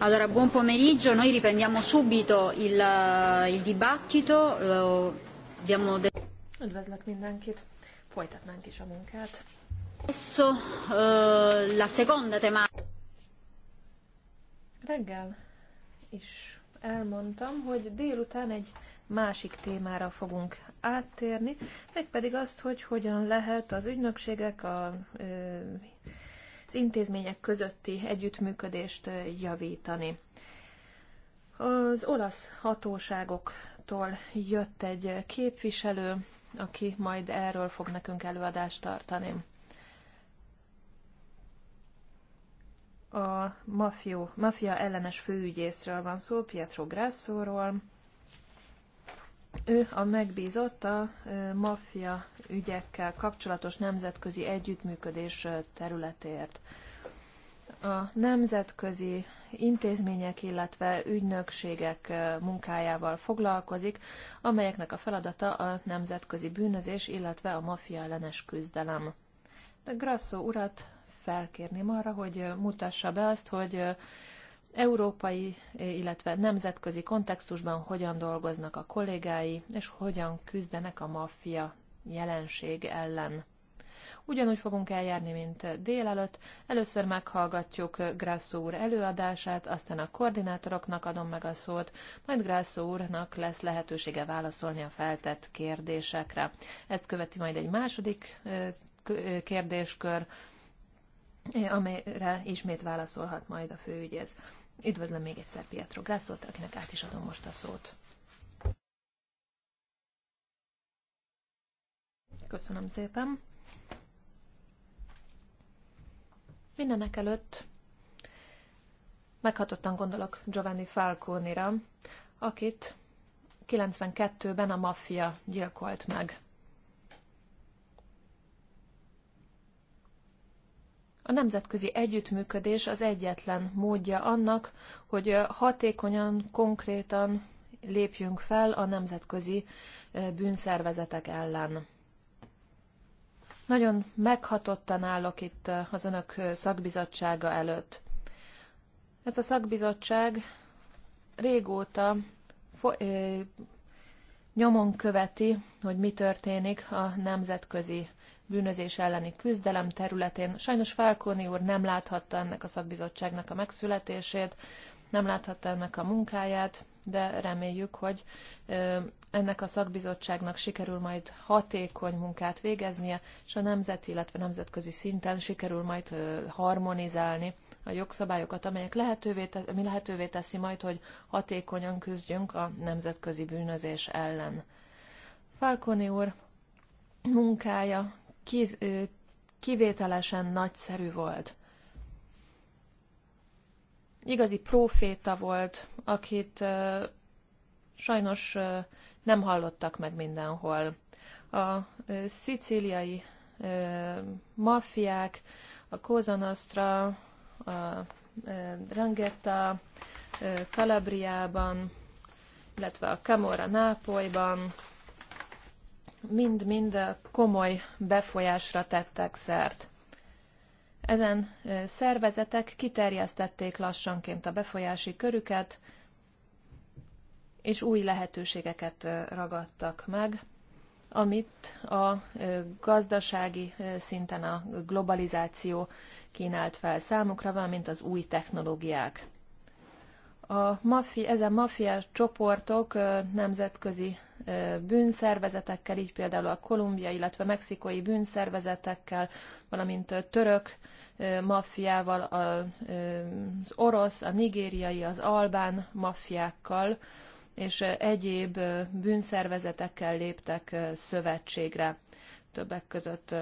Allora, buon pomeriggio, noi riprendiamo subito il, eh, il dibattito. Eh, abbiamo de- Üdvözlök mindenkit, folytatnánk is a munkát. Adesso uh, la seconda tematica. Reggel is elmondtam, hogy délután egy másik témára fogunk áttérni, mégpedig azt, hogy hogyan lehet az ügynökségek, a, az intézmények közötti együttműködést javítani. Az olasz hatóságoktól jött egy képviselő, aki majd erről fog nekünk előadást tartani. A mafió, mafia ellenes főügyészről van szó, Pietro Grassóról, ő a megbízott a maffia ügyekkel kapcsolatos nemzetközi együttműködés területért. A nemzetközi intézmények, illetve ügynökségek munkájával foglalkozik, amelyeknek a feladata a nemzetközi bűnözés, illetve a maffia ellenes küzdelem. De Grasso urat felkérném arra, hogy mutassa be azt, hogy európai, illetve nemzetközi kontextusban hogyan dolgoznak a kollégái, és hogyan küzdenek a maffia jelenség ellen. Ugyanúgy fogunk eljárni, mint délelőtt. Először meghallgatjuk Grasso úr előadását, aztán a koordinátoroknak adom meg a szót, majd Grasso úrnak lesz lehetősége válaszolni a feltett kérdésekre. Ezt követi majd egy második kérdéskör, amelyre ismét válaszolhat majd a főügyész. Üdvözlöm még egyszer Pietro Grászot, akinek át is adom most a szót. Köszönöm szépen. Mindenek előtt meghatottan gondolok Giovanni Falconira, akit 92-ben a maffia gyilkolt meg. A nemzetközi együttműködés az egyetlen módja annak, hogy hatékonyan, konkrétan lépjünk fel a nemzetközi bűnszervezetek ellen. Nagyon meghatottan állok itt az önök szakbizottsága előtt. Ez a szakbizottság régóta nyomon követi, hogy mi történik a nemzetközi bűnözés elleni küzdelem területén. Sajnos Falconi úr nem láthatta ennek a szakbizottságnak a megszületését, nem láthatta ennek a munkáját, de reméljük, hogy ennek a szakbizottságnak sikerül majd hatékony munkát végeznie, és a nemzeti, illetve nemzetközi szinten sikerül majd harmonizálni a jogszabályokat, amelyek lehetővé teszi, ami lehetővé teszi majd, hogy hatékonyan küzdjünk a nemzetközi bűnözés ellen. Falconi úr munkája kiz, kivételesen nagyszerű volt. Igazi próféta volt, akit sajnos nem hallottak meg mindenhol. A szicíliai maffiák, a Kozanostra, a Rangetta, Kalabriában, illetve a Camorra Nápolyban, mind-mind komoly befolyásra tettek szert. Ezen szervezetek kiterjesztették lassanként a befolyási körüket, és új lehetőségeket ragadtak meg, amit a gazdasági szinten a globalizáció kínált fel számukra, valamint az új technológiák. A mafi, ezen maffia csoportok nemzetközi bűnszervezetekkel, így például a kolumbiai, illetve mexikai bűnszervezetekkel, valamint török maffiával, az orosz, a nigériai, az albán maffiákkal, és egyéb bűnszervezetekkel léptek szövetségre. Többek között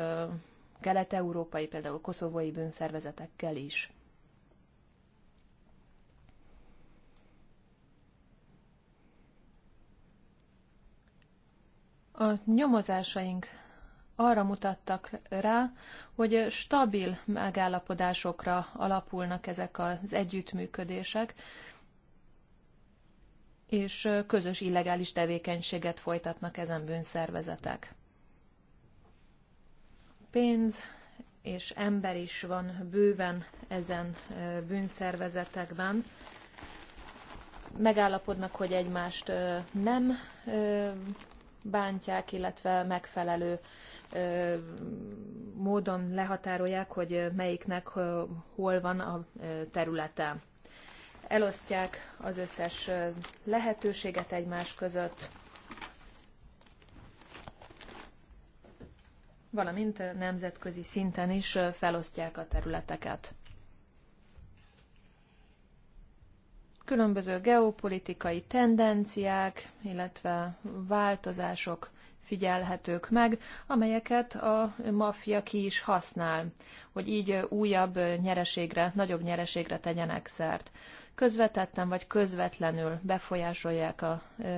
kelet-európai, például koszovói bűnszervezetekkel is. A nyomozásaink arra mutattak rá, hogy stabil megállapodásokra alapulnak ezek az együttműködések, és közös illegális tevékenységet folytatnak ezen bűnszervezetek. Pénz és ember is van bőven ezen bűnszervezetekben. Megállapodnak, hogy egymást nem bántják, illetve megfelelő módon lehatárolják, hogy melyiknek hol van a területe. Elosztják az összes lehetőséget egymás között, valamint nemzetközi szinten is felosztják a területeket. különböző geopolitikai tendenciák, illetve változások figyelhetők meg, amelyeket a maffia ki is használ, hogy így újabb nyereségre, nagyobb nyereségre tegyenek szert. Közvetetten vagy közvetlenül befolyásolják a ö,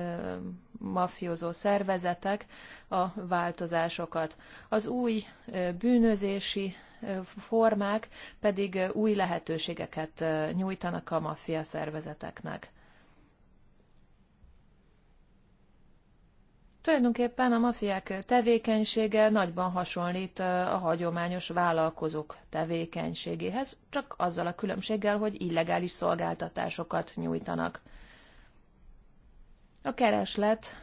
mafiózó szervezetek a változásokat. Az új ö, bűnözési formák pedig új lehetőségeket nyújtanak a maffia szervezeteknek. Tulajdonképpen a mafiák tevékenysége nagyban hasonlít a hagyományos vállalkozók tevékenységéhez, csak azzal a különbséggel, hogy illegális szolgáltatásokat nyújtanak. A kereslet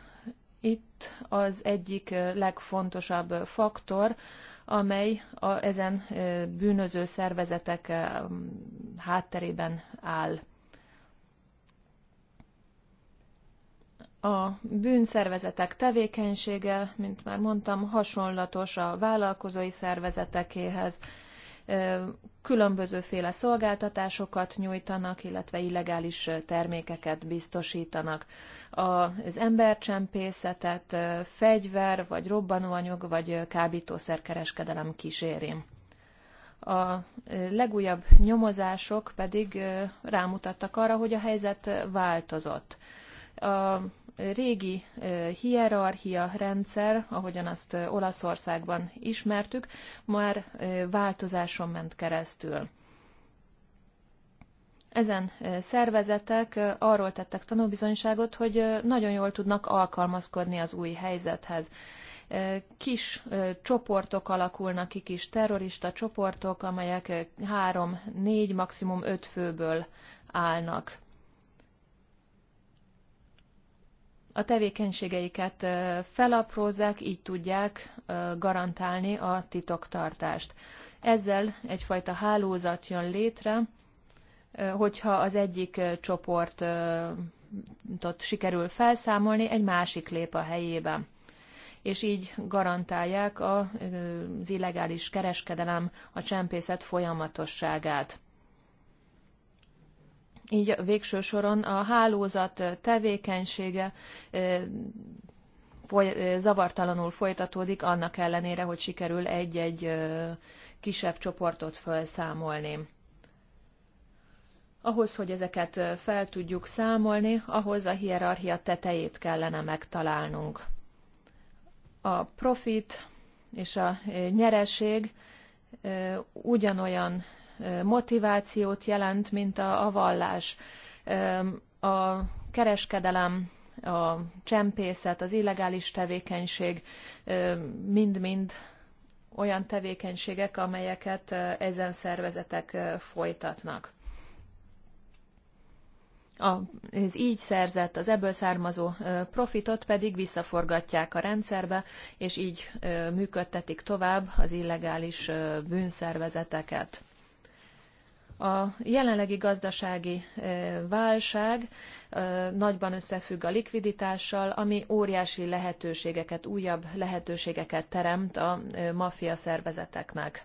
itt az egyik legfontosabb faktor, amely a, ezen bűnöző szervezetek hátterében áll. A bűnszervezetek tevékenysége, mint már mondtam, hasonlatos a vállalkozói szervezetekéhez. Különbözőféle szolgáltatásokat nyújtanak, illetve illegális termékeket biztosítanak az embercsempészetet fegyver, vagy robbanóanyag, vagy kábítószerkereskedelem kíséri. A legújabb nyomozások pedig rámutattak arra, hogy a helyzet változott. A régi hierarchia rendszer, ahogyan azt Olaszországban ismertük, már változáson ment keresztül ezen szervezetek arról tettek tanúbizonyságot, hogy nagyon jól tudnak alkalmazkodni az új helyzethez. Kis csoportok alakulnak ki, kis terrorista csoportok, amelyek három, négy, maximum öt főből állnak. a tevékenységeiket felaprózzák, így tudják garantálni a titoktartást. Ezzel egyfajta hálózat jön létre, hogyha az egyik csoportot sikerül felszámolni, egy másik lép a helyébe. És így garantálják az illegális kereskedelem, a csempészet folyamatosságát. Így végső soron a hálózat tevékenysége zavartalanul folytatódik, annak ellenére, hogy sikerül egy-egy kisebb csoportot felszámolni. Ahhoz, hogy ezeket fel tudjuk számolni, ahhoz a hierarchia tetejét kellene megtalálnunk. A profit és a nyereség ugyanolyan motivációt jelent, mint a, vallás. A kereskedelem, a csempészet, az illegális tevékenység mind-mind olyan tevékenységek, amelyeket ezen szervezetek folytatnak az így szerzett, az ebből származó profitot pedig visszaforgatják a rendszerbe, és így működtetik tovább az illegális bűnszervezeteket. A jelenlegi gazdasági válság nagyban összefügg a likviditással, ami óriási lehetőségeket, újabb lehetőségeket teremt a maffia szervezeteknek.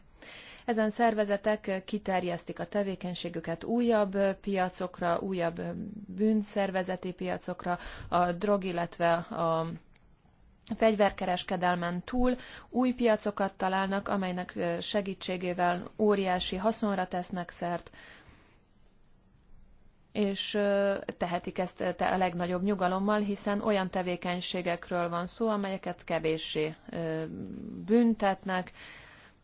Ezen szervezetek kiterjesztik a tevékenységüket újabb piacokra, újabb bűnszervezeti piacokra, a drog, illetve a fegyverkereskedelmen túl új piacokat találnak, amelynek segítségével óriási haszonra tesznek szert, és tehetik ezt a legnagyobb nyugalommal, hiszen olyan tevékenységekről van szó, amelyeket kevéssé büntetnek,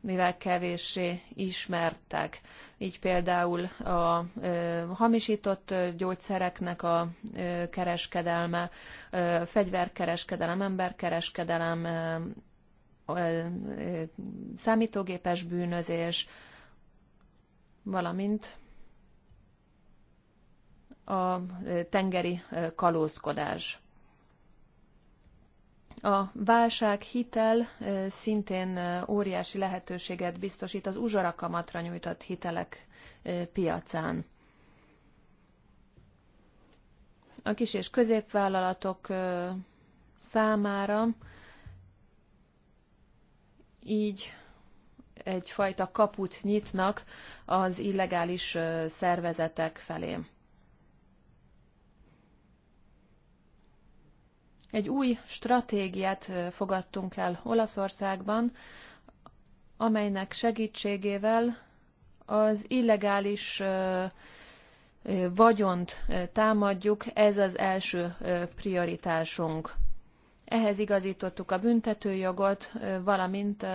mivel kevéssé ismertek. Így például a hamisított gyógyszereknek a kereskedelme, fegyverkereskedelem, emberkereskedelem, számítógépes bűnözés, valamint a tengeri kalózkodás. A válság hitel szintén óriási lehetőséget biztosít az uzsorakamatra nyújtott hitelek piacán. A kis és középvállalatok számára így egyfajta kaput nyitnak az illegális szervezetek felé. Egy új stratégiát fogadtunk el Olaszországban, amelynek segítségével az illegális vagyont támadjuk, ez az első prioritásunk. Ehhez igazítottuk a büntetőjogot, valamint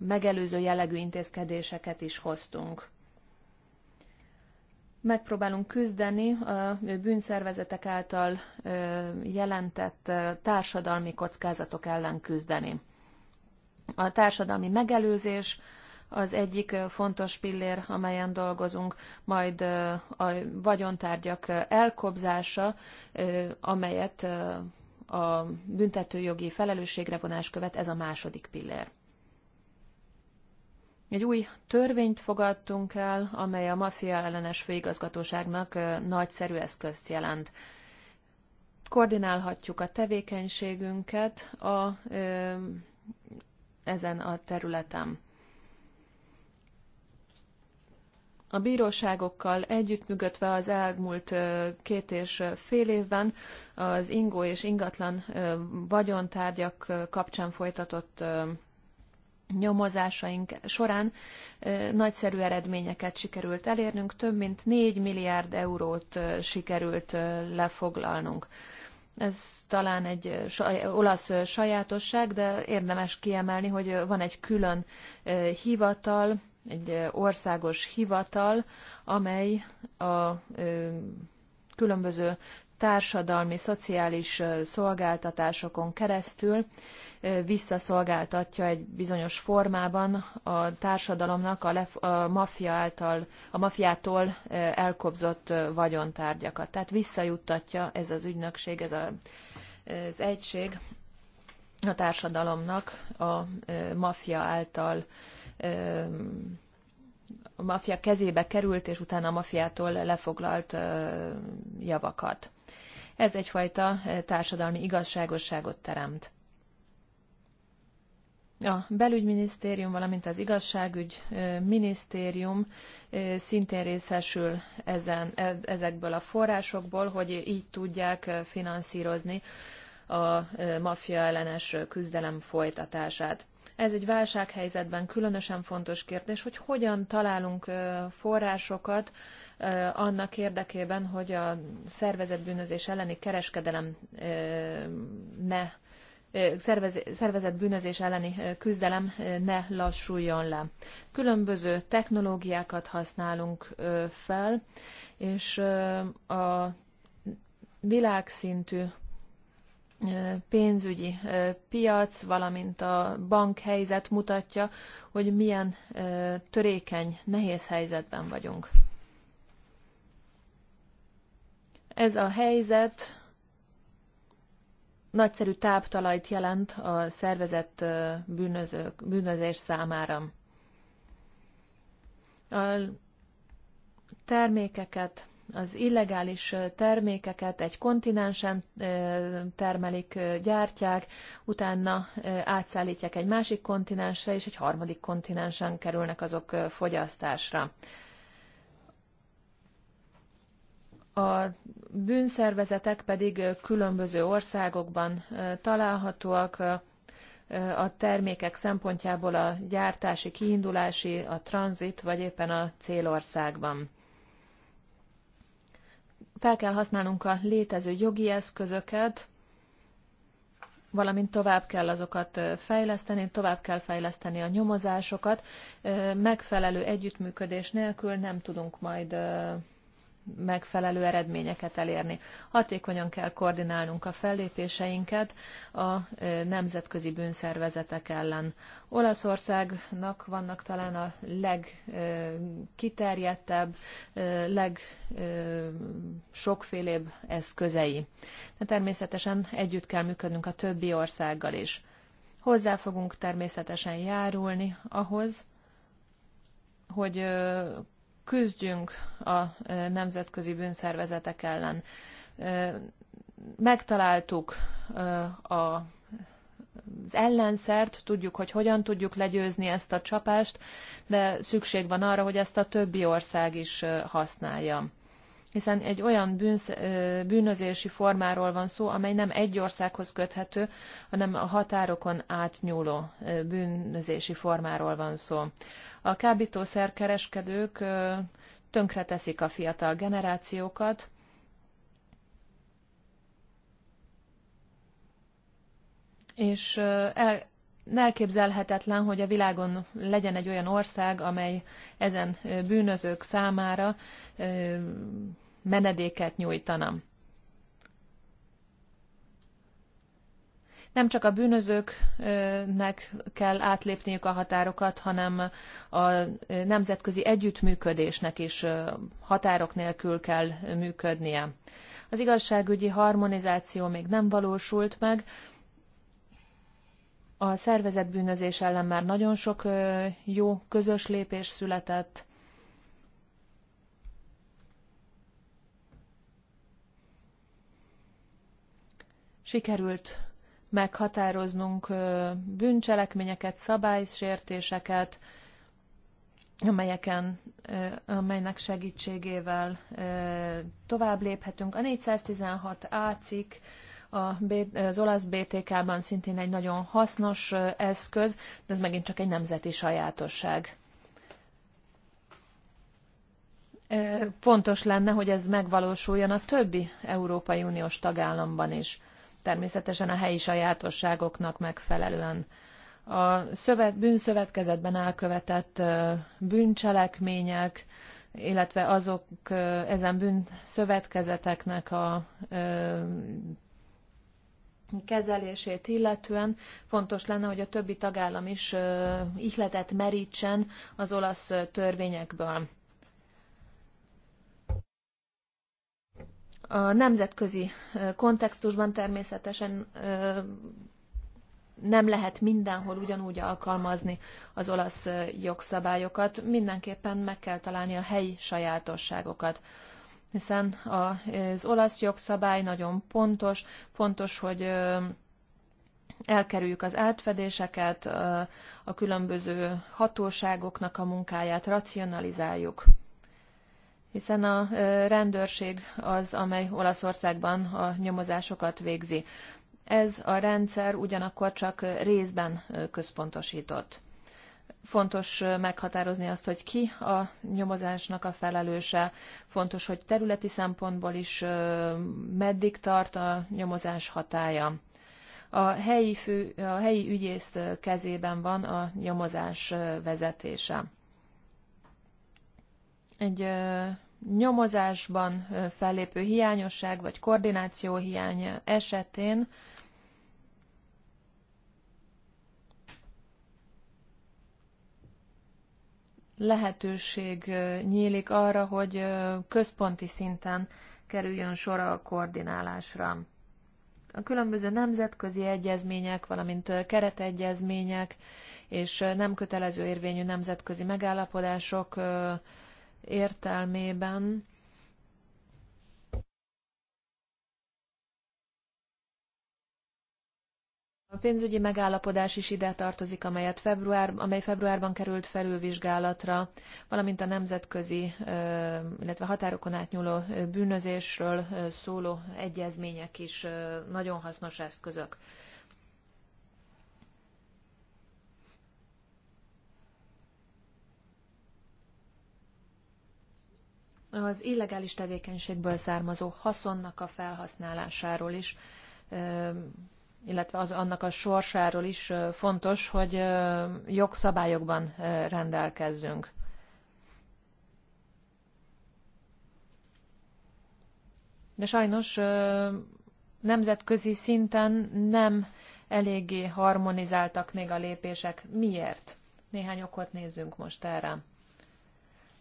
megelőző jellegű intézkedéseket is hoztunk megpróbálunk küzdeni a bűnszervezetek által jelentett társadalmi kockázatok ellen küzdeni. A társadalmi megelőzés az egyik fontos pillér, amelyen dolgozunk, majd a vagyontárgyak elkobzása, amelyet a büntetőjogi felelősségre vonás követ, ez a második pillér. Egy új törvényt fogadtunk el, amely a mafia ellenes főigazgatóságnak nagyszerű eszközt jelent. Koordinálhatjuk a tevékenységünket a, ezen a területen. A bíróságokkal együttműködve az elmúlt két és fél évben az ingó és ingatlan vagyontárgyak kapcsán folytatott nyomozásaink során nagyszerű eredményeket sikerült elérnünk, több mint 4 milliárd eurót sikerült lefoglalnunk. Ez talán egy olasz sajátosság, de érdemes kiemelni, hogy van egy külön hivatal, egy országos hivatal, amely a különböző társadalmi, szociális szolgáltatásokon keresztül visszaszolgáltatja egy bizonyos formában a társadalomnak a, lef- a maffia által, a maffiától elkobzott vagyontárgyakat. Tehát visszajuttatja ez az ügynökség, ez a, az egység a társadalomnak a maffia által a maffia kezébe került, és utána a maffiától lefoglalt javakat. Ez egyfajta társadalmi igazságosságot teremt a belügyminisztérium, valamint az igazságügy minisztérium szintén részesül ezen, e, ezekből a forrásokból, hogy így tudják finanszírozni a maffia ellenes küzdelem folytatását. Ez egy válsághelyzetben különösen fontos kérdés, hogy hogyan találunk forrásokat annak érdekében, hogy a szervezett bűnözés elleni kereskedelem ne szervezett bűnözés elleni küzdelem ne lassuljon le. Különböző technológiákat használunk fel, és a világszintű pénzügyi piac, valamint a bankhelyzet mutatja, hogy milyen törékeny, nehéz helyzetben vagyunk. Ez a helyzet nagyszerű táptalajt jelent a szervezett bűnözők, bűnözés számára. A termékeket, az illegális termékeket egy kontinensen termelik, gyártják, utána átszállítják egy másik kontinensre, és egy harmadik kontinensen kerülnek azok fogyasztásra. A bűnszervezetek pedig különböző országokban találhatóak, a termékek szempontjából a gyártási, kiindulási, a tranzit, vagy éppen a célországban. Fel kell használnunk a létező jogi eszközöket, valamint tovább kell azokat fejleszteni, tovább kell fejleszteni a nyomozásokat. Megfelelő együttműködés nélkül nem tudunk majd megfelelő eredményeket elérni. Hatékonyan kell koordinálnunk a fellépéseinket a nemzetközi bűnszervezetek ellen. Olaszországnak vannak talán a legkiterjedtebb, legsokfélébb eszközei. De természetesen együtt kell működnünk a többi országgal is. Hozzá fogunk természetesen járulni ahhoz, hogy küzdjünk a nemzetközi bűnszervezetek ellen. Megtaláltuk a az ellenszert, tudjuk, hogy hogyan tudjuk legyőzni ezt a csapást, de szükség van arra, hogy ezt a többi ország is használja hiszen egy olyan bűnsz, bűnözési formáról van szó, amely nem egy országhoz köthető, hanem a határokon átnyúló bűnözési formáról van szó. A kábítószerkereskedők tönkreteszik a fiatal generációkat, és el, elképzelhetetlen, hogy a világon legyen egy olyan ország, amely ezen bűnözők számára menedéket nyújtanom. nem csak a bűnözőknek kell átlépniük a határokat, hanem a nemzetközi együttműködésnek is határok nélkül kell működnie. Az igazságügyi harmonizáció még nem valósult meg, a szervezetbűnözés ellen már nagyon sok jó közös lépés született, sikerült meghatároznunk bűncselekményeket, szabálysértéseket, amelyeken, amelynek segítségével tovább léphetünk. A 416 A cikk az olasz BTK-ban szintén egy nagyon hasznos eszköz, de ez megint csak egy nemzeti sajátosság. Fontos lenne, hogy ez megvalósuljon a többi Európai Uniós tagállamban is természetesen a helyi sajátosságoknak megfelelően. A szövet, bűnszövetkezetben elkövetett bűncselekmények, illetve azok ezen bűnszövetkezeteknek a kezelését illetően fontos lenne, hogy a többi tagállam is ihletet merítsen az olasz törvényekből. A nemzetközi kontextusban természetesen nem lehet mindenhol ugyanúgy alkalmazni az olasz jogszabályokat, mindenképpen meg kell találni a helyi sajátosságokat hiszen az olasz jogszabály nagyon pontos, fontos, hogy elkerüljük az átfedéseket, a különböző hatóságoknak a munkáját racionalizáljuk hiszen a rendőrség az, amely Olaszországban a nyomozásokat végzi. Ez a rendszer ugyanakkor csak részben központosított. Fontos meghatározni azt, hogy ki a nyomozásnak a felelőse, fontos, hogy területi szempontból is meddig tart a nyomozás hatája. A helyi, fő, a helyi ügyész kezében van a nyomozás vezetése. Egy nyomozásban fellépő hiányosság vagy koordináció hiánya esetén lehetőség nyílik arra, hogy központi szinten kerüljön sor a koordinálásra. A különböző nemzetközi egyezmények, valamint keretegyezmények és nem kötelező érvényű nemzetközi megállapodások értelmében A pénzügyi megállapodás is ide tartozik, amelyet február, amely februárban került felülvizsgálatra, valamint a nemzetközi, illetve határokon átnyúló bűnözésről szóló egyezmények is nagyon hasznos eszközök. az illegális tevékenységből származó haszonnak a felhasználásáról is, illetve az, annak a sorsáról is fontos, hogy jogszabályokban rendelkezzünk. De sajnos nemzetközi szinten nem eléggé harmonizáltak még a lépések. Miért? Néhány okot nézzünk most erre.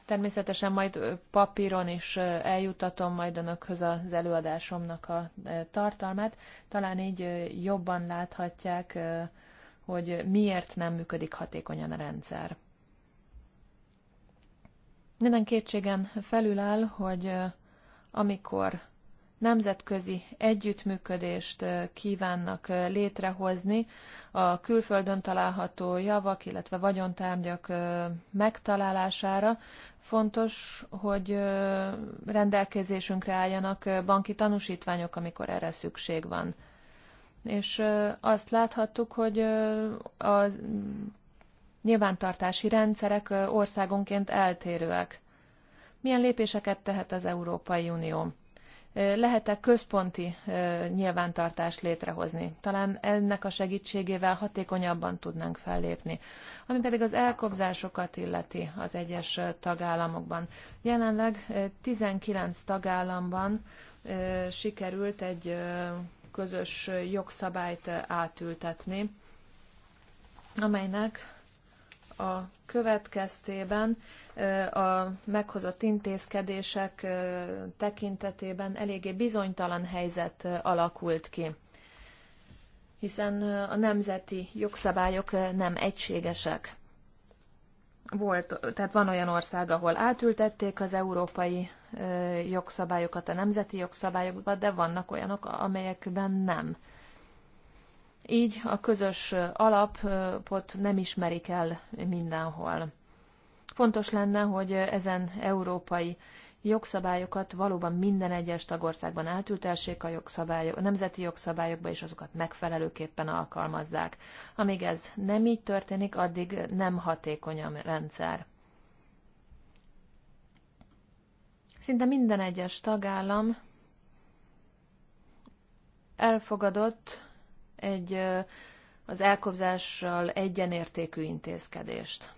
Természetesen majd papíron is eljutatom majd önökhöz az előadásomnak a tartalmát. Talán így jobban láthatják, hogy miért nem működik hatékonyan a rendszer. Minden kétségen felül áll, hogy amikor nemzetközi együttműködést kívánnak létrehozni a külföldön található javak, illetve vagyontárgyak megtalálására. Fontos, hogy rendelkezésünkre álljanak banki tanúsítványok, amikor erre szükség van. És azt láthattuk, hogy a nyilvántartási rendszerek országonként eltérőek. Milyen lépéseket tehet az Európai Unió? lehet-e központi nyilvántartást létrehozni? Talán ennek a segítségével hatékonyabban tudnánk fellépni. Ami pedig az elkobzásokat illeti az egyes tagállamokban. Jelenleg 19 tagállamban sikerült egy közös jogszabályt átültetni, amelynek a következtében a meghozott intézkedések tekintetében eléggé bizonytalan helyzet alakult ki, hiszen a nemzeti jogszabályok nem egységesek. Volt, tehát van olyan ország, ahol átültették az európai jogszabályokat a nemzeti jogszabályokba, de vannak olyanok, amelyekben nem. Így a közös alapot nem ismerik el mindenhol. Fontos lenne, hogy ezen európai jogszabályokat valóban minden egyes tagországban átültessék a, jogszabályok, a nemzeti jogszabályokba, és azokat megfelelőképpen alkalmazzák. Amíg ez nem így történik, addig nem hatékony a rendszer. Szinte minden egyes tagállam elfogadott egy az elkobzással egyenértékű intézkedést.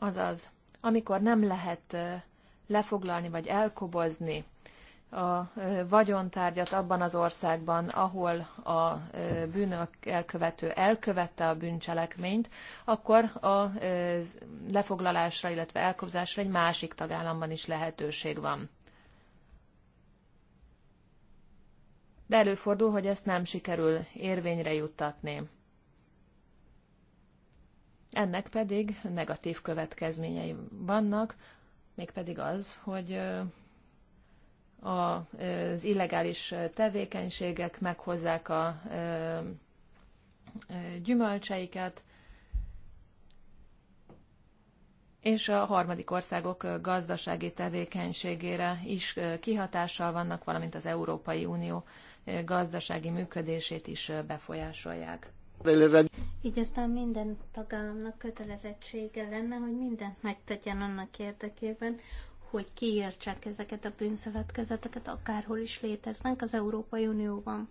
Azaz, amikor nem lehet lefoglalni vagy elkobozni a vagyontárgyat abban az országban, ahol a bűnök elkövető elkövette a bűncselekményt, akkor a lefoglalásra, illetve elkobzásra egy másik tagállamban is lehetőség van. De előfordul, hogy ezt nem sikerül érvényre juttatni. Ennek pedig negatív következményei vannak, mégpedig az, hogy az illegális tevékenységek meghozzák a gyümölcseiket, és a harmadik országok gazdasági tevékenységére is kihatással vannak, valamint az Európai Unió gazdasági működését is befolyásolják. Így aztán minden tagállamnak kötelezettsége lenne, hogy mindent megtegyen annak érdekében, hogy kiírtsák ezeket a bűnszövetkezeteket, akárhol is léteznek az Európai Unióban.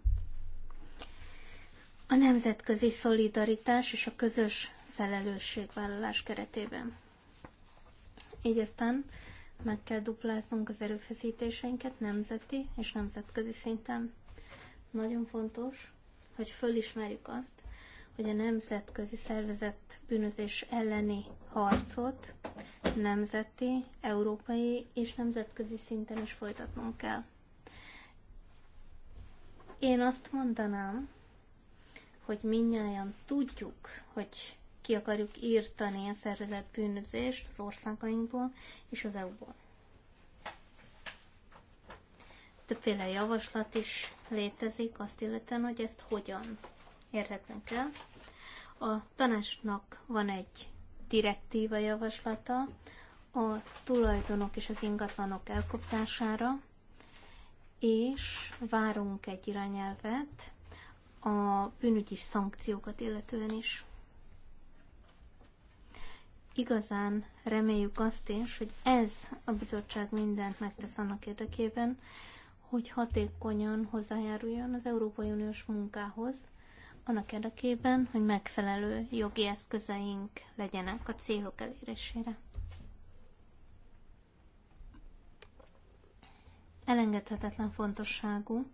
A nemzetközi szolidaritás és a közös felelősségvállalás keretében. Így aztán meg kell dupláznunk az erőfeszítéseinket nemzeti és nemzetközi szinten. Nagyon fontos, hogy fölismerjük azt, hogy a nemzetközi szervezet bűnözés elleni harcot nemzeti, európai és nemzetközi szinten is folytatnunk kell. Én azt mondanám, hogy minnyáján tudjuk, hogy ki akarjuk írtani a szervezet bűnözést az országainkból és az EU-ból. Többféle javaslat is létezik azt illetően, hogy ezt hogyan érhetnek el. A tanácsnak van egy direktíva javaslata a tulajdonok és az ingatlanok elkobzására, és várunk egy irányelvet a bűnügyi szankciókat illetően is. Igazán reméljük azt is, hogy ez a bizottság mindent megtesz annak érdekében, hogy hatékonyan hozzájáruljon az Európai Uniós munkához, annak érdekében, hogy megfelelő jogi eszközeink legyenek a célok elérésére. Elengedhetetlen fontosságú,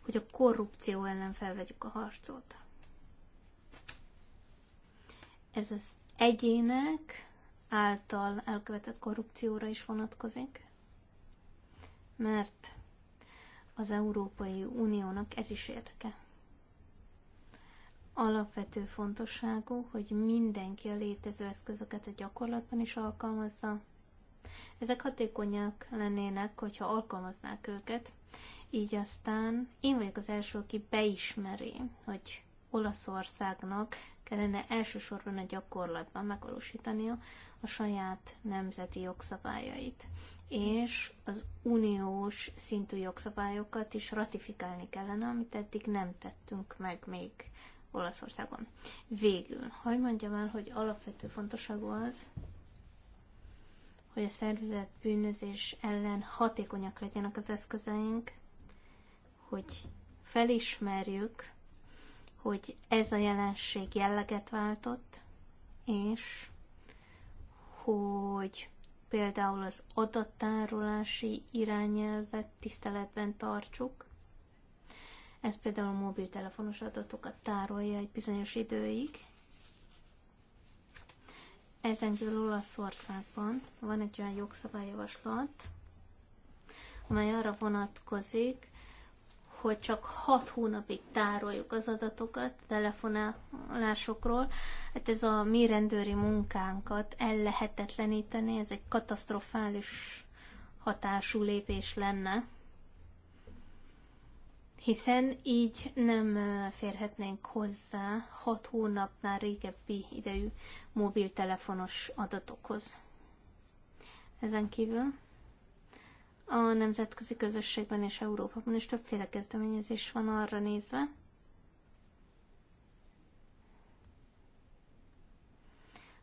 hogy a korrupció ellen felvegyük a harcot. Ez az egyének által elkövetett korrupcióra is vonatkozik, mert az Európai Uniónak ez is érdeke. Alapvető fontosságú, hogy mindenki a létező eszközöket a gyakorlatban is alkalmazza. Ezek hatékonyak lennének, hogyha alkalmaznák őket, így aztán én vagyok az első, aki beismeri, hogy Olaszországnak kellene elsősorban a gyakorlatban megvalósítania a saját nemzeti jogszabályait, és az uniós szintű jogszabályokat is ratifikálni kellene, amit eddig nem tettünk meg még Olaszországban. Végül, hogy mondjam el, hogy alapvető fontosságú az, hogy a szervezet bűnözés ellen hatékonyak legyenek az eszközeink, hogy felismerjük, hogy ez a jelenség jelleget váltott, és hogy például az adattárolási irányelvet tiszteletben tartsuk, ez például a mobiltelefonos adatokat tárolja egy bizonyos időig. Ezen kívül Olaszországban van egy olyan jogszabályjavaslat, amely arra vonatkozik, hogy csak 6 hónapig tároljuk az adatokat telefonálásokról. Hát ez a mi rendőri munkánkat ellehetetleníteni, ez egy katasztrofális hatású lépés lenne hiszen így nem férhetnénk hozzá 6 hónapnál régebbi idejű mobiltelefonos adatokhoz. Ezen kívül a nemzetközi közösségben és Európában is többféle kezdeményezés van arra nézve,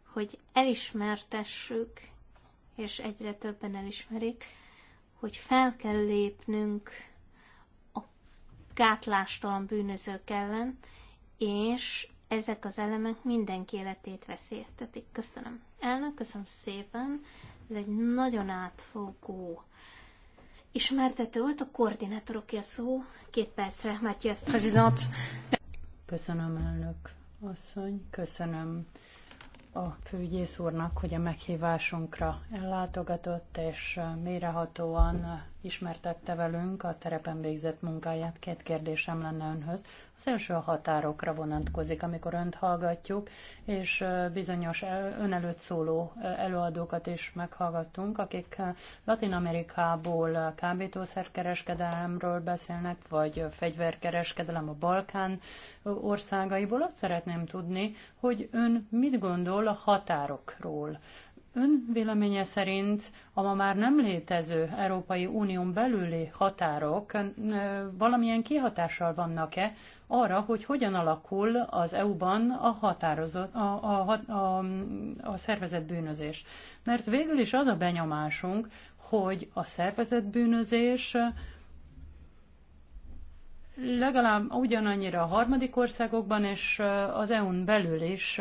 hogy elismertessük, és egyre többen elismerik, hogy fel kell lépnünk gátlástalan bűnözők ellen, és ezek az elemek mindenki életét veszélyeztetik. Köszönöm. Elnök, köszönöm szépen. Ez egy nagyon átfogó ismertető volt. A koordinátorok a szó. Két percre, Matthias. Köszönöm, elnök asszony. Köszönöm a főügyész úrnak, hogy a meghívásunkra ellátogatott, és mélyrehatóan ismertette velünk a terepen végzett munkáját. Két kérdésem lenne önhöz. Az első a határokra vonatkozik, amikor önt hallgatjuk, és bizonyos ön előtt szóló előadókat is meghallgattunk, akik Latin Amerikából kábítószerkereskedelemről beszélnek, vagy fegyverkereskedelem a Balkán országaiból. Azt szeretném tudni, hogy ön mit gondol a határokról, Ön véleménye szerint a ma már nem létező Európai Unión belüli határok valamilyen kihatással vannak-e arra, hogy hogyan alakul az EU-ban a, határozott, a, a, a, a szervezett bűnözés? Mert végül is az a benyomásunk, hogy a szervezett bűnözés legalább ugyanannyira a harmadik országokban és az EU-n belül is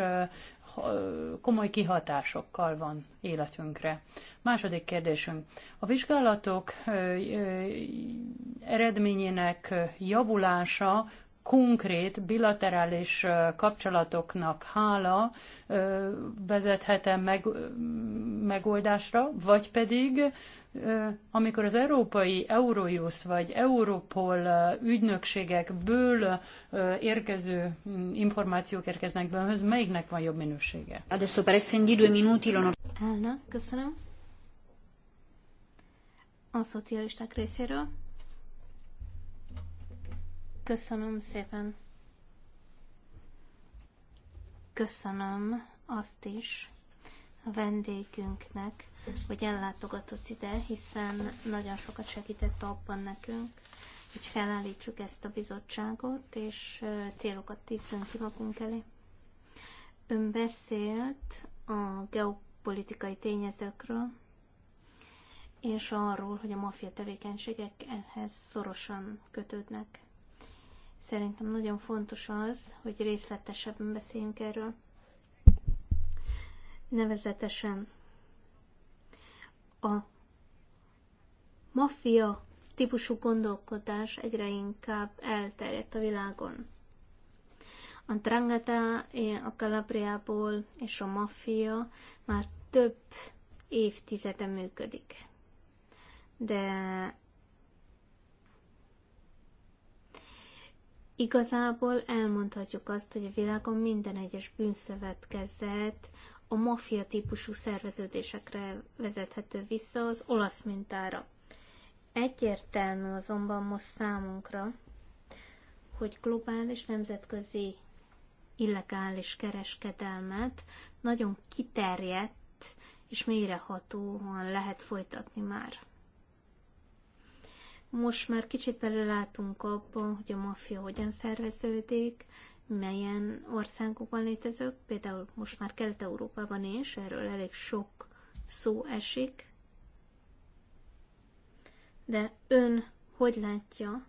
komoly kihatásokkal van életünkre. Második kérdésünk. A vizsgálatok eredményének javulása konkrét bilaterális kapcsolatoknak hála vezethet-e meg, megoldásra, vagy pedig amikor az európai Eurojust vagy Europol ügynökségekből érkező mm, információk érkeznek be önhöz, melyiknek van jobb minősége? Adesso per essendi due minuti l'onor... Elnök, köszönöm. A szocialisták részéről. Köszönöm szépen. Köszönöm azt is a vendégünknek, hogy ellátogatott ide, hiszen nagyon sokat segített abban nekünk, hogy felállítsuk ezt a bizottságot, és célokat tűzünk ki magunk elé. Ön beszélt a geopolitikai tényezőkről, és arról, hogy a maffia tevékenységek ehhez szorosan kötődnek. Szerintem nagyon fontos az, hogy részletesebben beszéljünk erről. Nevezetesen a maffia típusú gondolkodás egyre inkább elterjedt a világon. A Drangata a Kalabriából és a maffia már több évtizede működik. De igazából elmondhatjuk azt, hogy a világon minden egyes bűnszövetkezet a maffia típusú szerveződésekre vezethető vissza az olasz mintára. Egyértelmű azonban most számunkra, hogy globális nemzetközi illegális kereskedelmet nagyon kiterjedt és mélyrehatóan lehet folytatni már. Most már kicsit látunk abban, hogy a maffia hogyan szerveződik, melyen országokban létezők, például most már Kelet-Európában is, erről elég sok szó esik. De ön hogy látja?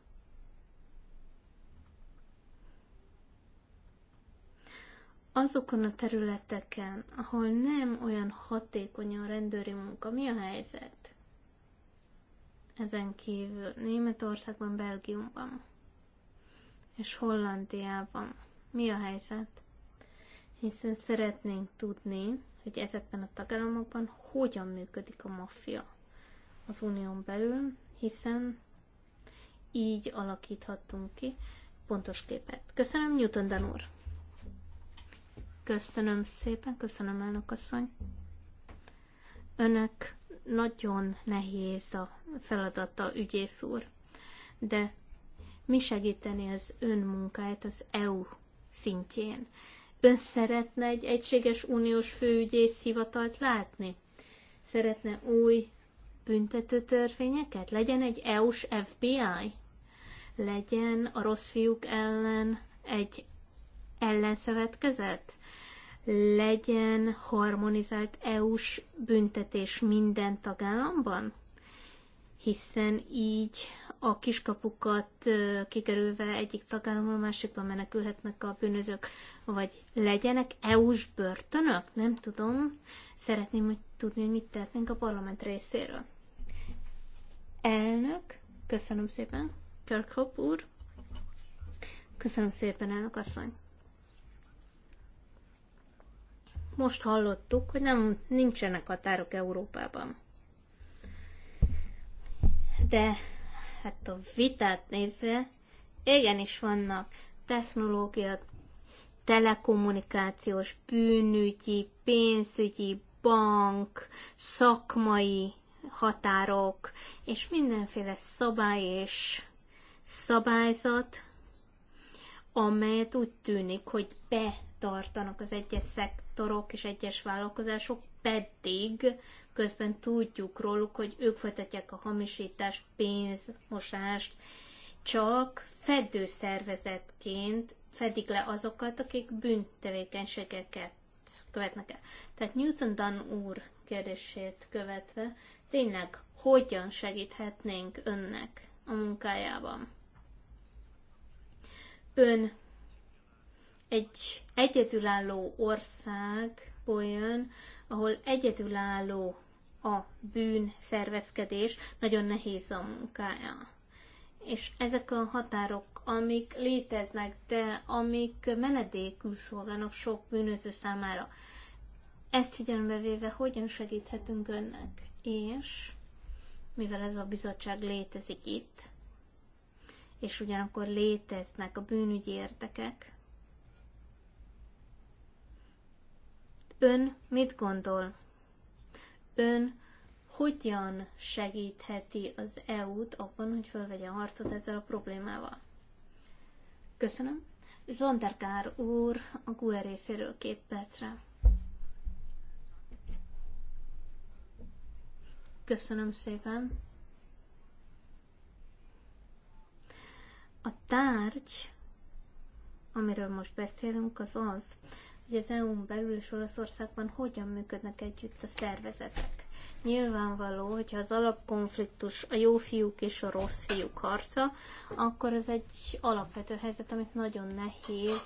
Azokon a területeken, ahol nem olyan hatékony a rendőri munka, mi a helyzet? Ezen kívül Németországban, Belgiumban és Hollandiában mi a helyzet. Hiszen szeretnénk tudni, hogy ezekben a tagállamokban hogyan működik a maffia az unión belül, hiszen így alakíthatunk ki pontos képet. Köszönöm, Newton Dan úr! Köszönöm szépen, köszönöm, elnök asszony! Önnek nagyon nehéz a feladata, ügyész úr, de mi segíteni az ön munkáját az EU szintjén. Ön szeretne egy egységes uniós főügyész hivatalt látni? Szeretne új büntető törvényeket? Legyen egy EU-s FBI? Legyen a rossz fiúk ellen egy ellenszövetkezet? Legyen harmonizált EU-s büntetés minden tagállamban? Hiszen így a kiskapukat kikerülve egyik tagállamról másikba menekülhetnek a bűnözők, vagy legyenek EU-s börtönök? Nem tudom. Szeretném hogy tudni, hogy mit tehetnénk a parlament részéről. Elnök, köszönöm szépen. Kirkhope úr. Köszönöm szépen, elnök asszony. Most hallottuk, hogy nem nincsenek határok Európában. De hát a vitát nézve, igenis vannak technológia, telekommunikációs, bűnügyi, pénzügyi, bank, szakmai határok, és mindenféle szabály és szabályzat, amelyet úgy tűnik, hogy betartanak az egyes szektorok és egyes vállalkozások pedig közben tudjuk róluk, hogy ők folytatják a hamisítást, pénzmosást, csak fedőszervezetként fedik le azokat, akik bűntevékenységeket követnek el. Tehát Newton Dan úr kérdését követve, tényleg hogyan segíthetnénk önnek a munkájában? Ön egy egyedülálló országból jön, ahol egyedülálló a bűn szervezkedés, nagyon nehéz a munkája. És ezek a határok, amik léteznek, de amik menedékül szolgálnak sok bűnöző számára, ezt figyelembe véve hogyan segíthetünk önnek? És mivel ez a bizottság létezik itt, és ugyanakkor léteznek a bűnügyi érdekek, Ön mit gondol? Ön hogyan segítheti az EU-t abban, hogy fölvegye harcot ezzel a problémával? Köszönöm. Zondergár úr a GUE részéről két percre. Köszönöm szépen. A tárgy, amiről most beszélünk, az az, hogy az EU-n belül és Olaszországban hogyan működnek együtt a szervezetek. Nyilvánvaló, hogyha az alapkonfliktus a jó fiúk és a rossz fiúk harca, akkor ez egy alapvető helyzet, amit nagyon nehéz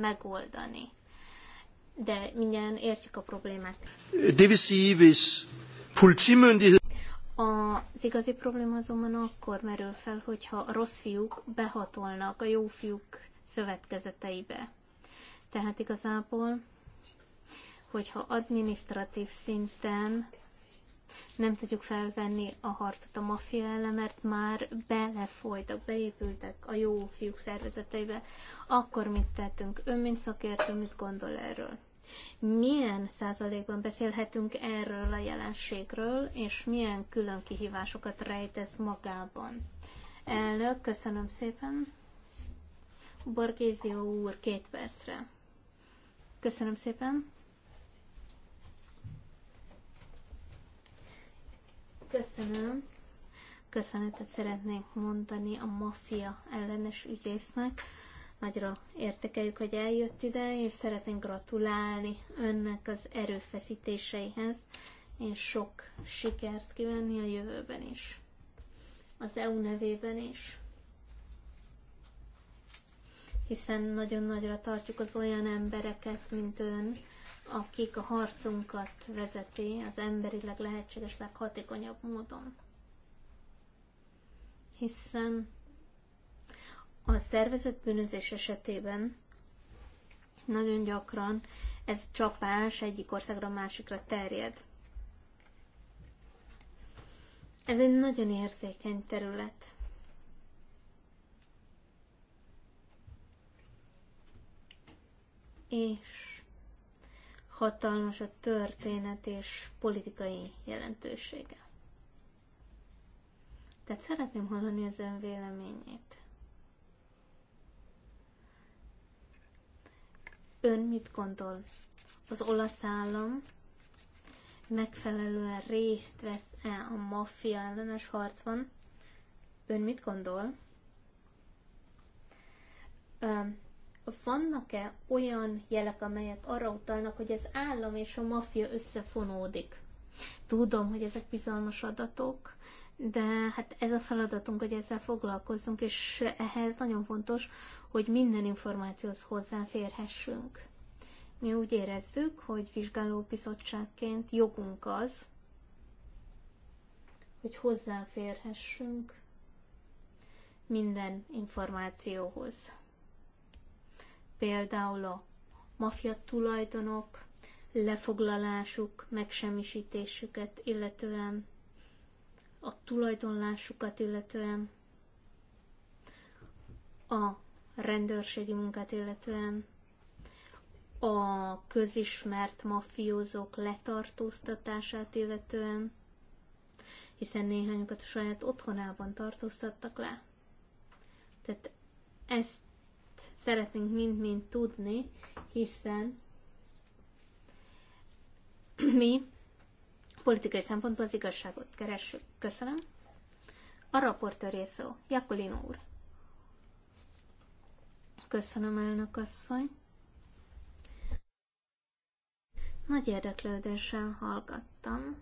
megoldani. De mindjárt értjük a problémát. Az igazi probléma azonban akkor merül fel, hogyha a rossz fiúk behatolnak a jó fiúk szövetkezeteibe tehát igazából, hogyha administratív szinten nem tudjuk felvenni a harcot a maffia ellen, mert már belefolytak, beépültek a jó fiúk szervezeteibe, akkor mit tettünk? Ön, mint szakértő, mit gondol erről? Milyen százalékban beszélhetünk erről a jelenségről, és milyen külön kihívásokat rejt ez magában? Elnök, köszönöm szépen. Borgézió úr, két percre. Köszönöm szépen. Köszönöm. Köszönetet szeretnék mondani a maffia ellenes ügyésznek. Nagyra értekeljük, hogy eljött ide, és szeretnénk gratulálni önnek az erőfeszítéseihez, és sok sikert kívánni a jövőben is. Az EU nevében is hiszen nagyon nagyra tartjuk az olyan embereket, mint ön, akik a harcunkat vezeti az emberileg lehetséges leghatékonyabb módon. Hiszen a szervezett bűnözés esetében nagyon gyakran ez csapás egyik országra a másikra terjed. Ez egy nagyon érzékeny terület. és hatalmas a történet és politikai jelentősége. Tehát szeretném hallani az ön véleményét. Ön mit gondol? Az olasz állam megfelelően részt vesz-e a maffia ellenes harcban? Ön mit gondol? vannak-e olyan jelek, amelyek arra utalnak, hogy az állam és a maffia összefonódik? Tudom, hogy ezek bizalmas adatok, de hát ez a feladatunk, hogy ezzel foglalkozzunk, és ehhez nagyon fontos, hogy minden információhoz hozzáférhessünk. Mi úgy érezzük, hogy vizsgálóbizottságként jogunk az, hogy hozzáférhessünk minden információhoz például a mafia tulajdonok lefoglalásuk, megsemmisítésüket, illetően a tulajdonlásukat, illetően a rendőrségi munkát, illetően a közismert mafiózók letartóztatását, illetően hiszen néhányukat a saját otthonában tartóztattak le. Tehát ezt szeretnénk mind-mind tudni, hiszen mi politikai szempontból az igazságot keressük. Köszönöm. A raportőré szó. Jakulin úr. Köszönöm, elnök asszony. Nagy érdeklődéssel hallgattam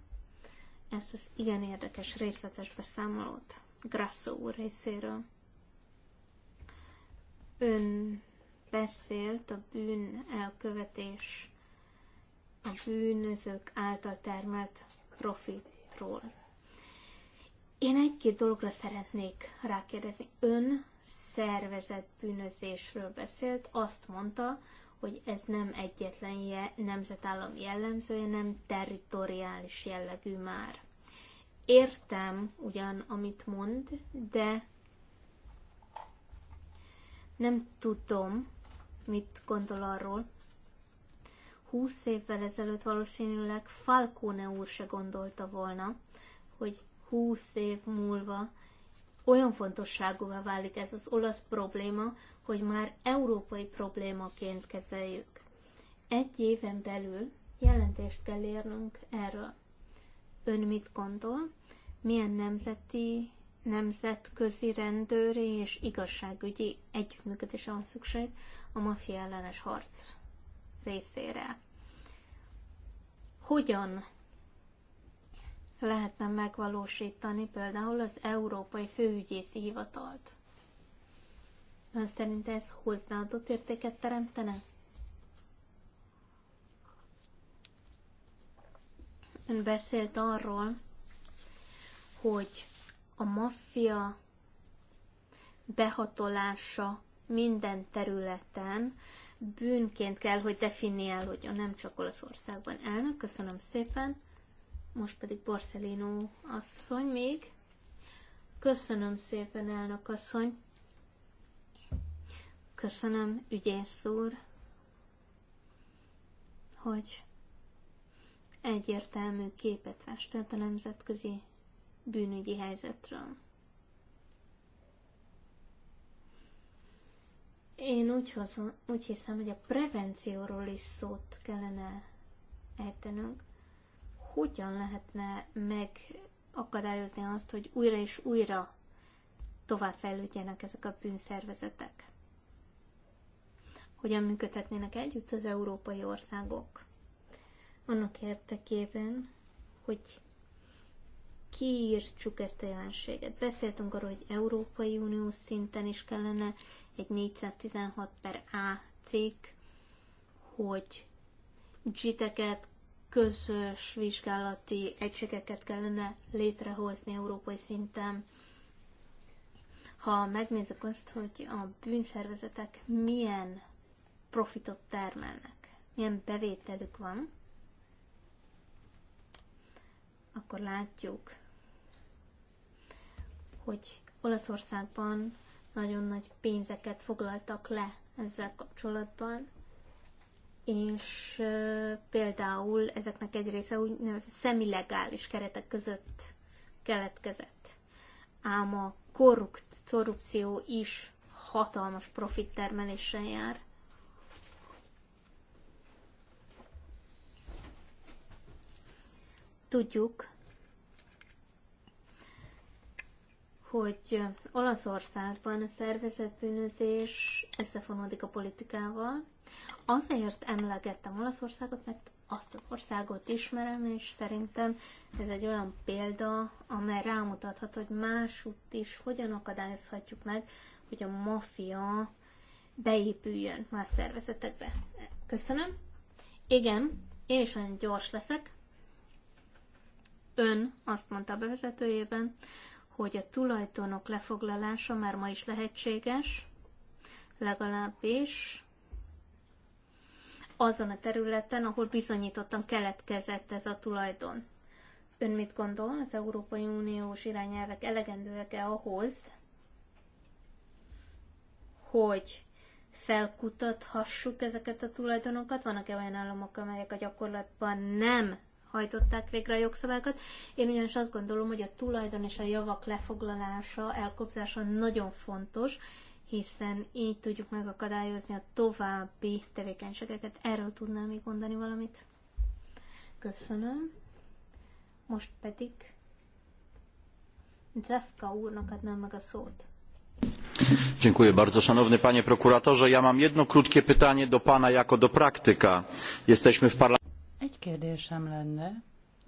ezt az igen érdekes részletes beszámolót Grasso úr részéről. Ön beszélt a bűn elkövetés, a bűnözők által termelt profitról. Én egy-két dologra szeretnék rákérdezni. Ön szervezett bűnözésről beszélt, azt mondta, hogy ez nem egyetlen je, nemzetállam jellemzője, nem territoriális jellegű már. Értem ugyan, amit mond, de nem tudom, mit gondol arról. Húsz évvel ezelőtt valószínűleg Falcone úr se gondolta volna, hogy húsz év múlva olyan fontosságúvá válik ez az olasz probléma, hogy már európai problémaként kezeljük. Egy éven belül jelentést kell érnünk erről. Ön mit gondol? Milyen nemzeti nemzetközi rendőri és igazságügyi együttműködésre van szükség a mafia ellenes harc részére. Hogyan lehetne megvalósítani például az Európai Főügyészi Hivatalt? Ön szerint ez hozzáadott értéket teremtene? Ön beszélt arról, hogy a maffia behatolása minden területen bűnként kell, hogy definiálódjon, nem csak Olaszországban. Elnök, köszönöm szépen. Most pedig Borsellino asszony még. Köszönöm szépen, elnök asszony. Köszönöm, ügyész úr, hogy egyértelmű képet festett a nemzetközi bűnügyi helyzetről. Én úgy, hozom, úgy hiszem, hogy a prevencióról is szót kellene ejtenünk. Hogyan lehetne megakadályozni azt, hogy újra és újra továbbfejlődjenek ezek a bűnszervezetek? Hogyan működhetnének együtt az európai országok? Annak érdekében, hogy kiírtsuk ezt a jelenséget. Beszéltünk arról, hogy Európai Unió szinten is kellene egy 416 per A cikk, hogy GIT-eket, közös vizsgálati egységeket kellene létrehozni európai szinten. Ha megnézzük azt, hogy a bűnszervezetek milyen profitot termelnek, milyen bevételük van, akkor látjuk, hogy Olaszországban nagyon nagy pénzeket foglaltak le ezzel kapcsolatban, és például ezeknek egy része úgynevezett szemilegális keretek között keletkezett. Ám a korrupt, korrupció is hatalmas profittermeléssel jár. Tudjuk, hogy Olaszországban a szervezetbűnözés összefonódik a politikával. Azért emlegettem Olaszországot, mert azt az országot ismerem, és szerintem ez egy olyan példa, amely rámutathat, hogy másutt is hogyan akadályozhatjuk meg, hogy a maffia beépüljön más szervezetekbe. Köszönöm. Igen, én is nagyon gyors leszek. Ön azt mondta a bevezetőjében, hogy a tulajdonok lefoglalása már ma is lehetséges, legalábbis azon a területen, ahol bizonyítottan keletkezett ez a tulajdon. Ön mit gondol, az Európai Uniós irányelvek elegendőek-e ahhoz, hogy felkutathassuk ezeket a tulajdonokat? Vannak-e olyan államok, amelyek a gyakorlatban nem hajtották végre a jogszabályokat. Én ugyanis azt gondolom, hogy a tulajdon és a javak lefoglalása, elkobzása nagyon fontos, hiszen így tudjuk megakadályozni a további tevékenységeket. Erről tudnám még mondani valamit? Köszönöm. Most pedig Zefka úrnak adnám meg a szót. Dziękuję bardzo. Szanowny panie prokuratorze, ja mam jedno krótkie pytanie do pana jako do praktyka. Jesteśmy w parlamencie. Egy kérdésem lenne,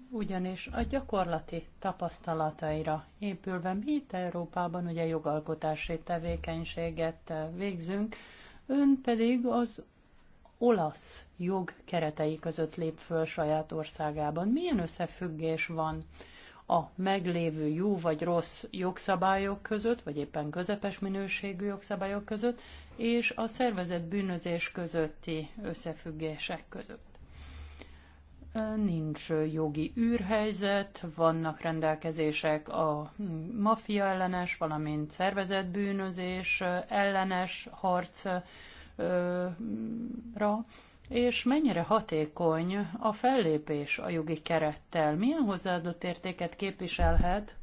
ugyanis a gyakorlati tapasztalataira épülve mi itt Európában ugye jogalkotási tevékenységet végzünk, ön pedig az olasz jog keretei között lép föl saját országában. Milyen összefüggés van a meglévő jó vagy rossz jogszabályok között, vagy éppen közepes minőségű jogszabályok között, és a szervezet bűnözés közötti összefüggések között? nincs jogi űrhelyzet, vannak rendelkezések a maffia ellenes, valamint szervezetbűnözés ellenes harcra, és mennyire hatékony a fellépés a jogi kerettel? Milyen hozzáadott értéket képviselhet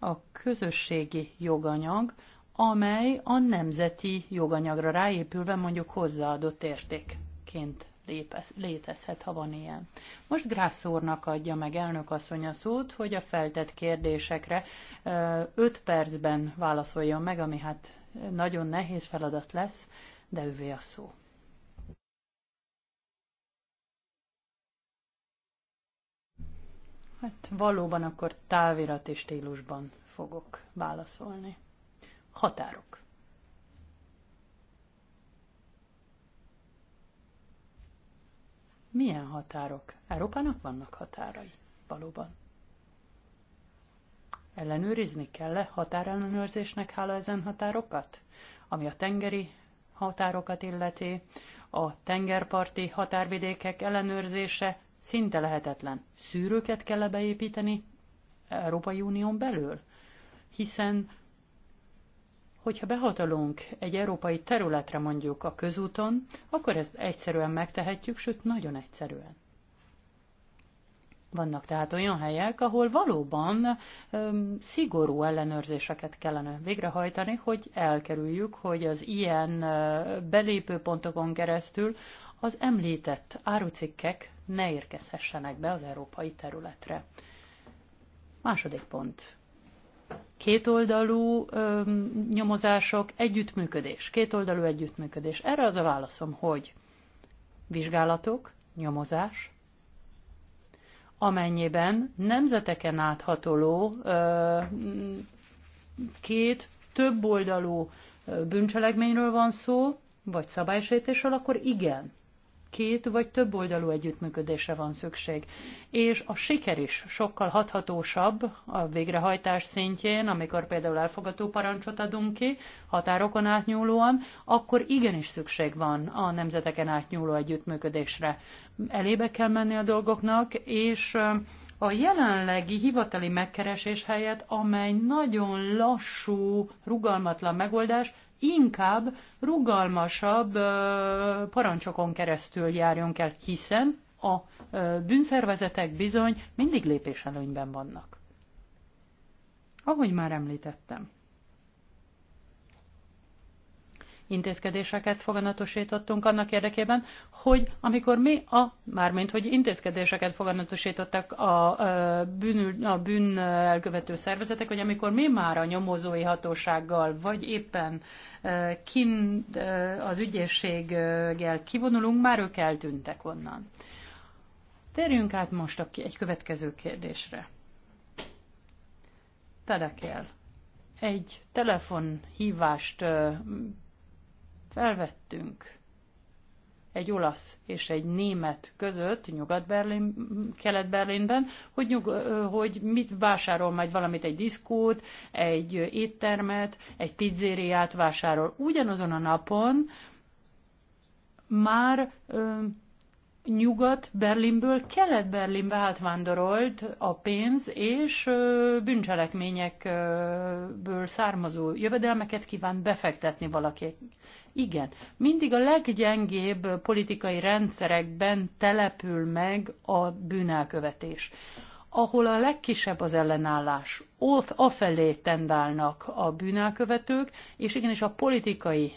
a közösségi joganyag, amely a nemzeti joganyagra ráépülve mondjuk hozzáadott érték? ként lépez, létezhet, ha van ilyen. Most Grász adja meg elnök asszony a szót, hogy a feltett kérdésekre 5 percben válaszoljon meg, ami hát nagyon nehéz feladat lesz, de ővé a szó. Hát valóban akkor távirat és stílusban fogok válaszolni. Határok. milyen határok? Európának vannak határai, valóban. Ellenőrizni kell-e határellenőrzésnek hála ezen határokat? Ami a tengeri határokat illeti, a tengerparti határvidékek ellenőrzése szinte lehetetlen. Szűrőket kell -e beépíteni Európai Unión belül? Hiszen hogyha behatolunk egy európai területre mondjuk a közúton, akkor ezt egyszerűen megtehetjük, sőt nagyon egyszerűen. Vannak tehát olyan helyek, ahol valóban öm, szigorú ellenőrzéseket kellene végrehajtani, hogy elkerüljük, hogy az ilyen belépőpontokon keresztül az említett árucikkek ne érkezhessenek be az európai területre. Második pont kétoldalú nyomozások, együttműködés, kétoldalú együttműködés. Erre az a válaszom, hogy vizsgálatok, nyomozás, amennyiben nemzeteken áthatoló két többoldalú bűncselekményről van szó, vagy szabálysértésről, akkor igen, két vagy több oldalú együttműködésre van szükség. És a siker is sokkal hathatósabb a végrehajtás szintjén, amikor például elfogadó parancsot adunk ki határokon átnyúlóan, akkor igenis szükség van a nemzeteken átnyúló együttműködésre. Elébe kell menni a dolgoknak, és a jelenlegi hivatali megkeresés helyett, amely nagyon lassú, rugalmatlan megoldás, inkább rugalmasabb parancsokon keresztül járjon kell, hiszen a bűnszervezetek bizony mindig lépéselőnyben vannak. Ahogy már említettem. intézkedéseket foganatosítottunk annak érdekében, hogy amikor mi a, mármint hogy intézkedéseket foganatosítottak a, a, bűn, a bűn elkövető szervezetek, hogy amikor mi már a nyomozói hatósággal, vagy éppen kin az ügyészséggel kivonulunk, már ők eltűntek onnan. Térjünk át most egy következő kérdésre. Tedekel. Egy telefonhívást felvettünk egy olasz és egy német között, Nyugat-Berlin, Kelet-Berlinben, hogy, nyug, hogy mit vásárol majd valamit, egy diszkót, egy éttermet, egy pizzériát vásárol. Ugyanazon a napon már Nyugat-Berlinből Kelet-Berlinbe átvándorolt a pénz, és bűncselekményekből származó jövedelmeket kíván befektetni valaki. Igen, mindig a leggyengébb politikai rendszerekben települ meg a bűnelkövetés ahol a legkisebb az ellenállás. Afelé tendálnak a bűnelkövetők, és igenis a politikai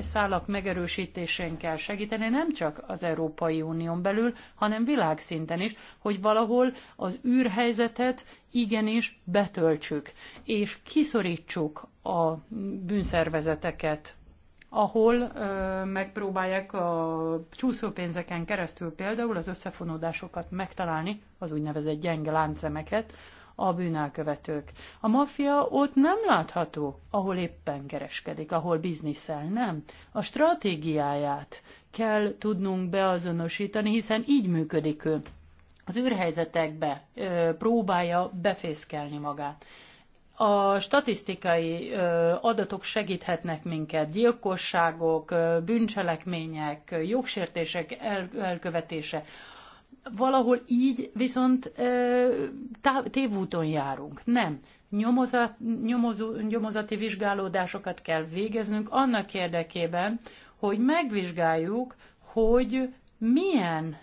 szálak megerősítésén kell segíteni, nem csak az Európai Unión belül, hanem világszinten is, hogy valahol az űrhelyzetet igenis betöltsük, és kiszorítsuk a bűnszervezeteket ahol ö, megpróbálják a csúszópénzeken keresztül például az összefonódásokat megtalálni, az úgynevezett gyenge láncemeket, a bűnelkövetők. A maffia ott nem látható, ahol éppen kereskedik, ahol bizniszel, nem. A stratégiáját kell tudnunk beazonosítani, hiszen így működik ő. Az űrhelyzetekbe ö, próbálja befészkelni magát. A statisztikai adatok segíthetnek minket, gyilkosságok, bűncselekmények, jogsértések el, elkövetése valahol így viszont tévúton járunk. Nem. Nyomozat, nyomozó, nyomozati vizsgálódásokat kell végeznünk annak érdekében, hogy megvizsgáljuk, hogy milyen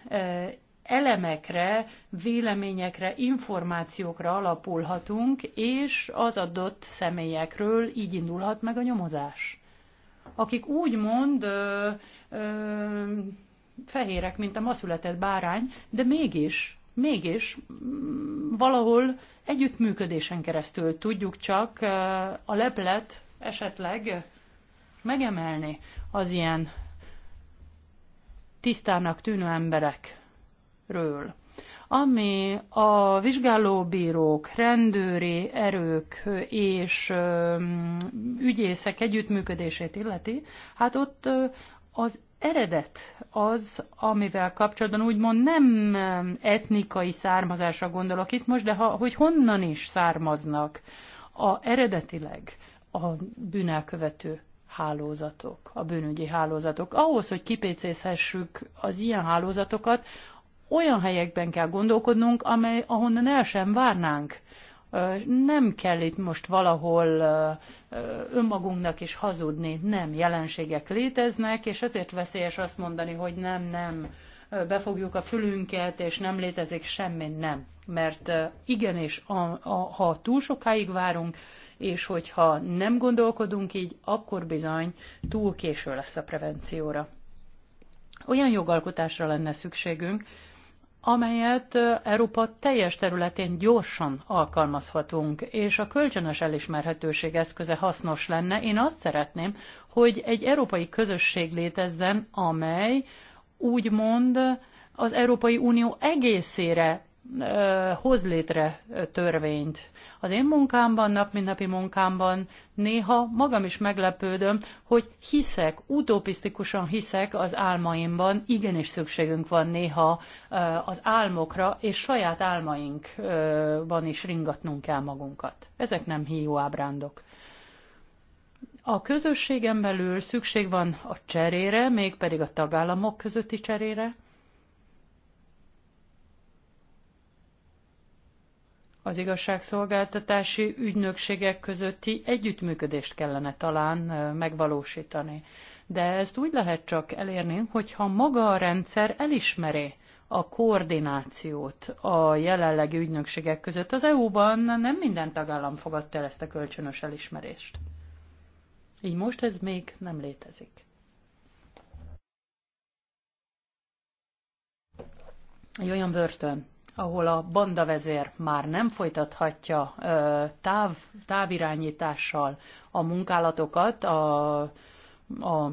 elemekre, véleményekre, információkra alapulhatunk, és az adott személyekről így indulhat meg a nyomozás. Akik úgy mond, ö, ö, fehérek, mint a ma született bárány, de mégis, mégis mm, valahol együttműködésen keresztül tudjuk csak a leplet esetleg megemelni az ilyen tisztának tűnő emberekről. Ami a vizsgálóbírók, rendőri erők és ügyészek együttműködését illeti, hát ott az eredet az, amivel kapcsolatban úgymond nem eh, etnikai származásra gondolok itt most, de ha, hogy honnan is származnak a eredetileg a bűnelkövető hálózatok, a bűnügyi hálózatok. Ahhoz, hogy kipécézhessük az ilyen hálózatokat, olyan helyekben kell gondolkodnunk, amely, ahonnan el sem várnánk nem kell itt most valahol önmagunknak is hazudni, nem, jelenségek léteznek, és ezért veszélyes azt mondani, hogy nem, nem, befogjuk a fülünket, és nem létezik semmi, nem. Mert igenis, a, a, ha túl sokáig várunk, és hogyha nem gondolkodunk így, akkor bizony túl késő lesz a prevencióra. Olyan jogalkotásra lenne szükségünk, amelyet Európa teljes területén gyorsan alkalmazhatunk, és a kölcsönös elismerhetőség eszköze hasznos lenne. Én azt szeretném, hogy egy európai közösség létezzen, amely úgymond az Európai Unió egészére hoz létre törvényt. Az én munkámban, napi-napi munkámban néha magam is meglepődöm, hogy hiszek, utopisztikusan hiszek az álmaimban, igenis szükségünk van néha az álmokra, és saját álmainkban is ringatnunk kell magunkat. Ezek nem hiú ábrándok. A közösségen belül szükség van a cserére, mégpedig a tagállamok közötti cserére, az igazságszolgáltatási ügynökségek közötti együttműködést kellene talán megvalósítani. De ezt úgy lehet csak elérni, hogyha maga a rendszer elismeri a koordinációt a jelenlegi ügynökségek között. Az EU-ban nem minden tagállam fogadta el ezt a kölcsönös elismerést. Így most ez még nem létezik. Egy olyan börtön, ahol a bandavezér már nem folytathatja táv, távirányítással a munkálatokat a, a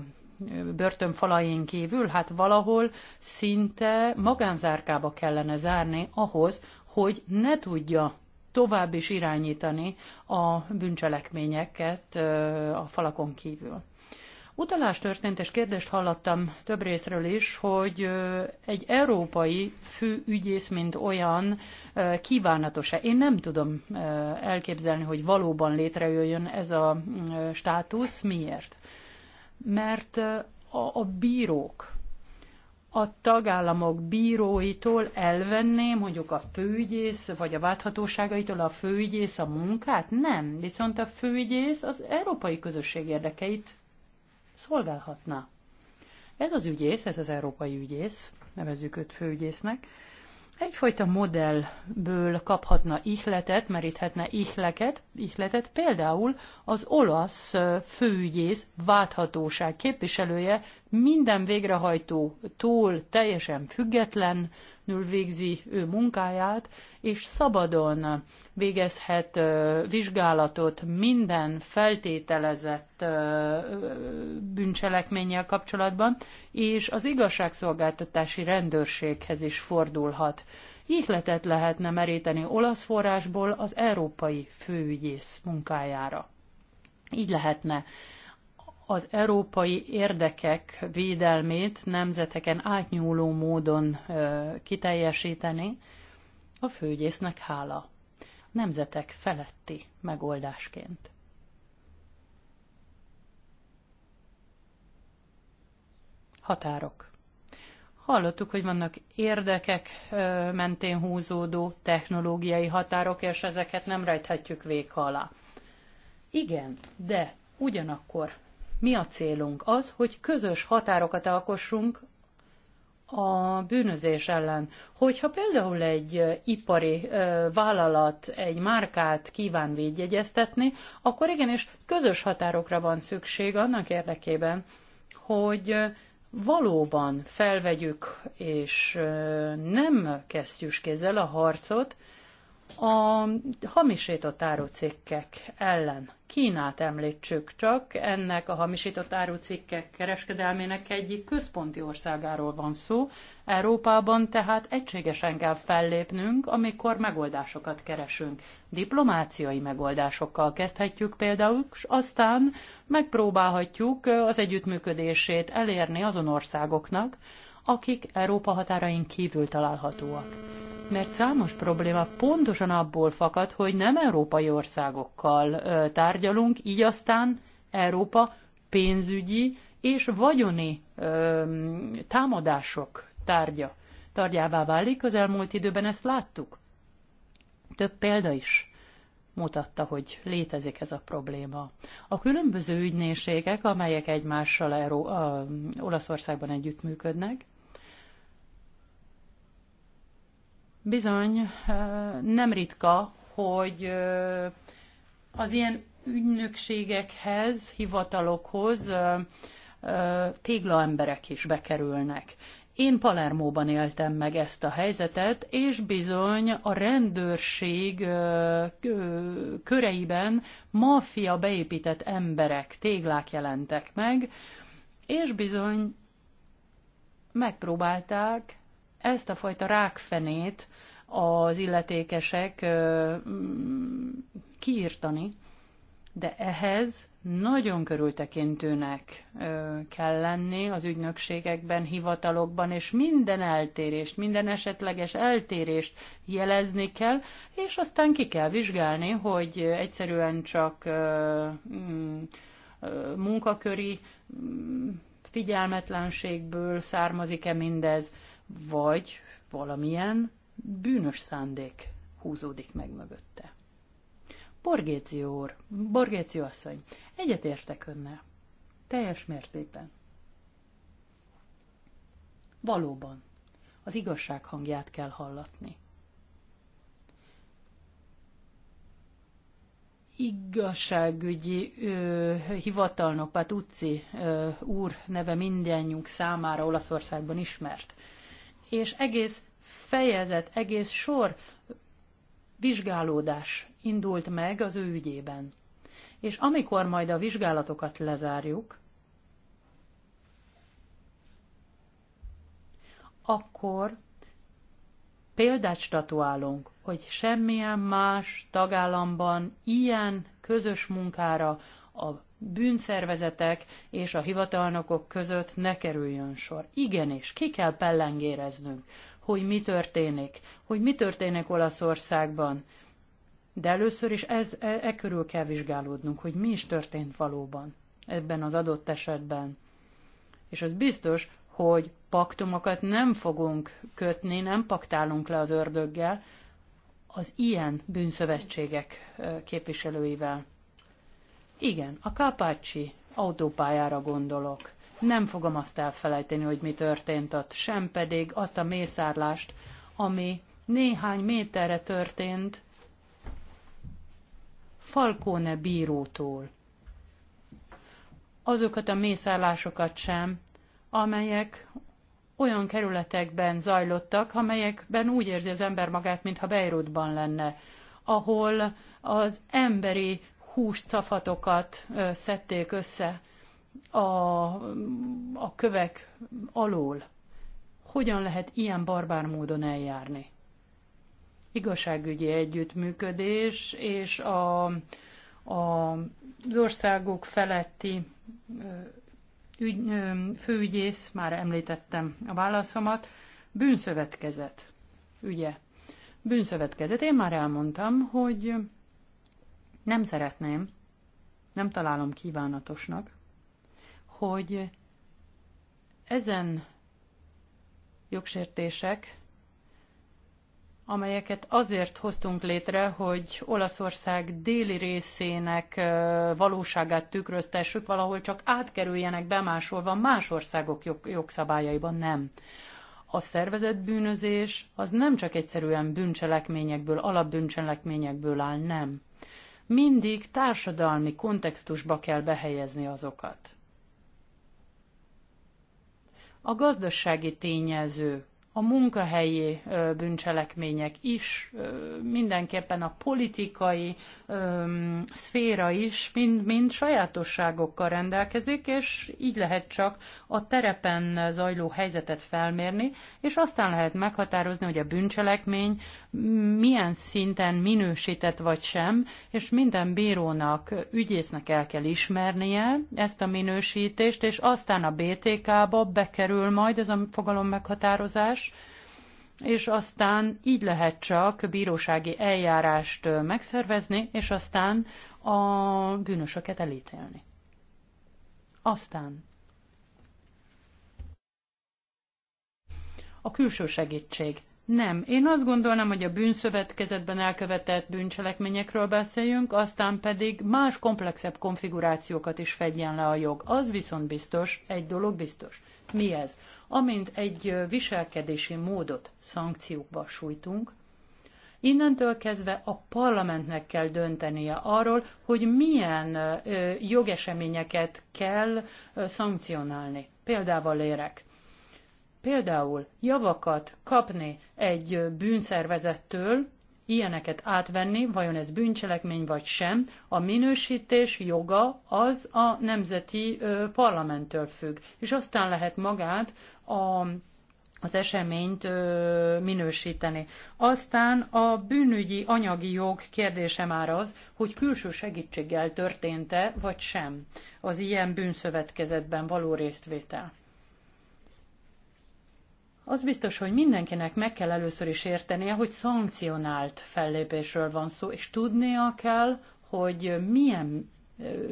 börtönfalain kívül, hát valahol szinte magánzárkába kellene zárni ahhoz, hogy ne tudja tovább is irányítani a bűncselekményeket a falakon kívül. Utalás történt, és kérdést hallottam több részről is, hogy egy európai főügyész, mint olyan, kívánatos-e? Én nem tudom elképzelni, hogy valóban létrejöjjön ez a mm, státusz. Miért? Mert a, a bírók, a tagállamok bíróitól elvenném mondjuk a főügyész, vagy a válthatóságaitól a főügyész a munkát? Nem, viszont a főügyész az európai közösség érdekeit szolgálhatna. Ez az ügyész, ez az európai ügyész, nevezzük őt főügyésznek, egyfajta modellből kaphatna ihletet, meríthetne ihleket, ihletet, például az olasz főügyész válthatóság képviselője minden végrehajtótól teljesen független függetlenül végzi ő munkáját, és szabadon végezhet vizsgálatot minden feltételezett bűncselekménnyel kapcsolatban, és az igazságszolgáltatási rendőrséghez is fordulhat. Ihletet lehetne meríteni olasz forrásból az európai főügyész munkájára. Így lehetne az európai érdekek védelmét nemzeteken átnyúló módon ö, kiteljesíteni, a főgyésznek hála, nemzetek feletti megoldásként. Határok. Hallottuk, hogy vannak érdekek ö, mentén húzódó technológiai határok, és ezeket nem rejthetjük véka alá. Igen, de ugyanakkor mi a célunk? Az, hogy közös határokat alkossunk a bűnözés ellen. Hogyha például egy ipari vállalat egy márkát kíván védjegyeztetni, akkor igenis közös határokra van szükség annak érdekében, hogy valóban felvegyük és nem kesztyűs kézzel a harcot, a hamisított árucikkek ellen. Kínát említsük csak, ennek a hamisított árucikkek kereskedelmének egyik központi országáról van szó. Európában tehát egységesen kell fellépnünk, amikor megoldásokat keresünk. Diplomáciai megoldásokkal kezdhetjük például, és aztán megpróbálhatjuk az együttműködését elérni azon országoknak, akik Európa határain kívül találhatóak. Mert számos probléma pontosan abból fakad, hogy nem európai országokkal tárgyalunk, így aztán Európa pénzügyi és vagyoni ö, támadások tárgya. Tárgyává válik, az elmúlt időben ezt láttuk. Több példa is mutatta, hogy létezik ez a probléma. A különböző ügynésségek, amelyek egymással Euró- a, Olaszországban együttműködnek, Bizony, nem ritka, hogy az ilyen ügynökségekhez, hivatalokhoz téglaemberek is bekerülnek. Én Palermóban éltem meg ezt a helyzetet, és bizony a rendőrség köreiben maffia beépített emberek, téglák jelentek meg, és bizony megpróbálták ezt a fajta rákfenét az illetékesek mm, kiírtani, de ehhez nagyon körültekintőnek kell lenni az ügynökségekben, hivatalokban, és minden eltérést, minden esetleges eltérést jelezni kell, és aztán ki kell vizsgálni, hogy egyszerűen csak mm, munkaköri mm, figyelmetlenségből származik-e mindez, vagy valamilyen bűnös szándék húzódik meg mögötte. Borgéció úr, Borgéció asszony, egyetértek önnel. Teljes mértékben. Valóban, az igazság hangját kell hallatni. igazságügyi ö, hivatalnok, Patuzzi ö, úr neve mindannyiunk számára Olaszországban ismert és egész fejezet, egész sor vizsgálódás indult meg az ő ügyében. És amikor majd a vizsgálatokat lezárjuk, akkor példát statuálunk, hogy semmilyen más tagállamban ilyen közös munkára a bűnszervezetek és a hivatalnokok között ne kerüljön sor. Igenis, ki kell pellengéreznünk, hogy mi történik, hogy mi történik Olaszországban. De először is ez, e, e körül kell vizsgálódnunk, hogy mi is történt valóban ebben az adott esetben. És az biztos, hogy paktumokat nem fogunk kötni, nem paktálunk le az ördöggel, az ilyen bűnszövetségek képviselőivel. Igen, a Kápácsi autópályára gondolok. Nem fogom azt elfelejteni, hogy mi történt ott, sem pedig azt a mészárlást, ami néhány méterre történt Falkóne bírótól. Azokat a mészárlásokat sem, amelyek olyan kerületekben zajlottak, amelyekben úgy érzi az ember magát, mintha Beirutban lenne, ahol az emberi húscafatokat szedték össze a, a kövek alól. Hogyan lehet ilyen barbár módon eljárni? Igazságügyi együttműködés és a, a, az országok feletti ügy, főügyész, már említettem a válaszomat, bűnszövetkezet ügye. Bűnszövetkezet. Én már elmondtam, hogy nem szeretném, nem találom kívánatosnak, hogy ezen jogsértések, amelyeket azért hoztunk létre, hogy Olaszország déli részének valóságát tükröztessük, valahol csak átkerüljenek bemásolva más országok jog jogszabályaiban, nem. A szervezett bűnözés az nem csak egyszerűen bűncselekményekből, alapbűncselekményekből áll, nem mindig társadalmi kontextusba kell behelyezni azokat. A gazdasági tényezők a munkahelyi bűncselekmények is, mindenképpen a politikai szféra is mind-mind sajátosságokkal rendelkezik, és így lehet csak a terepen zajló helyzetet felmérni, és aztán lehet meghatározni, hogy a bűncselekmény milyen szinten minősített vagy sem, és minden bírónak, ügyésznek el kell ismernie ezt a minősítést, és aztán a BTK-ba bekerül majd ez a fogalom meghatározás, és aztán így lehet csak bírósági eljárást megszervezni, és aztán a bűnösöket elítélni. Aztán a külső segítség. Nem, én azt gondolnám, hogy a bűnszövetkezetben elkövetett bűncselekményekről beszéljünk, aztán pedig más komplexebb konfigurációkat is fedjen le a jog. Az viszont biztos, egy dolog biztos mi ez? Amint egy viselkedési módot szankciókba sújtunk, Innentől kezdve a parlamentnek kell döntenie arról, hogy milyen jogeseményeket kell szankcionálni. Példával érek. Például javakat kapni egy bűnszervezettől, ilyeneket átvenni, vajon ez bűncselekmény vagy sem, a minősítés joga az a nemzeti parlamenttől függ. És aztán lehet magát a az eseményt ö, minősíteni. Aztán a bűnügyi anyagi jog kérdése már az, hogy külső segítséggel történt-e, vagy sem az ilyen bűnszövetkezetben való résztvétel az biztos, hogy mindenkinek meg kell először is értenie, hogy szankcionált fellépésről van szó, és tudnia kell, hogy milyen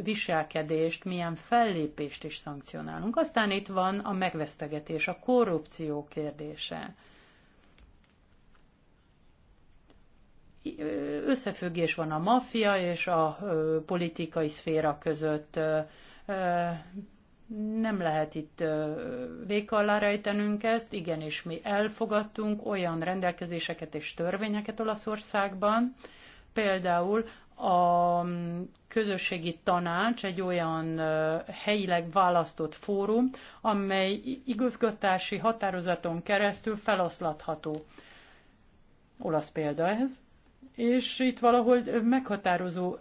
viselkedést, milyen fellépést is szankcionálunk. Aztán itt van a megvesztegetés, a korrupció kérdése. Összefüggés van a maffia és a politikai szféra között nem lehet itt vék alá rejtenünk ezt, igenis mi elfogadtunk olyan rendelkezéseket és törvényeket Olaszországban, például a mm, közösségi tanács egy olyan helyileg választott fórum, amely igazgatási határozaton keresztül feloszlatható. Olasz példa ez. És itt valahol meghatározó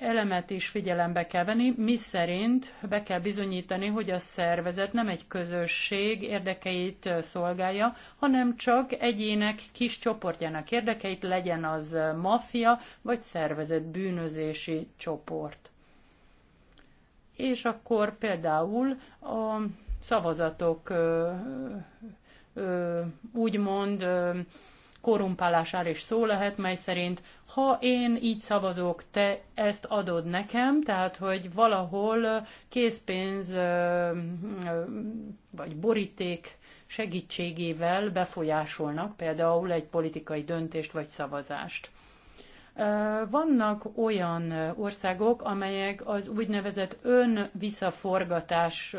elemet is figyelembe kell venni, mi szerint be kell bizonyítani, hogy a szervezet nem egy közösség érdekeit szolgálja, hanem csak egyének kis csoportjának érdekeit, legyen az maffia vagy szervezet bűnözési csoport. És akkor például a szavazatok úgymond korrumpálására is szó lehet, mely szerint ha én így szavazok, te ezt adod nekem, tehát hogy valahol készpénz vagy boríték segítségével befolyásolnak például egy politikai döntést vagy szavazást. Vannak olyan országok, amelyek az úgynevezett önvisszaforgatás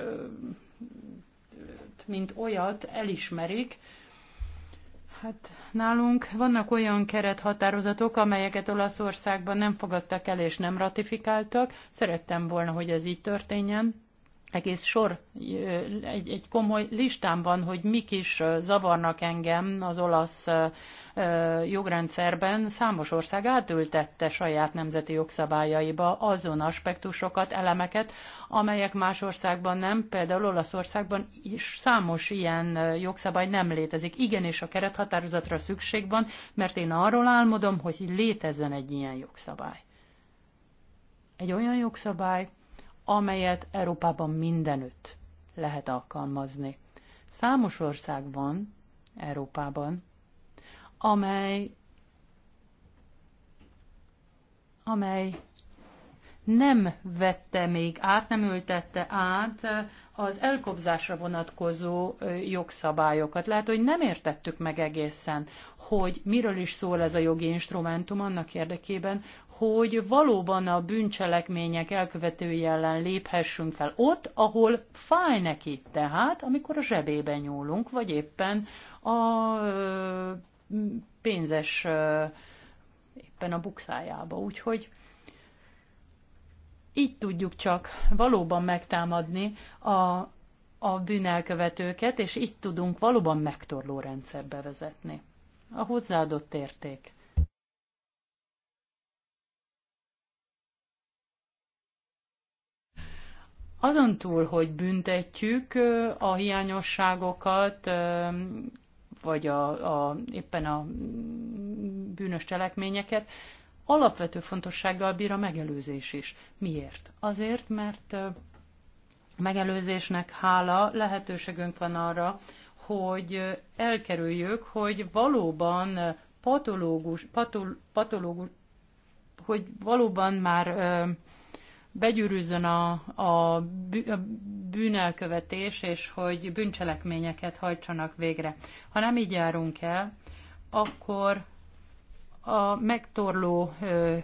mint olyat elismerik, Hát nálunk vannak olyan kerethatározatok, amelyeket Olaszországban nem fogadtak el és nem ratifikáltak. Szerettem volna, hogy ez így történjen egész sor, egy, egy komoly listám van, hogy mik is zavarnak engem az olasz jogrendszerben. Számos ország átültette saját nemzeti jogszabályaiba azon aspektusokat, elemeket, amelyek más országban nem, például Olaszországban is számos ilyen jogszabály nem létezik. Igenis a kerethatározatra szükség van, mert én arról álmodom, hogy létezzen egy ilyen jogszabály. Egy olyan jogszabály, amelyet Európában mindenütt lehet alkalmazni. Számos ország van Európában, amely, amely nem vette még át, nem ültette át az elkobzásra vonatkozó jogszabályokat. Lehet, hogy nem értettük meg egészen, hogy miről is szól ez a jogi instrumentum annak érdekében, hogy valóban a bűncselekmények elkövetői ellen léphessünk fel ott, ahol fáj neki, tehát amikor a zsebébe nyúlunk, vagy éppen a pénzes éppen a bukszájába. Úgyhogy így tudjuk csak valóban megtámadni a, a bűnelkövetőket, és így tudunk valóban megtorló rendszerbe vezetni. A hozzáadott érték Azon túl, hogy büntetjük a hiányosságokat, vagy a, a, éppen a bűnös cselekményeket, alapvető fontossággal bír a megelőzés is. Miért? Azért, mert megelőzésnek hála lehetőségünk van arra, hogy elkerüljük, hogy valóban patológus, patol, patológus, hogy valóban már ö, begyűrűzön a, a, bűnelkövetés, és hogy bűncselekményeket hajtsanak végre. Ha nem így járunk el, akkor a megtorló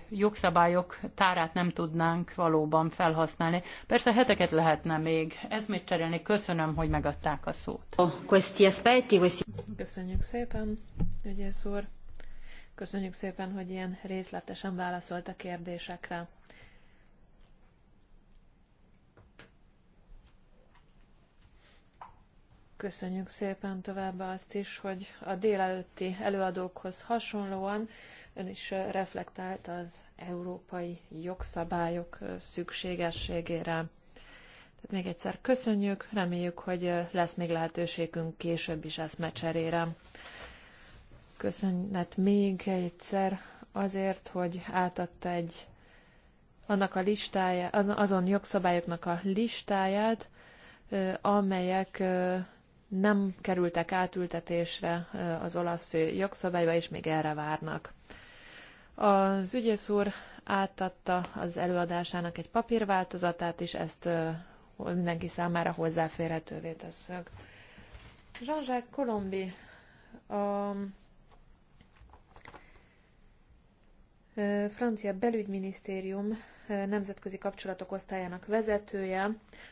jogszabályok tárát nem tudnánk valóban felhasználni. Persze heteket lehetne még. Ez mit cserélni? Köszönöm, hogy megadták a szót. Köszönjük szépen, ügyész úr. Köszönjük szépen, hogy ilyen részletesen válaszolt a kérdésekre. Köszönjük szépen továbbá azt is, hogy a délelőtti előadókhoz hasonlóan ön is reflektált az európai jogszabályok szükségességére. Tehát még egyszer köszönjük, reméljük, hogy lesz még lehetőségünk később is mecserére. Köszönet még egyszer azért, hogy átadta egy annak a listája, azon jogszabályoknak a listáját, amelyek nem kerültek átültetésre az olasz jogszabályba, és még erre várnak. Az ügyész úr átadta az előadásának egy papírváltozatát, és ezt mindenki számára hozzáférhetővé tesszük. Jean-Jacques Colombi a francia belügyminisztérium nemzetközi kapcsolatok osztályának vezetője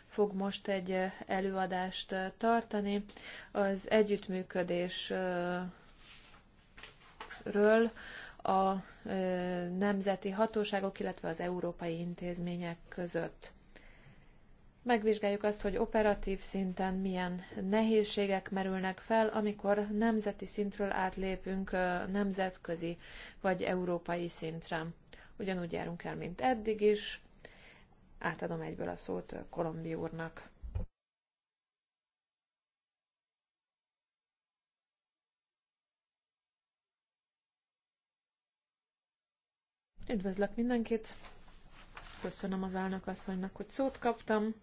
fog most egy előadást tartani az együttműködésről a nemzeti hatóságok, illetve az európai intézmények között. Megvizsgáljuk azt, hogy operatív szinten milyen nehézségek merülnek fel, amikor nemzeti szintről átlépünk nemzetközi vagy európai szintre. Ugyanúgy járunk el, mint eddig is. Átadom egyből a szót Kolombi úrnak. Üdvözlök mindenkit! Köszönöm az asszonynak, hogy szót kaptam.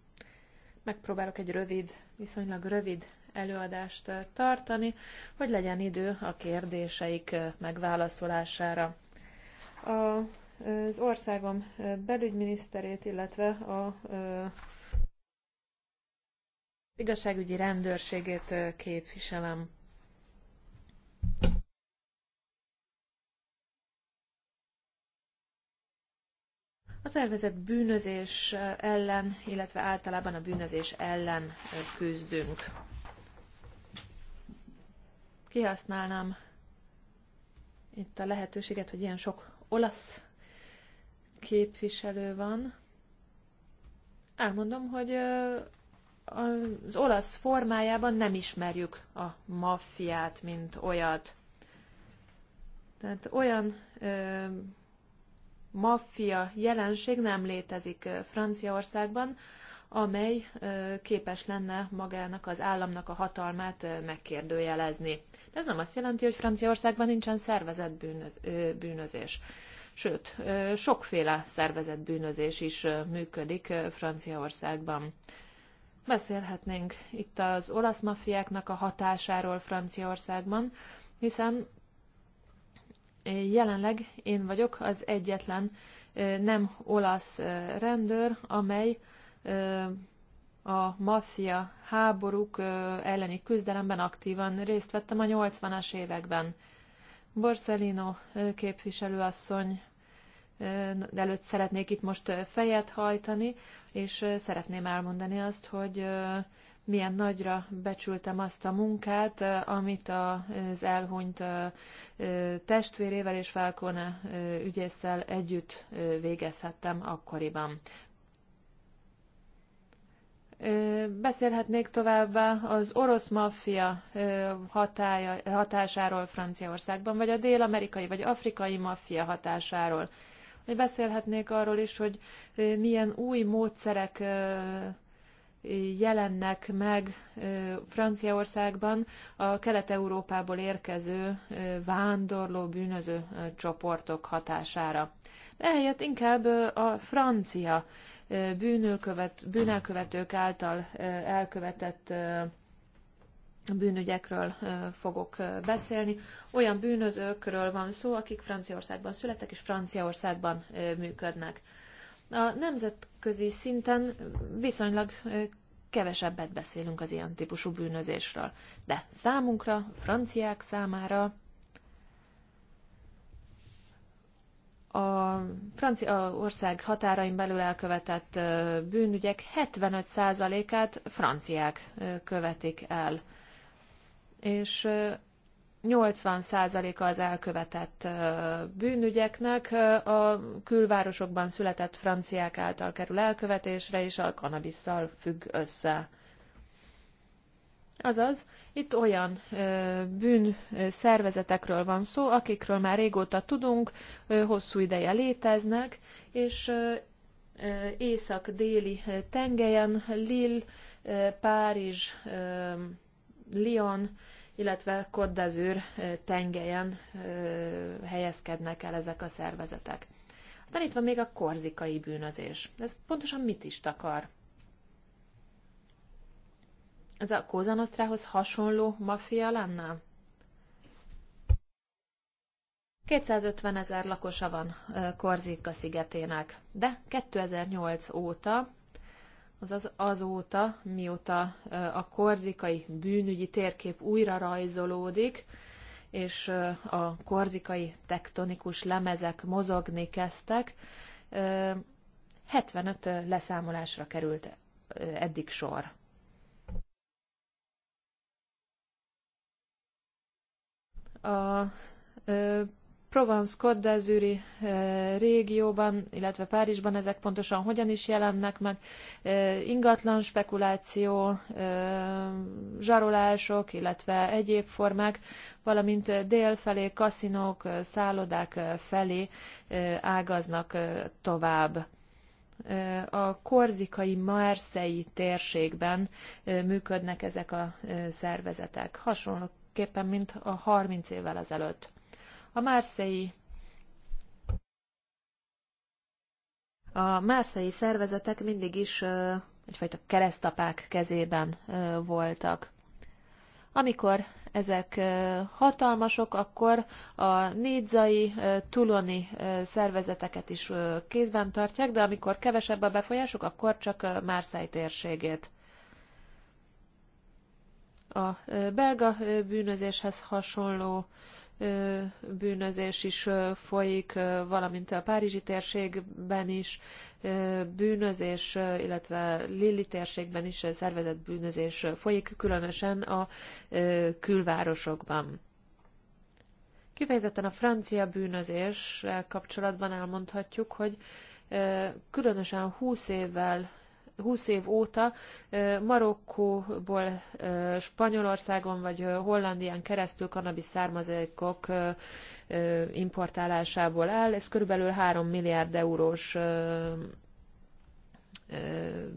Megpróbálok egy rövid, viszonylag rövid előadást tartani, hogy legyen idő a kérdéseik megválaszolására. A az országom belügyminiszterét, illetve a igazságügyi rendőrségét képviselem. A szervezet bűnözés ellen, illetve általában a bűnözés ellen küzdünk. Kihasználnám itt a lehetőséget, hogy ilyen sok olasz képviselő van. Elmondom, hogy az olasz formájában nem ismerjük a maffiát, mint olyat. Tehát olyan ö, maffia jelenség nem létezik Franciaországban, amely ö, képes lenne magának az államnak a hatalmát ö, megkérdőjelezni. De ez nem azt jelenti, hogy Franciaországban nincsen szervezett bűnöz, ö, bűnözés sőt, sokféle szervezett bűnözés is működik Franciaországban. Beszélhetnénk itt az olasz mafiáknak a hatásáról Franciaországban, hiszen jelenleg én vagyok az egyetlen nem olasz rendőr, amely a maffia háborúk elleni küzdelemben aktívan részt vettem a 80-as években. Borsellino képviselőasszony de előtt szeretnék itt most fejet hajtani, és szeretném elmondani azt, hogy milyen nagyra becsültem azt a munkát, amit az elhunyt testvérével és Falcone ügyésszel együtt végezhettem akkoriban. Beszélhetnék továbbá az orosz maffia hatája, hatásáról Franciaországban, vagy a dél-amerikai vagy afrikai maffia hatásáról vagy beszélhetnék arról is, hogy milyen új módszerek jelennek meg Franciaországban a kelet-európából érkező vándorló bűnöző csoportok hatására. Ehelyett inkább a francia bűnölkövet, bűnelkövetők által elkövetett bűnügyekről fogok beszélni. Olyan bűnözőkről van szó, akik Franciaországban születtek és Franciaországban működnek. A nemzetközi szinten viszonylag kevesebbet beszélünk az ilyen típusú bűnözésről, de számunkra, franciák számára a francia ország határain belül elkövetett bűnügyek 75%-át franciák követik el és 80%-a az elkövetett bűnügyeknek a külvárosokban született franciák által kerül elkövetésre, és a kanabisszal függ össze. Azaz, itt olyan ö, bűnszervezetekről van szó, akikről már régóta tudunk, ö, hosszú ideje léteznek, és észak-déli tengelyen Lille, ö, Párizs, ö, Lyon, illetve Côte d'Azur tengelyen helyezkednek el ezek a szervezetek. Aztán itt van még a korzikai bűnözés. Ez pontosan mit is takar? Ez a Kózanosztrához hasonló mafia lenne? 250 ezer lakosa van Korzika szigetének, de 2008 óta azaz azóta, mióta a korzikai bűnügyi térkép újra rajzolódik, és a korzikai tektonikus lemezek mozogni kezdtek, 75 leszámolásra került eddig sor. A Provence Côte d'Azur eh, régióban, illetve Párizsban ezek pontosan hogyan is jelennek meg, eh, ingatlan spekuláció, eh, zsarolások, illetve egyéb formák, valamint dél felé kaszinók, szállodák felé ágaznak tovább a korzikai Marszei térségben működnek ezek a szervezetek, hasonlóképpen, mint a 30 évvel ezelőtt. A márszei a márszei szervezetek mindig is egyfajta keresztapák kezében voltak. Amikor ezek hatalmasok, akkor a nédzai, tuloni szervezeteket is kézben tartják, de amikor kevesebb a befolyásuk, akkor csak Márszáj térségét. A belga bűnözéshez hasonló bűnözés is folyik, valamint a Párizsi térségben is bűnözés, illetve Lilli térségben is szervezett bűnözés folyik, különösen a külvárosokban. Kifejezetten a francia bűnözés kapcsolatban elmondhatjuk, hogy különösen 20 évvel 20 év óta Marokkóból Spanyolországon vagy Hollandián keresztül kanabis származékok importálásából áll. Ez körülbelül 3 milliárd eurós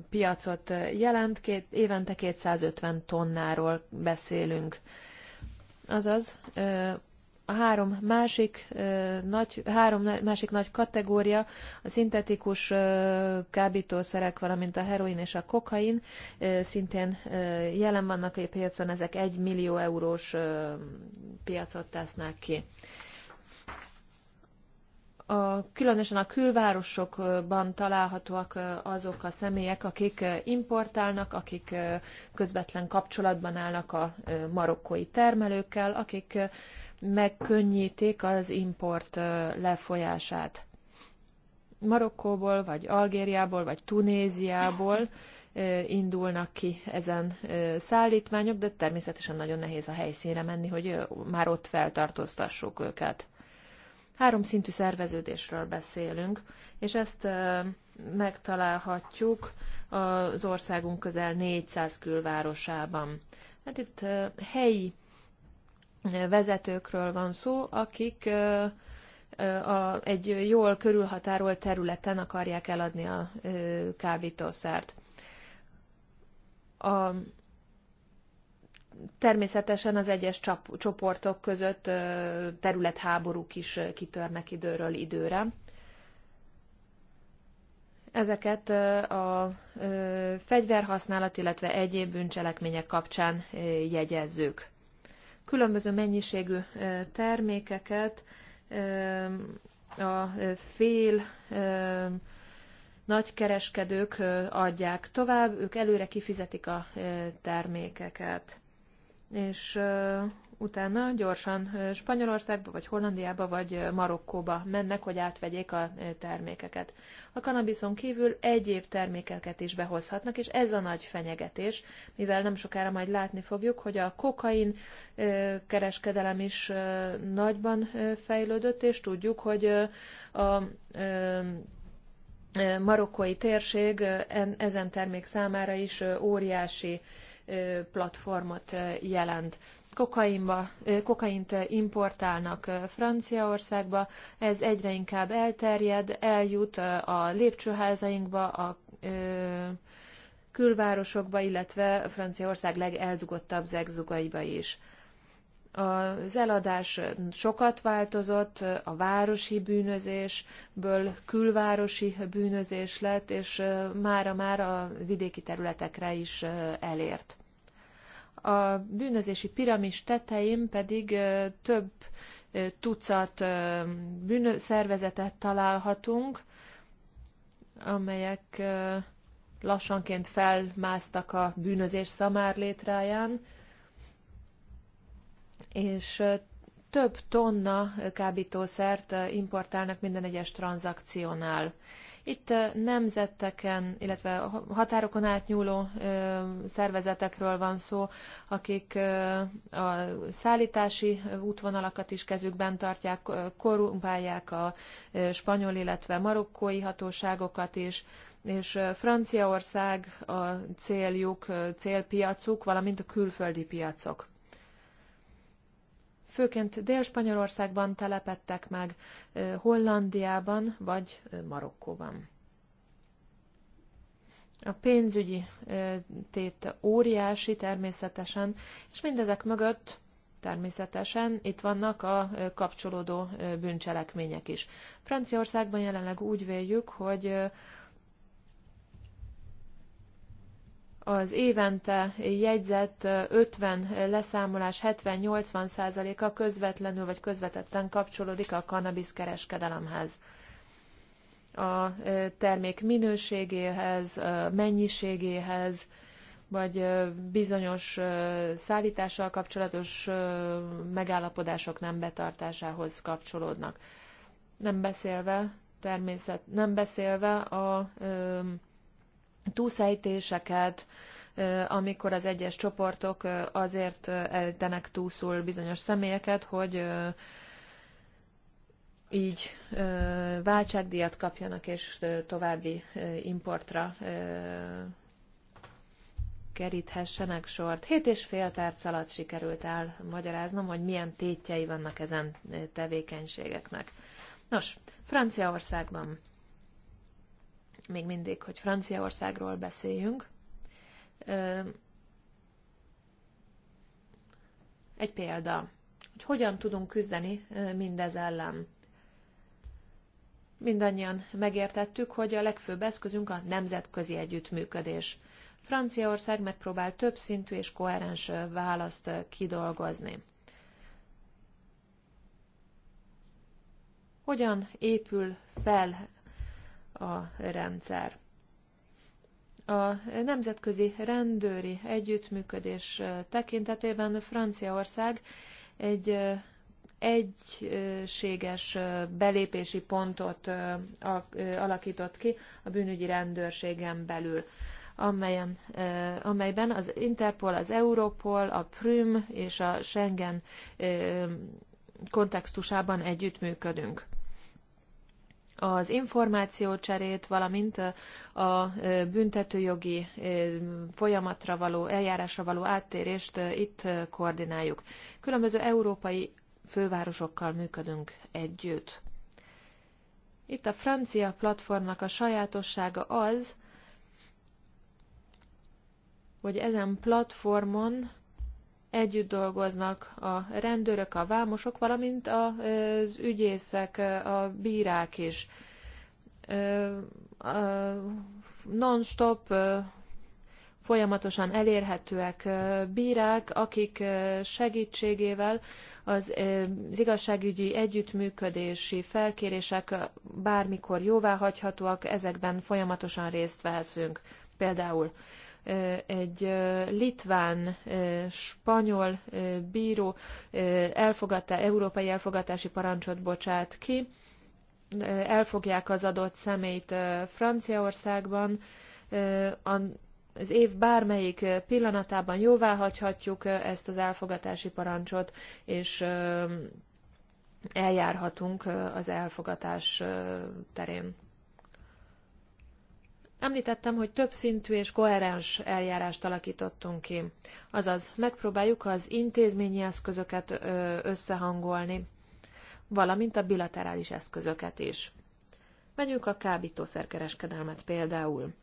piacot jelent, két, évente 250 tonnáról beszélünk. Azaz, a három másik, nagy, három másik nagy kategória a szintetikus kábítószerek, valamint a heroin és a kokain. Szintén jelen vannak a piacon, ezek egy millió eurós piacot tesznek ki a, különösen a külvárosokban találhatóak azok a személyek, akik importálnak, akik közvetlen kapcsolatban állnak a marokkói termelőkkel, akik megkönnyítik az import lefolyását. Marokkóból, vagy Algériából, vagy Tunéziából indulnak ki ezen szállítmányok, de természetesen nagyon nehéz a helyszínre menni, hogy már ott feltartóztassuk őket. Három szintű szerveződésről beszélünk, és ezt megtalálhatjuk az országunk közel 400 külvárosában. Hát itt helyi vezetőkről van szó, akik a, egy jól körülhatárolt területen akarják eladni a kábítószert. A, természetesen az egyes csap, csoportok között területháborúk is kitörnek időről időre. Ezeket a fegyverhasználat, illetve egyéb bűncselekmények kapcsán jegyezzük különböző mennyiségű termékeket, a fél nagykereskedők adják tovább, ők előre kifizetik a termékeket. És utána gyorsan Spanyolországba, vagy Hollandiába, vagy Marokkóba mennek, hogy átvegyék a termékeket. A kanabiszon kívül egyéb termékeket is behozhatnak, és ez a nagy fenyegetés, mivel nem sokára majd látni fogjuk, hogy a kokain kereskedelem is nagyban fejlődött, és tudjuk, hogy a marokkói térség ezen termék számára is óriási platformot jelent kokainba, kokaint importálnak Franciaországba, ez egyre inkább elterjed, eljut a lépcsőházainkba, a külvárosokba, illetve Franciaország legeldugottabb zegzugaiba is. Az eladás sokat változott, a városi bűnözésből külvárosi bűnözés lett, és mára már a vidéki területekre is elért a bűnözési piramis tetején pedig több tucat bűnszervezetet találhatunk, amelyek lassanként felmásztak a bűnözés szamár létráján, és több tonna kábítószert importálnak minden egyes tranzakciónál. Itt nemzeteken, illetve határokon átnyúló szervezetekről van szó, akik a szállítási útvonalakat is kezükben tartják, korumpálják a spanyol, illetve marokkói hatóságokat is, és Franciaország a céljuk, célpiacuk, valamint a külföldi piacok főként Dél-Spanyolországban telepedtek meg, Hollandiában vagy Marokkóban. A pénzügyi tét óriási természetesen, és mindezek mögött természetesen itt vannak a kapcsolódó bűncselekmények is. Franciaországban jelenleg úgy véljük, hogy az évente jegyzett 50 leszámolás 70-80 százaléka közvetlenül vagy közvetetten kapcsolódik a cannabis kereskedelemhez. A termék minőségéhez, mennyiségéhez, vagy bizonyos szállítással kapcsolatos megállapodások nem betartásához kapcsolódnak. Nem beszélve természet, nem beszélve a túlszejtéseket, amikor az egyes csoportok azért eltenek túszul bizonyos személyeket, hogy így váltságdíjat kapjanak, és további importra keríthessenek sort. Hét és fél perc alatt sikerült elmagyaráznom, hogy milyen tétjei vannak ezen tevékenységeknek. Nos, Franciaországban még mindig, hogy Franciaországról beszéljünk. Egy példa, hogy hogyan tudunk küzdeni mindez ellen. Mindannyian megértettük, hogy a legfőbb eszközünk a nemzetközi együttműködés. Franciaország megpróbál több szintű és koherens választ kidolgozni. Hogyan épül fel a rendszer. A nemzetközi rendőri együttműködés tekintetében Franciaország egy egységes belépési pontot alakított ki a bűnügyi rendőrségen belül, amelyen, amelyben az Interpol, az Europol, a Prüm és a Schengen kontextusában együttműködünk az információcserét, valamint a büntetőjogi folyamatra való, eljárásra való áttérést itt koordináljuk. Különböző európai fővárosokkal működünk együtt. Itt a francia platformnak a sajátossága az, hogy ezen platformon Együtt dolgoznak a rendőrök, a vámosok, valamint az ügyészek, a bírák is. Non-stop folyamatosan elérhetőek bírák, akik segítségével az, az igazságügyi együttműködési felkérések bármikor jóváhagyhatóak, ezekben folyamatosan részt veszünk. Például egy litván, spanyol bíró elfogadta, európai elfogatási parancsot bocsát ki, elfogják az adott személyt Franciaországban, az év bármelyik pillanatában jóvá hagyhatjuk ezt az elfogatási parancsot, és eljárhatunk az elfogatás terén. Említettem, hogy több szintű és koherens eljárást alakítottunk ki. Azaz, megpróbáljuk az intézményi eszközöket összehangolni, valamint a bilaterális eszközöket is. Vegyük a kábítószerkereskedelmet például.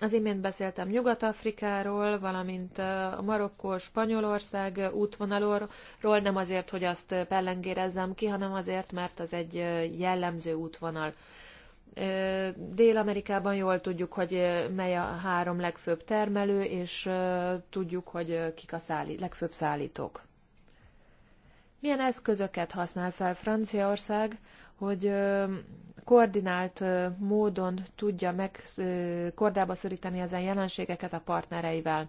Az imént beszéltem Nyugat-Afrikáról, valamint a Marokkó, Spanyolország útvonalról, nem azért, hogy azt pellengérezzem ki, hanem azért, mert az egy jellemző útvonal. Dél-Amerikában jól tudjuk, hogy mely a három legfőbb termelő, és tudjuk, hogy kik a szállít, legfőbb szállítók. Milyen eszközöket használ fel Franciaország, hogy koordinált módon tudja meg kordába szöríteni ezen jelenségeket a partnereivel?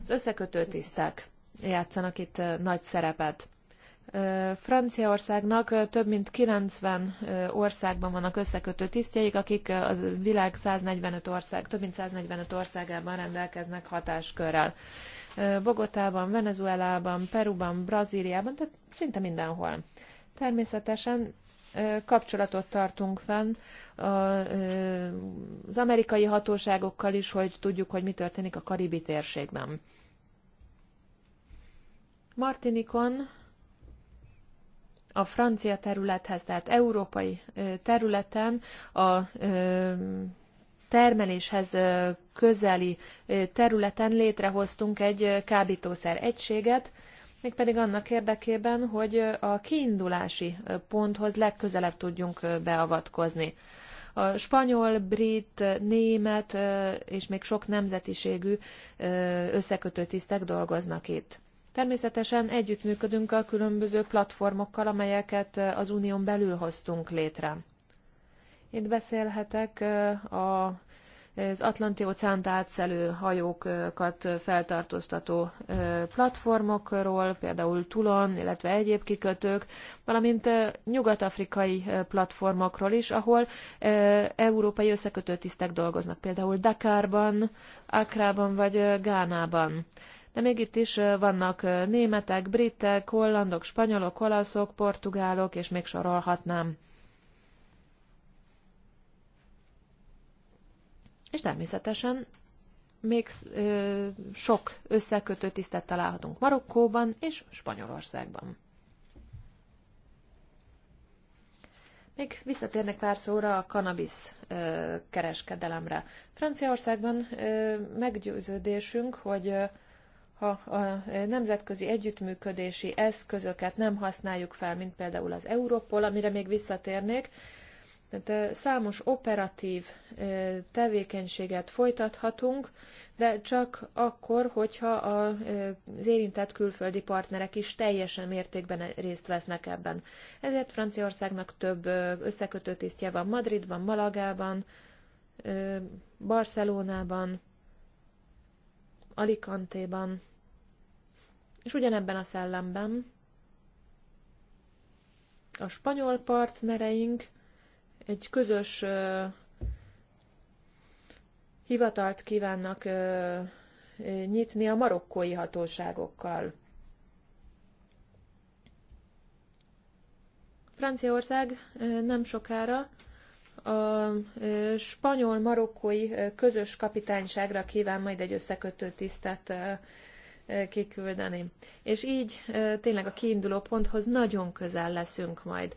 Az összekötő tiszták, játszanak itt nagy szerepet. Franciaországnak több mint 90 országban vannak összekötő tisztjeik, akik a világ 145 ország, több mint 145 országában rendelkeznek hatáskörrel. Bogotában, Venezuelában, Peruban, Brazíliában, tehát szinte mindenhol. Természetesen kapcsolatot tartunk fenn az amerikai hatóságokkal is, hogy tudjuk, hogy mi történik a Karibi térségben. Martinikon a francia területhez, tehát európai területen a termeléshez közeli területen létrehoztunk egy kábítószer egységet, mégpedig annak érdekében, hogy a kiindulási ponthoz legközelebb tudjunk beavatkozni. A spanyol, brit, német és még sok nemzetiségű összekötő tisztek dolgoznak itt. Természetesen együttműködünk a különböző platformokkal, amelyeket eh, az unión belül hoztunk létre. Itt beszélhetek eh, a az Atlanti óceánt átszelő hajókat eh, feltartóztató platformokról, például Tulon, illetve egyéb kikötők, valamint nyugat-afrikai platformokról is, ahol európai összekötőtisztek dolgoznak, például Dakarban, Akrában vagy Gánában de még itt is vannak németek, britek, hollandok, spanyolok, olaszok, portugálok, és még sorolhatnám. És természetesen még sok összekötő tisztet találhatunk Marokkóban és Spanyolországban. Még visszatérnek pár szóra a kanabisz kereskedelemre. Franciaországban ö, meggyőződésünk, hogy ö, ha a eh, nemzetközi együttműködési eszközöket nem használjuk fel, mint például az Europol, amire még visszatérnék, eh, számos operatív eh, tevékenységet folytathatunk, de csak akkor, hogyha az érintett külföldi partnerek is teljesen mértékben részt vesznek ebben. Ezért Franciaországnak több összekötő tisztje van Madridban, Malagában, Barcelonában, Alicantéban, és ugyanebben a szellemben a spanyol partnereink egy közös ö, hivatalt kívánnak ö, nyitni a marokkói hatóságokkal. Franciaország nem sokára a spanyol-marokkói közös kapitányságra kíván majd egy összekötő tisztet kiküldeni. És így tényleg a kiinduló ponthoz nagyon közel leszünk majd.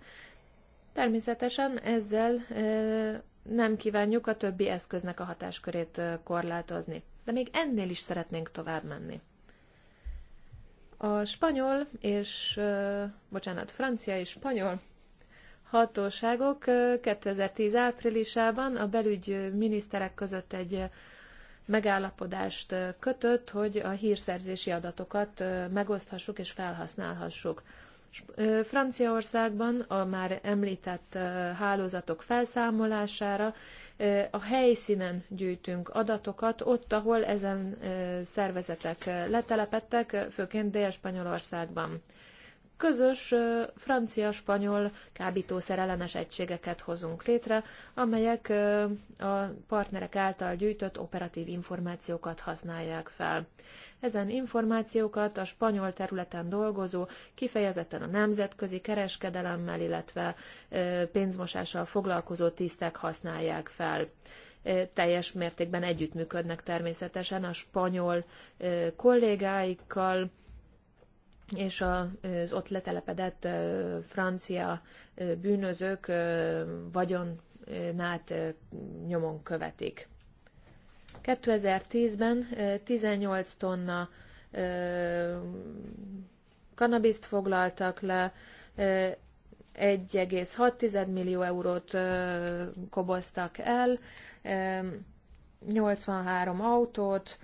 Természetesen ezzel nem kívánjuk a többi eszköznek a hatáskörét korlátozni. De még ennél is szeretnénk tovább menni. A spanyol és, bocsánat, francia és spanyol hatóságok 2010 áprilisában a belügyminiszterek között egy megállapodást kötött, hogy a hírszerzési adatokat megoszthassuk és felhasználhassuk. Franciaországban a már említett hálózatok felszámolására a helyszínen gyűjtünk adatokat, ott, ahol ezen szervezetek letelepettek, főként Dél-Spanyolországban közös francia-spanyol kábítószer ellenes egységeket hozunk létre, amelyek a partnerek által gyűjtött operatív információkat használják fel. Ezen információkat a spanyol területen dolgozó, kifejezetten a nemzetközi kereskedelemmel, illetve pénzmosással foglalkozó tisztek használják fel teljes mértékben együttműködnek természetesen a spanyol kollégáikkal, és az ott letelepedett francia bűnözők vagyonát nyomon követik. 2010-ben 18 tonna kanabiszt foglaltak le, 1,6 millió eurót koboztak el, 83 autót,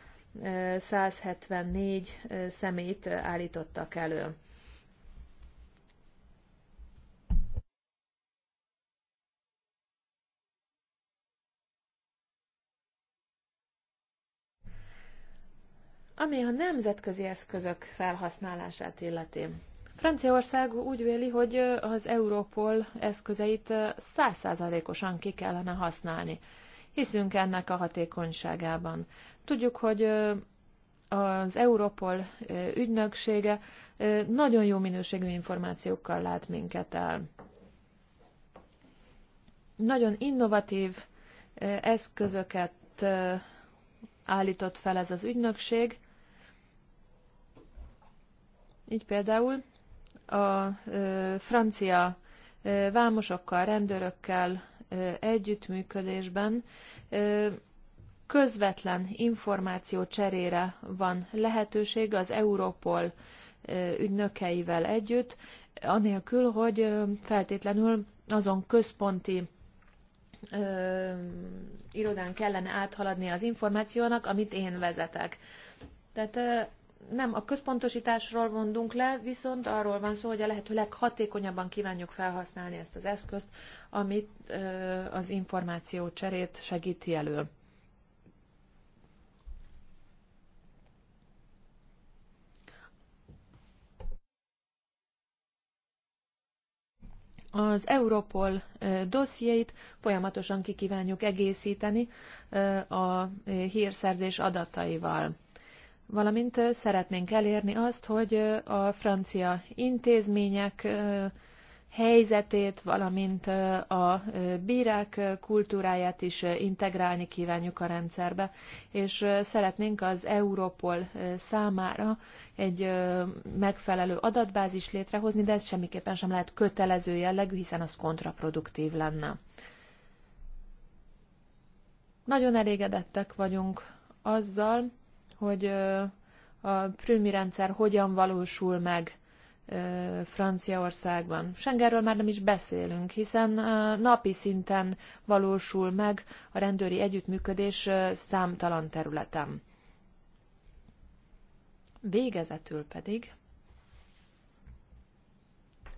174 szemét állítottak elő. ami a nemzetközi eszközök felhasználását illeti. Franciaország úgy véli, hogy az Európol eszközeit százszázalékosan ki kellene használni. Hiszünk ennek a hatékonyságában. Tudjuk, hogy az Europol ügynöksége nagyon jó minőségű információkkal lát minket el. Nagyon innovatív eszközöket állított fel ez az ügynökség. Így például a francia vámosokkal, rendőrökkel együttműködésben közvetlen információ cserére van lehetőség az Europol ügynökeivel együtt, anélkül, hogy feltétlenül azon központi ö, irodán kellene áthaladni az információnak, amit én vezetek. Tehát ö, nem a központosításról mondunk le, viszont arról van szó, hogy a lehető leghatékonyabban kívánjuk felhasználni ezt az eszközt, amit ö, az információ cserét segíti elő. az Europol dossziéit folyamatosan kikívánjuk egészíteni a hírszerzés adataival. Valamint szeretnénk elérni azt, hogy a francia intézmények helyzetét, valamint a bírák kultúráját is integrálni kívánjuk a rendszerbe, és szeretnénk az Europol számára egy megfelelő adatbázis létrehozni, de ez semmiképpen sem lehet kötelező jellegű, hiszen az kontraproduktív lenne. Nagyon elégedettek vagyunk azzal, hogy a prümi rendszer hogyan valósul meg Franciaországban. Sengerről már nem is beszélünk, hiszen napi szinten valósul meg a rendőri együttműködés számtalan területen. Végezetül pedig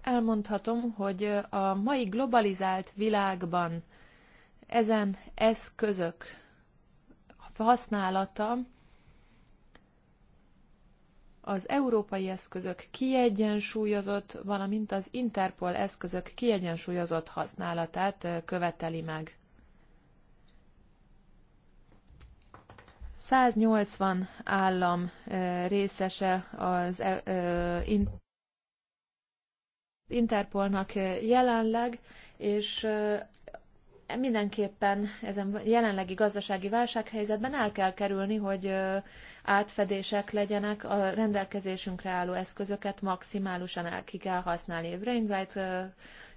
elmondhatom, hogy a mai globalizált világban ezen eszközök használata az európai eszközök kiegyensúlyozott, valamint az Interpol eszközök kiegyensúlyozott használatát követeli meg. 180 állam részese az e, Interpolnak jelenleg, és mindenképpen ezen jelenlegi gazdasági válsághelyzetben el kell kerülni, hogy átfedések legyenek, a rendelkezésünkre álló eszközöket maximálisan ki kell használni. Brainwright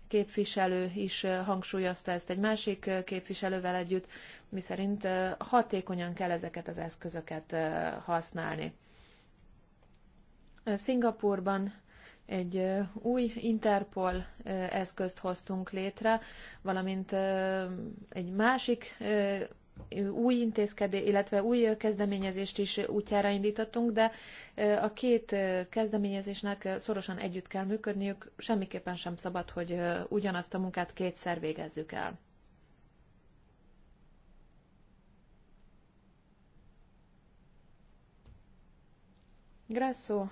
képviselő is hangsúlyozta ezt egy másik képviselővel együtt, miszerint hatékonyan kell ezeket az eszközöket használni. Szingapurban egy új Interpol eszközt hoztunk létre, valamint egy másik új intézkedés, illetve új kezdeményezést is útjára indítottunk, de a két kezdeményezésnek szorosan együtt kell működniük, semmiképpen sem szabad, hogy ugyanazt a munkát kétszer végezzük el. Grasso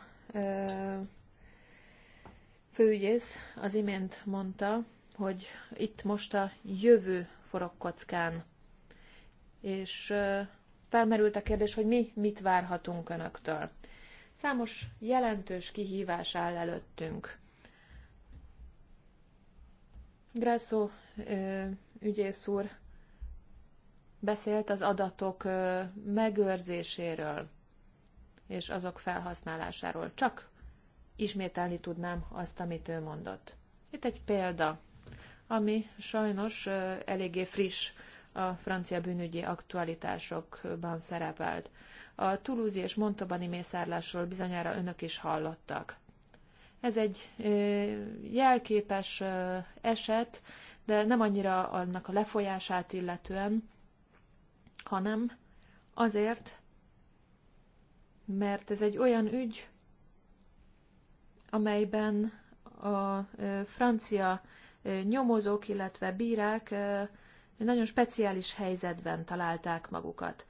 főügyész az imént mondta, hogy itt most a jövő forog kockán és felmerült a kérdés, hogy mi mit várhatunk önöktől. Számos jelentős kihívás áll előttünk. Grasso ügyész úr beszélt az adatok megőrzéséről és azok felhasználásáról. Csak ismételni tudnám azt, amit ő mondott. Itt egy példa, ami sajnos eléggé friss a francia bűnügyi aktualitásokban szerepelt. A Toulouse és Montobani mészárlásról bizonyára önök is hallottak. Ez egy jelképes eset, de nem annyira annak a lefolyását illetően, hanem azért, mert ez egy olyan ügy, amelyben a francia nyomozók, illetve bírák egy nagyon speciális helyzetben találták magukat.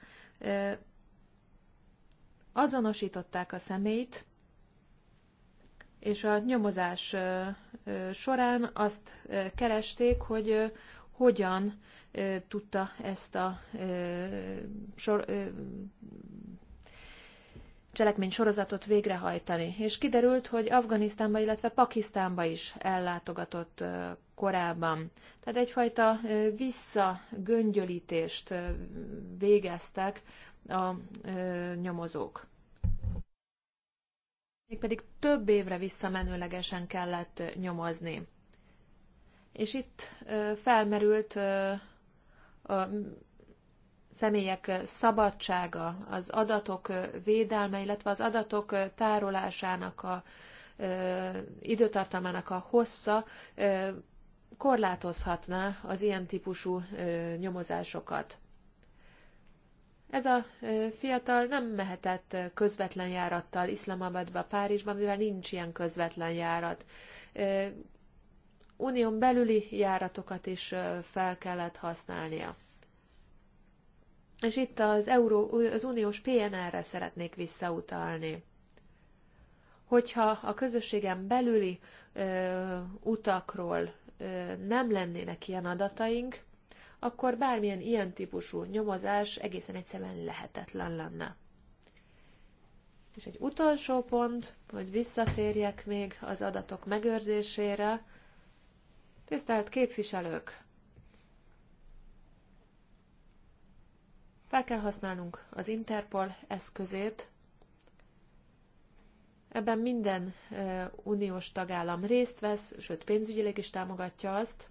Azonosították a szemét, és a nyomozás során azt keresték, hogy hogyan tudta ezt a sor, cselekmény sorozatot végrehajtani. És kiderült, hogy Afganisztánba, illetve Pakisztánba is ellátogatott korában. Tehát egyfajta visszagöngyölítést végeztek a nyomozók. Mégpedig több évre visszamenőlegesen kellett nyomozni. És itt felmerült a személyek szabadsága, az adatok védelme, illetve az adatok tárolásának a időtartamának a hossza korlátozhatná az ilyen típusú nyomozásokat. Ez a fiatal nem mehetett közvetlen járattal Iszlamabadba, Párizsba, mivel nincs ilyen közvetlen járat. Unión belüli járatokat is fel kellett használnia. És itt az, Euró, az uniós PNR-re szeretnék visszautalni. Hogyha a közösségen belüli ö, utakról nem lennének ilyen adataink, akkor bármilyen ilyen típusú nyomozás egészen egyszerűen lehetetlen lenne. És egy utolsó pont, hogy visszatérjek még az adatok megőrzésére. Tisztelt képviselők! Fel kell használnunk az Interpol eszközét, Ebben minden uniós tagállam részt vesz, sőt pénzügyileg is támogatja azt.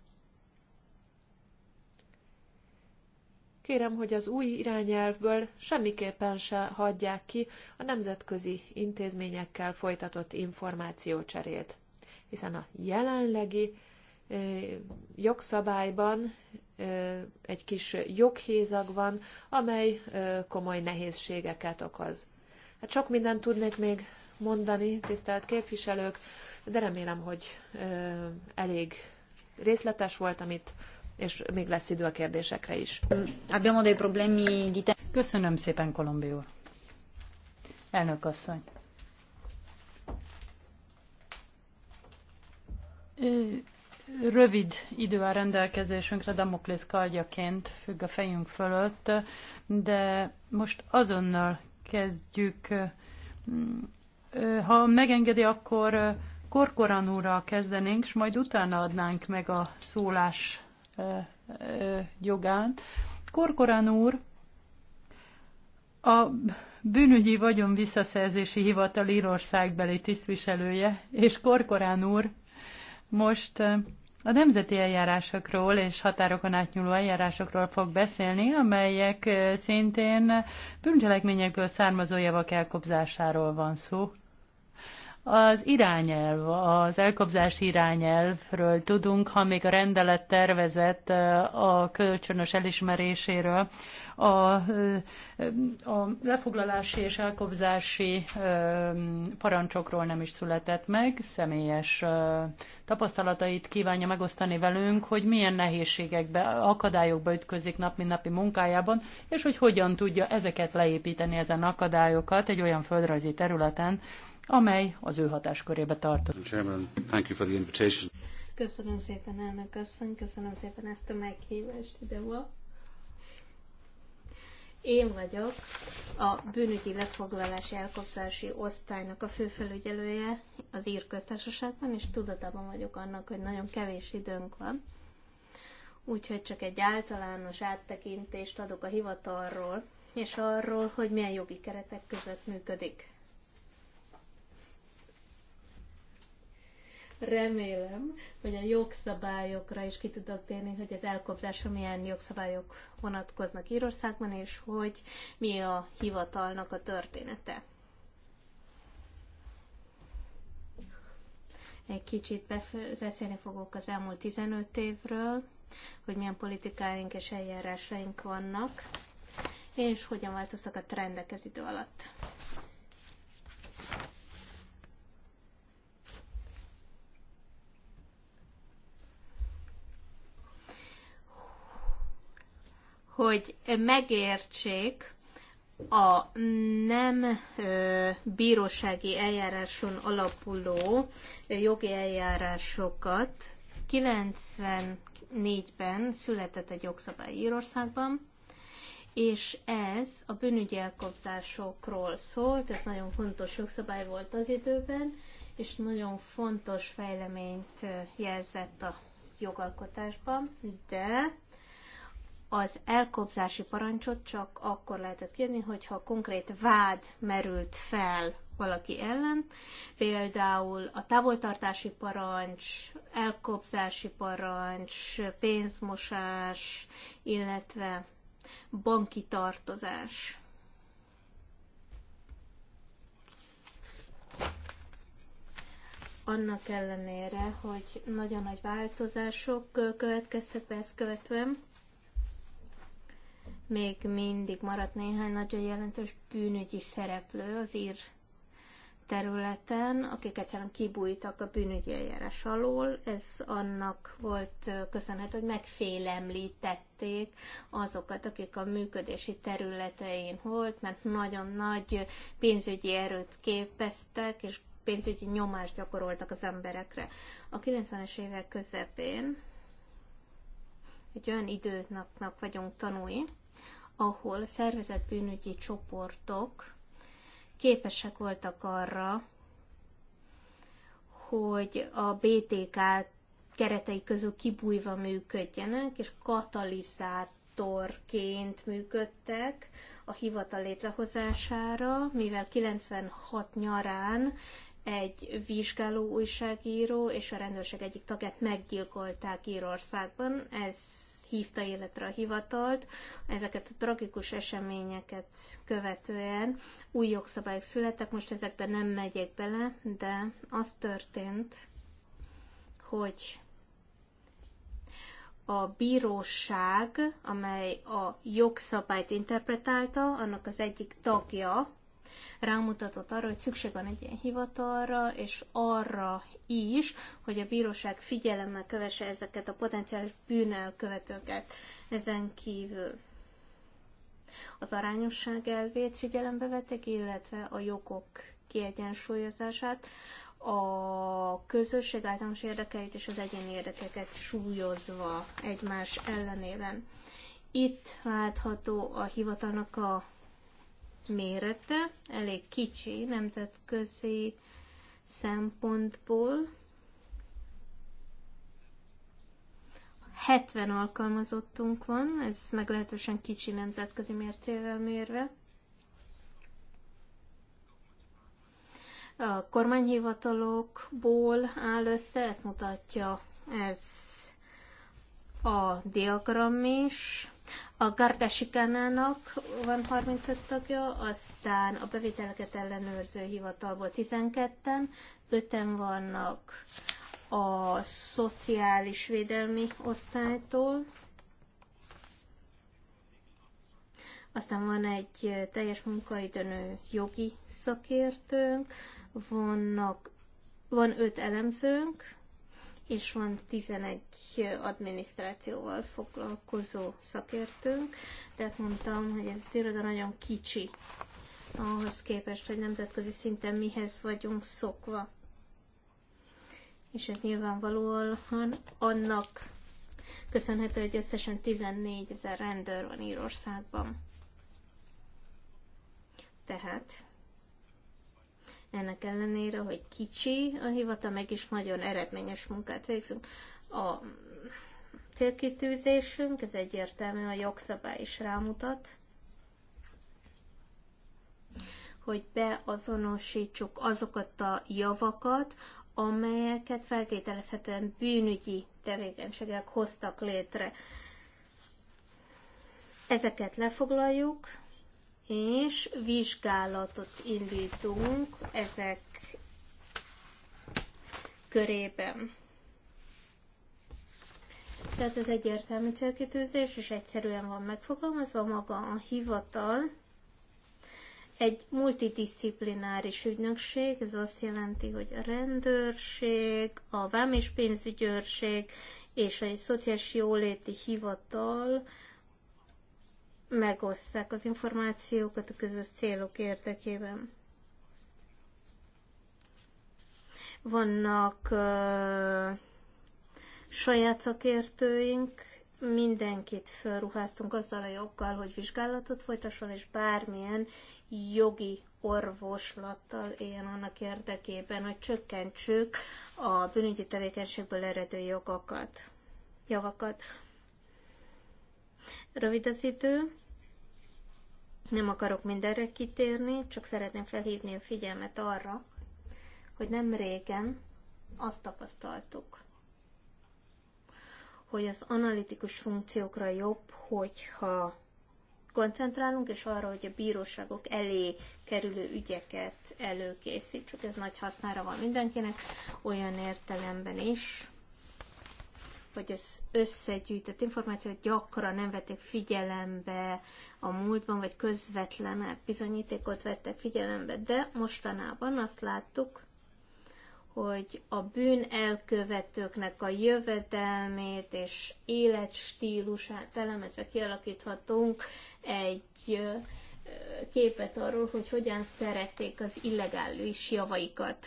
Kérem, hogy az új irányelvből semmiképpen se hagyják ki a nemzetközi intézményekkel folytatott információcserét, hiszen a jelenlegi jogszabályban egy kis joghézag van, amely komoly nehézségeket okoz. Hát sok mindent tudnék még mondani, tisztelt képviselők, de remélem, hogy elég részletes volt, amit és még lesz idő a kérdésekre is. Abbiamo dei problemi di Köszönöm szépen, Kolombi úr. Elnök asszony. Rövid idő a rendelkezésünkre, Damoklész kardjaként függ a fejünk fölött, de most azonnal kezdjük ha megengedi, akkor Korkoran úrral kezdenénk, és majd utána adnánk meg a szólás jogát. Korkoran úr a bűnügyi vagyon visszaszerzési hivatal Írországbeli tisztviselője, és Korkorán úr most a nemzeti eljárásokról és határokon átnyúló eljárásokról fog beszélni, amelyek szintén bűncselekményekből származó javak elkobzásáról van szó. Az irányelv, az elkobzás irányelvről tudunk, ha még a rendelet tervezett a kölcsönös elismeréséről, a, a lefoglalási és elkobzási parancsokról nem is született meg, személyes tapasztalatait kívánja megosztani velünk, hogy milyen nehézségekbe, akadályokba ütközik nap mint napi munkájában, és hogy hogyan tudja ezeket leépíteni, ezen akadályokat egy olyan földrajzi területen, amely az ő hatáskörébe tartozik. Köszönöm szépen, elnök asszony, köszönöm szépen ezt a meghívást ide ma. Én vagyok a bűnügyi lefoglalási elkobzási osztálynak a főfelügyelője az Ír köztársaságban, és tudatában vagyok annak, hogy nagyon kevés időnk van. Úgyhogy csak egy általános áttekintést adok a hivatalról, és arról, hogy milyen jogi keretek között működik. Remélem, hogy a jogszabályokra is ki tudok térni, hogy az elkobzásra milyen jogszabályok vonatkoznak Írországban, és hogy mi a hivatalnak a története. Egy kicsit beszélni fogok az elmúlt 15 évről, hogy milyen politikáink és eljárásaink vannak, és hogyan változtak a trendek ez idő alatt. hogy megértsék a nem bírósági eljáráson alapuló jogi eljárásokat. 94-ben született egy jogszabály Írországban, és ez a bűnügyi elkobzásokról szólt, ez nagyon fontos jogszabály volt az időben, és nagyon fontos fejleményt jelzett a jogalkotásban, de az elkobzási parancsot csak akkor lehetett kérni, hogyha konkrét vád merült fel valaki ellen, például a távoltartási parancs, elkobzási parancs, pénzmosás, illetve banki tartozás. Annak ellenére, hogy nagyon nagy változások következtek be ezt követően, még mindig maradt néhány nagyon jelentős bűnügyi szereplő az ír területen, akiket egyszerűen kibújtak a bűnügyi eljárás alól. Ez annak volt köszönhető, hogy megfélemlítették azokat, akik a működési területein volt, mert nagyon nagy pénzügyi erőt képeztek, és pénzügyi nyomást gyakoroltak az emberekre. A 90-es évek közepén egy olyan időnaknak vagyunk tanúi, ahol szervezett bűnügyi csoportok képesek voltak arra, hogy a BTK keretei közül kibújva működjenek, és katalizátorként működtek a hivatal létrehozására, mivel 96 nyarán egy vizsgáló újságíró és a rendőrség egyik tagját meggyilkolták Írországban. Ez hívta életre a hivatalt. Ezeket a tragikus eseményeket követően új jogszabályok születtek, most ezekben nem megyek bele, de az történt, hogy a bíróság, amely a jogszabályt interpretálta, annak az egyik tagja, rámutatott arra, hogy szükség van egy ilyen hivatalra, és arra is, hogy a bíróság figyelemmel kövesse ezeket a potenciális bűnelkövetőket. Ezen kívül az arányosság elvét figyelembe vették, illetve a jogok kiegyensúlyozását, a közösség általános érdekeit és az egyéni érdekeket súlyozva egymás ellenében. Itt látható a hivatalnak a mérete elég kicsi nemzetközi szempontból. 70 alkalmazottunk van, ez meglehetősen kicsi nemzetközi mércével mérve. A kormányhivatalokból áll össze, ezt mutatja ez a diagram is. A Kánának van 35 tagja, aztán a bevételeket ellenőrző hivatalból 12-en, 5-en vannak a szociális védelmi osztálytól, aztán van egy teljes munkaidőnő jogi szakértőnk, vannak, van öt elemzőnk, és van 11 adminisztrációval foglalkozó szakértőnk, tehát mondtam, hogy ez az iroda nagyon kicsi ahhoz képest, hogy nemzetközi szinten mihez vagyunk szokva. És ez nyilvánvalóan annak köszönhető, hogy összesen 14 ezer rendőr van Írországban. Tehát ennek ellenére, hogy kicsi a hivatal, meg is nagyon eredményes munkát végzünk. A célkitűzésünk, ez egyértelmű, a jogszabály is rámutat, hogy beazonosítsuk azokat a javakat, amelyeket feltételezhetően bűnügyi tevékenységek hoztak létre. Ezeket lefoglaljuk, és vizsgálatot indítunk ezek körében. Tehát ez egyértelmű célkitűzés, és egyszerűen van megfogalmazva maga a hivatal. Egy multidisziplináris ügynökség, ez azt jelenti, hogy a rendőrség, a vám és pénzügyőrség és egy szociális jóléti hivatal megosszák az információkat a közös célok érdekében. Vannak uh, saját szakértőink, mindenkit felruháztunk azzal a joggal, hogy vizsgálatot folytasson, és bármilyen jogi orvoslattal éljen annak érdekében, hogy csökkentsük a bűnügyi tevékenységből eredő jogokat, javakat. Rövid az idő, nem akarok mindenre kitérni, csak szeretném felhívni a figyelmet arra, hogy nem régen azt tapasztaltuk, hogy az analitikus funkciókra jobb, hogyha koncentrálunk, és arra, hogy a bíróságok elé kerülő ügyeket előkészítsük. Ez nagy hasznára van mindenkinek, olyan értelemben is, vagy az összegyűjtött információt gyakran nem vették figyelembe a múltban, vagy közvetlen bizonyítékot vettek figyelembe, de mostanában azt láttuk, hogy a bűn elkövetőknek a jövedelmét és életstílusát elemezve kialakíthatunk egy képet arról, hogy hogyan szerezték az illegális javaikat.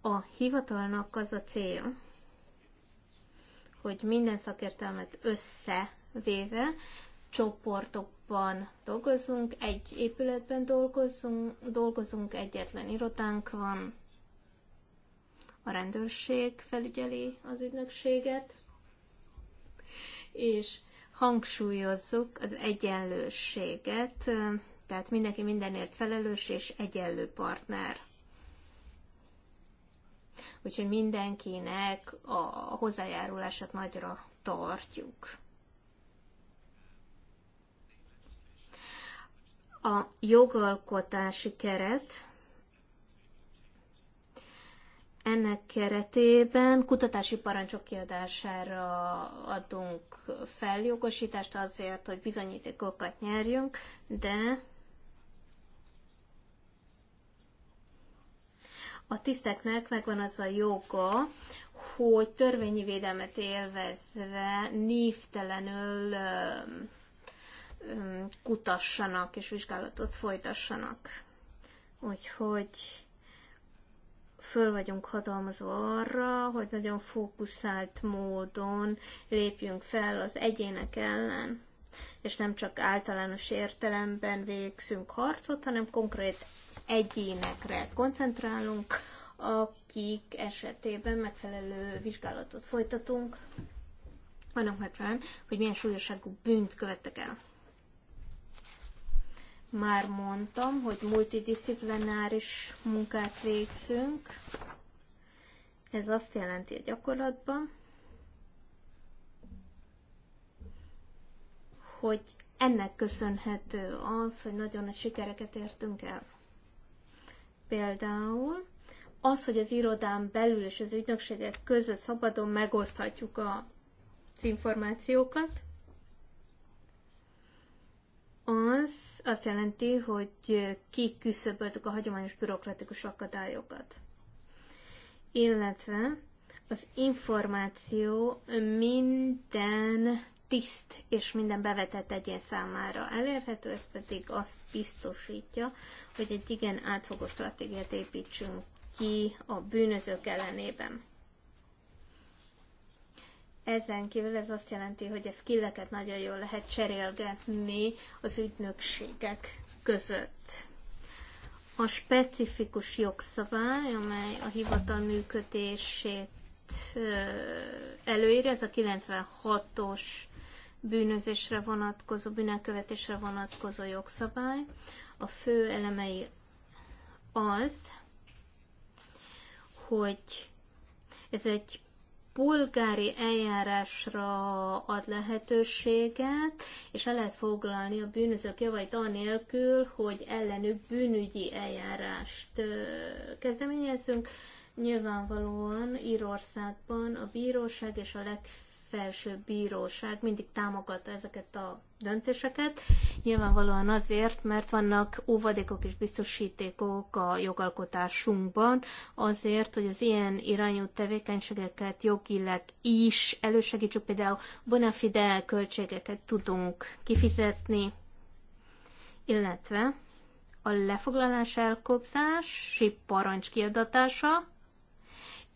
A hivatalnak az a cél, hogy minden szakértelmet összevéve csoportokban dolgozunk, egy épületben dolgozunk, dolgozunk egyetlen irodánk van, a rendőrség felügyeli az ügynökséget, és hangsúlyozzuk az egyenlőséget, tehát mindenki mindenért felelős és egyenlő partner. Úgyhogy mindenkinek a hozzájárulását nagyra tartjuk. A jogalkotási keret ennek keretében kutatási parancsok kiadására adunk feljogosítást azért, hogy bizonyítékokat nyerjünk, de A tiszteknek megvan az a joga, hogy törvényi védelmet élvezve névtelenül kutassanak és vizsgálatot folytassanak. Úgyhogy föl vagyunk hatalmazva arra, hogy nagyon fókuszált módon lépjünk fel az egyének ellen, és nem csak általános értelemben végzünk harcot, hanem konkrét egyénekre koncentrálunk, akik esetében megfelelő vizsgálatot folytatunk, annak megfelelően, hogy milyen súlyosságú bűnt követtek el. Már mondtam, hogy multidisziplináris munkát végzünk. Ez azt jelenti a gyakorlatban, hogy ennek köszönhető az, hogy nagyon nagy sikereket értünk el. Például az, hogy az irodán belül és az ügynökségek között szabadon megoszthatjuk az információkat, az azt jelenti, hogy kiküszöböltük a hagyományos bürokratikus akadályokat. Illetve az információ minden tiszt és minden bevetett egyén számára elérhető, ez pedig azt biztosítja, hogy egy igen átfogó stratégiát építsünk ki a bűnözők ellenében. Ezen kívül ez azt jelenti, hogy a skilleket nagyon jól lehet cserélgetni az ügynökségek között. A specifikus jogszabály, amely a hivatal működését előírja, ez a 96-os bűnözésre vonatkozó, bűnelkövetésre vonatkozó jogszabály. A fő elemei az, hogy ez egy polgári eljárásra ad lehetőséget, és el lehet foglalni a bűnözők javait anélkül, hogy ellenük bűnügyi eljárást kezdeményezünk. Nyilvánvalóan Írországban a bíróság és a legfőbb legfelsőbb bíróság mindig támogatta ezeket a döntéseket. Nyilvánvalóan azért, mert vannak óvadékok és biztosítékok a jogalkotásunkban, azért, hogy az ilyen irányú tevékenységeket jogileg is elősegítsük, például bonafide költségeket tudunk kifizetni, illetve a lefoglalás elkobzás, parancs kiadatása,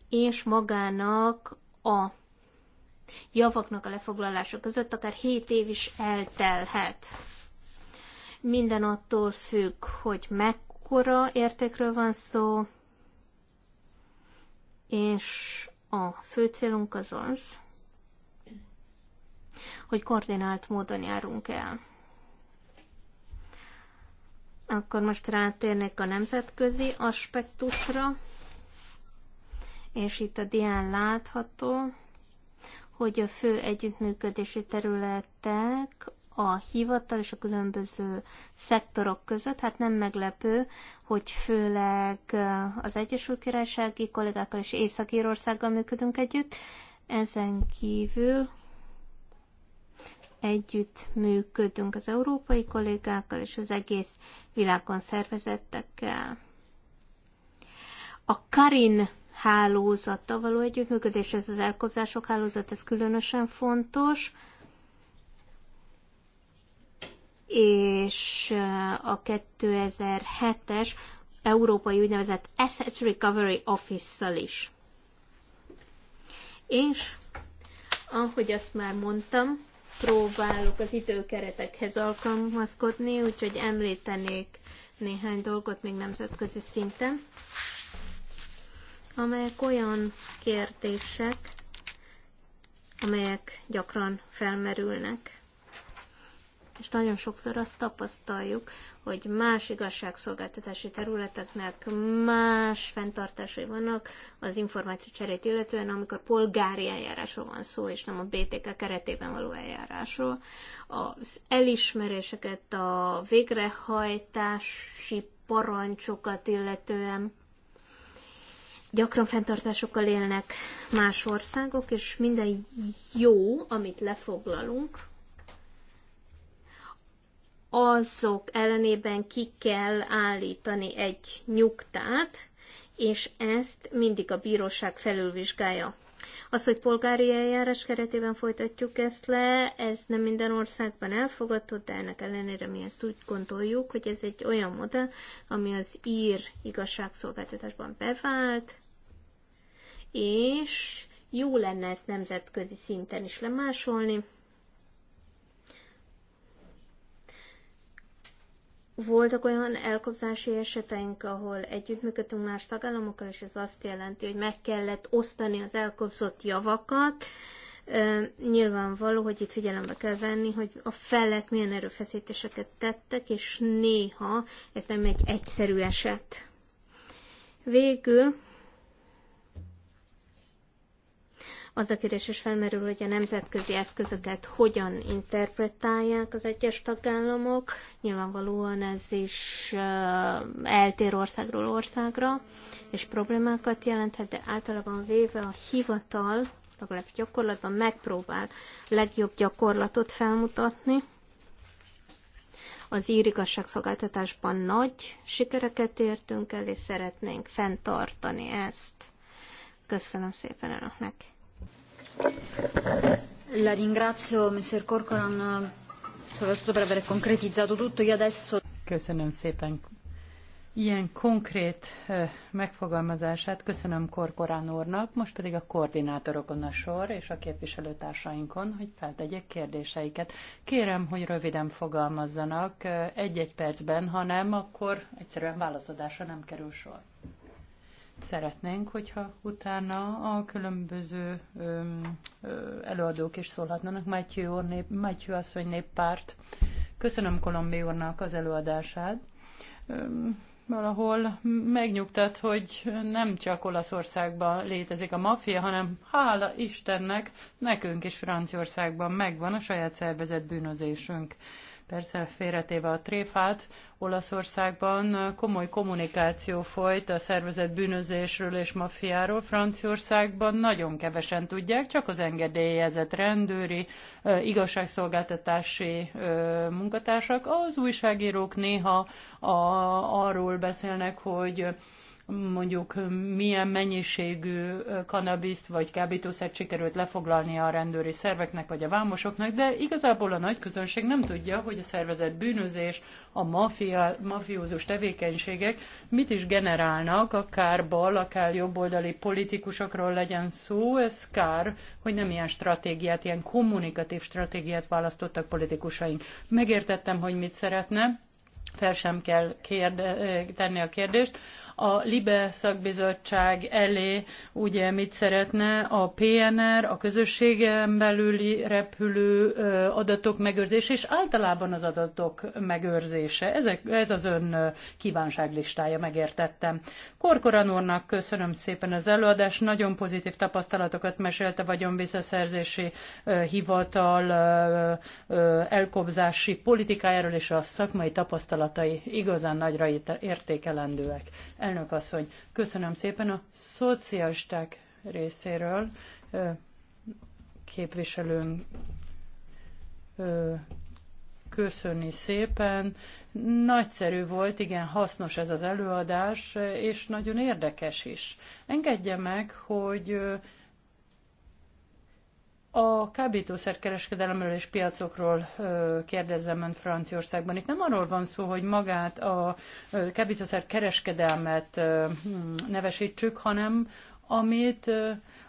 és magának a javaknak a lefoglalása között akár 7 év is eltelhet. Minden attól függ, hogy mekkora értékről van szó, és a fő célunk az az, hogy koordinált módon járunk el. Akkor most rátérnék a nemzetközi aspektusra, és itt a dián látható, hogy a fő együttműködési területek a hivatal és a különböző szektorok között, hát nem meglepő, hogy főleg eh, az Egyesült Királysági kollégákkal és Észak-Írországgal működünk együtt, ezen kívül együtt működünk az európai kollégákkal és az egész világon szervezettekkel. A Karin hálózata való együttműködés, ez az elkobzások hálózat, ez különösen fontos, és eh, a 2007-es Európai úgynevezett Assets Recovery Office-szal is. És, ahogy azt már mondtam, próbálok az időkeretekhez alkalmazkodni, úgyhogy említenék néhány dolgot még nemzetközi szinten amelyek olyan kérdések, amelyek gyakran felmerülnek. És nagyon sokszor azt tapasztaljuk, hogy más igazságszolgáltatási területeknek más fenntartásai vannak az információ cserét illetően, amikor polgári eljárásról van szó, és nem a BTK keretében való eljárásról. Az elismeréseket, a végrehajtási parancsokat illetően gyakran fenntartásokkal élnek más országok, és minden jó, amit lefoglalunk, azok ellenében ki kell állítani egy nyugtát, és ezt mindig a bíróság felülvizsgálja. Az, hogy polgári eljárás keretében folytatjuk ezt le, ez nem minden országban elfogadott, de ennek ellenére mi ezt úgy gondoljuk, hogy ez egy olyan modell, ami az ír igazságszolgáltatásban bevált, és jó lenne ezt nemzetközi szinten is lemásolni. Voltak olyan elkobzási eseteink, ahol együttműködtünk más tagállamokkal, és ez azt jelenti, hogy meg kellett osztani az elkobzott javakat. Nyilvánvaló, hogy itt figyelembe kell venni, hogy a felek milyen erőfeszítéseket tettek, és néha ez nem egy egyszerű eset. Végül Az a kérdés is felmerül, hogy a nemzetközi eszközöket hogyan interpretálják az egyes tagállamok. Nyilvánvalóan ez is eltér országról országra, és problémákat jelenthet, de általában véve a hivatal legalábbis gyakorlatban megpróbál legjobb gyakorlatot felmutatni. Az írigasságszolgáltatásban nagy sikereket értünk el, és szeretnénk fenntartani ezt. Köszönöm szépen önöknek! La ringrazio, Mr. Corcoran, soprattutto per aver concretizzato tutto. Io adesso... Köszönöm szépen ilyen konkrét megfogalmazását. Köszönöm Korkorán úrnak, most pedig a koordinátorokon a sor és a képviselőtársainkon, hogy feltegyek kérdéseiket. Kérem, hogy röviden fogalmazzanak egy-egy percben, ha nem, akkor egyszerűen válaszadásra nem kerül sor szeretnénk, hogyha utána a különböző öm, ö, előadók is szólhatnának. Matthew, asszony néppárt. Köszönöm Kolombi úrnak az előadását. Öm, valahol megnyugtat, hogy nem csak Olaszországban létezik a maffia, hanem hála Istennek, nekünk is Franciaországban megvan a saját szervezett bűnözésünk persze félretéve a tréfát, Olaszországban komoly kommunikáció folyt a szervezett bűnözésről és maffiáról. Franciaországban nagyon kevesen tudják, csak az engedélyezett rendőri, igazságszolgáltatási munkatársak. Az újságírók néha a, arról beszélnek, hogy mondjuk milyen mennyiségű kanabiszt vagy kábítószert sikerült lefoglalni a rendőri szerveknek vagy a vámosoknak, de igazából a nagy közönség nem tudja, hogy a szervezett bűnözés, a mafia, mafiózus tevékenységek mit is generálnak, akár bal, akár jobboldali politikusokról legyen szó, ez kár, hogy nem ilyen stratégiát, ilyen kommunikatív stratégiát választottak politikusaink. Megértettem, hogy mit szeretne, fel sem kell kérde, tenni a kérdést a LIBE szakbizottság elé, ugye mit szeretne a PNR, a közösségen belüli repülő adatok megőrzése, és általában az adatok megőrzése. Ezek, ez az ön kívánságlistája, megértettem. Korkoran úrnak köszönöm szépen az előadást, nagyon pozitív tapasztalatokat mesélte a vagyonvisszaszerzési hivatal elkobzási politikájáról és a szakmai tapasztalatai igazán nagyra értékelendőek. Elnök asszony, köszönöm szépen a szocialisták részéről képviselőm köszönni szépen. Nagyszerű volt, igen, hasznos ez az előadás, és nagyon érdekes is. Engedje meg, hogy a kábítószerkereskedelemről és piacokról kérdezzem ön Franciaországban. Itt nem arról van szó, hogy magát a kábítószerkereskedelmet hm, nevesítsük, hanem amit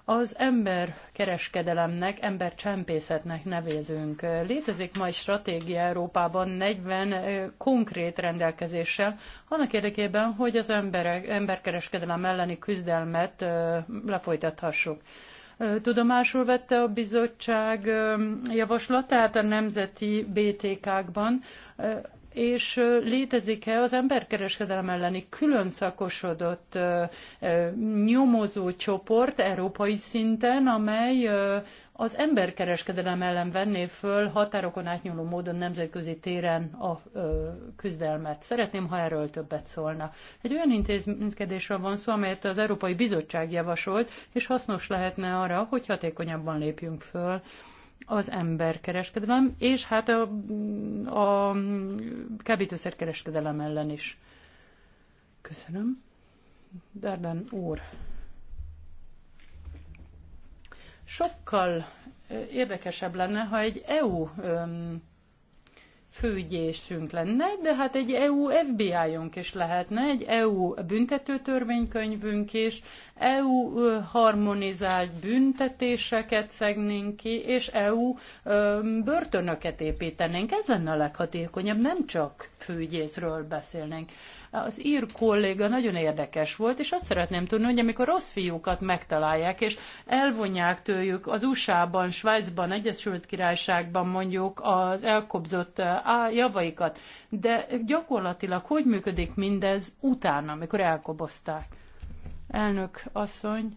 az emberkereskedelemnek, embercsempészetnek nevezünk. Létezik ma egy stratégia Európában 40 konkrét rendelkezéssel, annak érdekében, hogy az emberek, emberkereskedelem elleni küzdelmet lefolytathassuk. Tudomásul vette a bizottság javaslatát a nemzeti BTK-kban, és létezik-e az emberkereskedelem elleni külön szakosodott nyomozó csoport európai szinten, amely az emberkereskedelem ellen venné föl határokon átnyúló módon nemzetközi téren a ö, küzdelmet. Szeretném, ha erről többet szólna. Egy olyan intézkedésről van szó, amelyet az Európai Bizottság javasolt, és hasznos lehetne arra, hogy hatékonyabban lépjünk föl az emberkereskedelem, és hát a, a kábítószerkereskedelem ellen is. Köszönöm. Dardan úr. Sokkal érdekesebb lenne, ha egy EU főügyészünk lenne, de hát egy EU FBI-unk is lehetne, egy EU büntetőtörvénykönyvünk is, EU harmonizált büntetéseket szegnénk ki, és EU börtönöket építenénk. Ez lenne a leghatékonyabb, nem csak főügyészről beszélnénk. Az ír kolléga nagyon érdekes volt, és azt szeretném tudni, hogy amikor rossz fiúkat megtalálják, és elvonják tőlük az USA-ban, Svájcban, Egyesült Királyságban mondjuk az elkobzott javaikat, de gyakorlatilag hogy működik mindez utána, amikor elkobozták? Elnök asszony,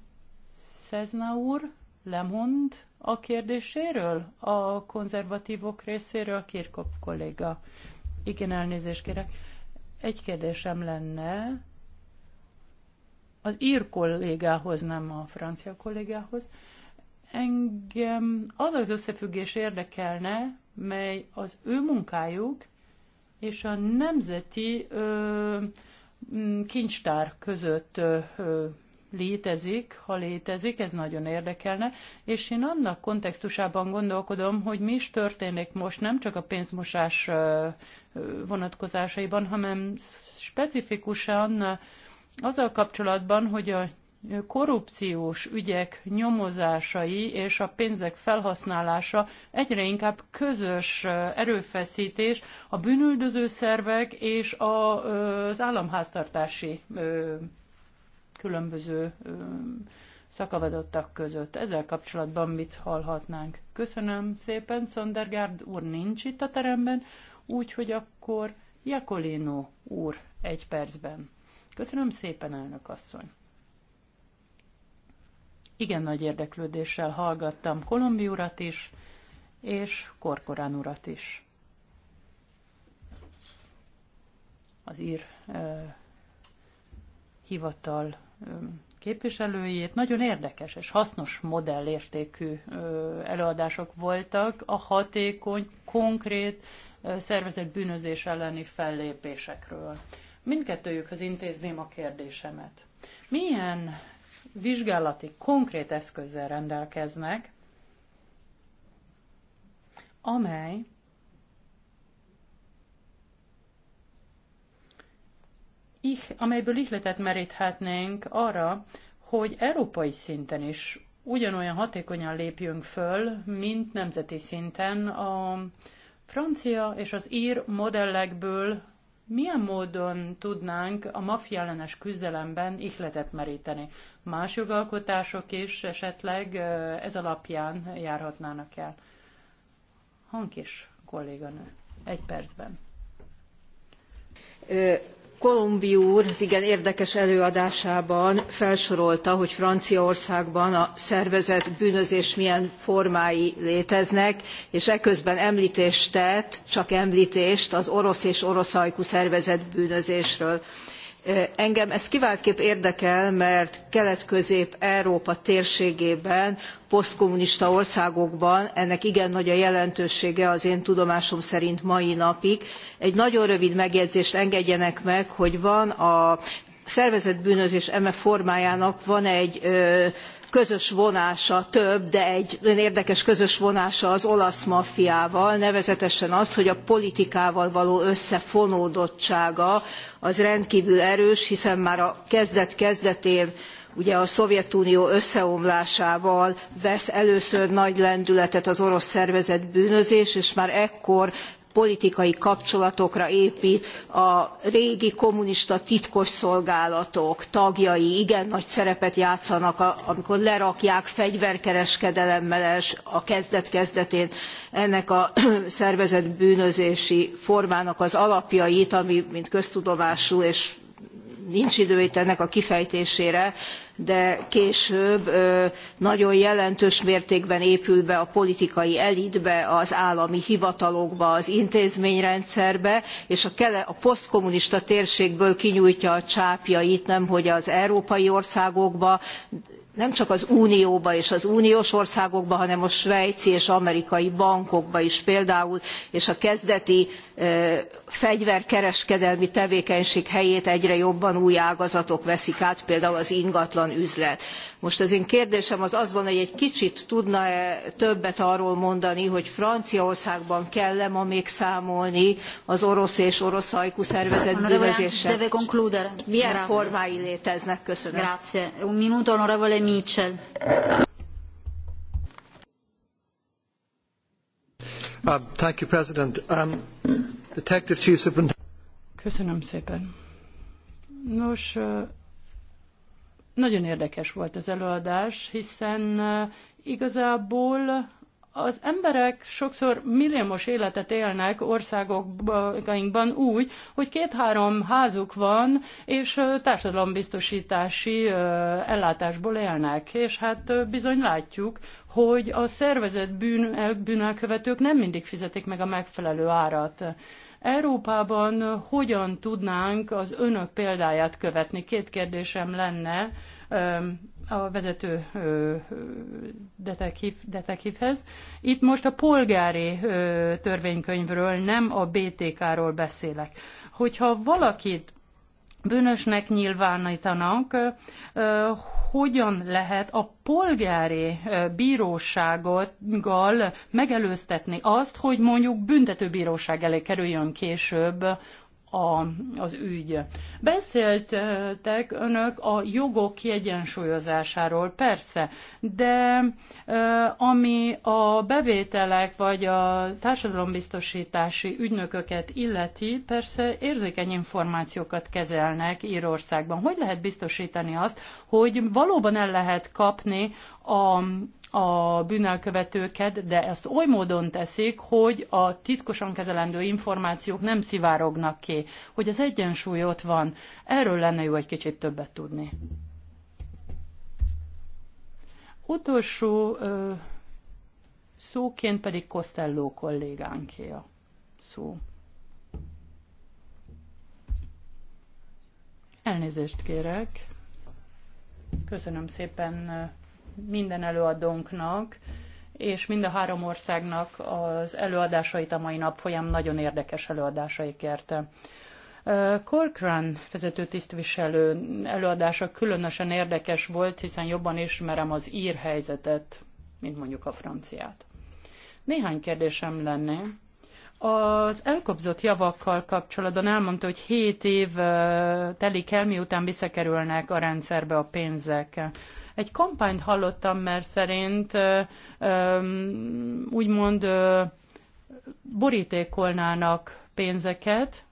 Szezna úr, lemond a kérdéséről a konzervatívok részéről, a Kirkop kolléga. Igen, elnézést kérek. Egy kérdésem lenne az ír kollégához, nem a francia kollégához. Engem az az összefüggés érdekelne, mely az ő munkájuk és a nemzeti ö, kincstár között ö, létezik, ha létezik, ez nagyon érdekelne, és én annak kontextusában gondolkodom, hogy mi is történik most nem csak a pénzmosás vonatkozásaiban, hanem specifikusan azzal kapcsolatban, hogy a korrupciós ügyek nyomozásai és a pénzek felhasználása egyre inkább közös erőfeszítés a bűnüldöző szervek és az államháztartási különböző szakavadottak között. Ezzel kapcsolatban mit hallhatnánk? Köszönöm szépen, Szondergárd úr nincs itt a teremben, úgyhogy akkor Jakolino úr egy percben. Köszönöm szépen, elnök asszony. Igen nagy érdeklődéssel hallgattam Kolombi urat is, és Korkorán urat is. Az ír eh, hivatal képviselőjét. Nagyon érdekes és hasznos modellértékű előadások voltak a hatékony, konkrét szervezett bűnözés elleni fellépésekről. Mindkettőjükhöz intézném a kérdésemet. Milyen vizsgálati, konkrét eszközzel rendelkeznek, amely ich, amelyből ihletet meríthetnénk arra, hogy európai szinten is ugyanolyan hatékonyan lépjünk föl, mint nemzeti szinten a francia és az ír modellekből milyen módon tudnánk a maffia ellenes küzdelemben ihletet meríteni? Más jogalkotások is esetleg ez alapján járhatnának el. Hankis kolléganő, egy percben. Ö Kolumbi úr az igen érdekes előadásában felsorolta, hogy Franciaországban a szervezett bűnözés milyen formái léteznek, és eközben említést tett, csak említést az orosz és oroszajkú szervezett bűnözésről Engem ez kiváltképp érdekel, mert Kelet-Közép-Európa térségében, posztkommunista országokban ennek igen nagy a jelentősége az én tudomásom szerint mai napig. Egy nagyon rövid megjegyzést engedjenek meg, hogy van a szervezett bűnözés eme formájának van egy ö, közös vonása több, de egy nagyon érdekes közös vonása az olasz maffiával, nevezetesen az, hogy a politikával való összefonódottsága az rendkívül erős, hiszen már a kezdet-kezdetén ugye a Szovjetunió összeomlásával vesz először nagy lendületet az orosz szervezett bűnözés, és már ekkor politikai kapcsolatokra épít a régi kommunista titkosszolgálatok tagjai igen nagy szerepet játszanak, amikor lerakják fegyverkereskedelemmel a kezdet-kezdetén ennek a szervezett bűnözési formának az alapjait, ami, mint köztudomású és nincs idő itt ennek a kifejtésére, de később nagyon jelentős mértékben épül be a politikai elitbe, az állami hivatalokba, az intézményrendszerbe, és a, kele, a posztkommunista térségből kinyújtja a csápjait, nemhogy az európai országokba, nem csak az unióba és az uniós országokba, hanem a svejci és amerikai bankokba is például, és a kezdeti e, fegyverkereskedelmi tevékenység helyét egyre jobban új ágazatok veszik át, például az ingatlan üzlet most az én kérdésem az az van, hogy egy kicsit tudna-e többet arról mondani, hogy Franciaországban kell-e ma még számolni az orosz és orosz ajkú szervezet bűnözéssel? Milyen Grazie. formái léteznek? Köszönöm. Grazie. Un minuto, onorevole Mitchell. Um, thank you, President. Um, Detective Chief Superintendent. Köszönöm szépen. Nos, uh, nagyon érdekes volt az előadás, hiszen eh, igazából az emberek sokszor milliómos életet élnek országokban úgy, hogy két-három házuk van, és eh, társadalombiztosítási eh, ellátásból élnek. És hát bizony látjuk, hogy a szervezett bűn, bűnelkövetők nem mindig fizetik meg a megfelelő árat. Európában hogyan tudnánk az önök példáját követni? Két kérdésem lenne a vezető detektív, detektívhez. Itt most a polgári törvénykönyvről, nem a BTK-ról beszélek. Hogyha valakit bűnösnek nyilvánítanak, hogyan lehet a polgári bírósággal megelőztetni azt, hogy mondjuk büntetőbíróság elé kerüljön később a, az ügy. Beszéltek önök a jogok kiegyensúlyozásáról, persze, de ami a bevételek vagy a társadalombiztosítási ügynököket illeti, persze érzékeny információkat kezelnek Írországban. Hogy lehet biztosítani azt, hogy valóban el lehet kapni a a bűnelkövetőket, de ezt oly módon teszik, hogy a titkosan kezelendő információk nem szivárognak ki, hogy az egyensúly ott van. Erről lenne jó egy kicsit többet tudni. Utolsó ö, szóként pedig Costello kollégánké a szó. Elnézést kérek. Köszönöm szépen minden előadónknak, és mind a három országnak az előadásait a mai nap folyam nagyon érdekes előadásaikért. Corcoran vezető tisztviselő előadása különösen érdekes volt, hiszen jobban ismerem az ír helyzetet, mint mondjuk a franciát. Néhány kérdésem lenne. Az elkobzott javakkal kapcsolatban elmondta, hogy 7 év telik el, miután visszakerülnek a rendszerbe a pénzek. Egy kampányt hallottam, mert szerint úgymond borítékolnának pénzeket,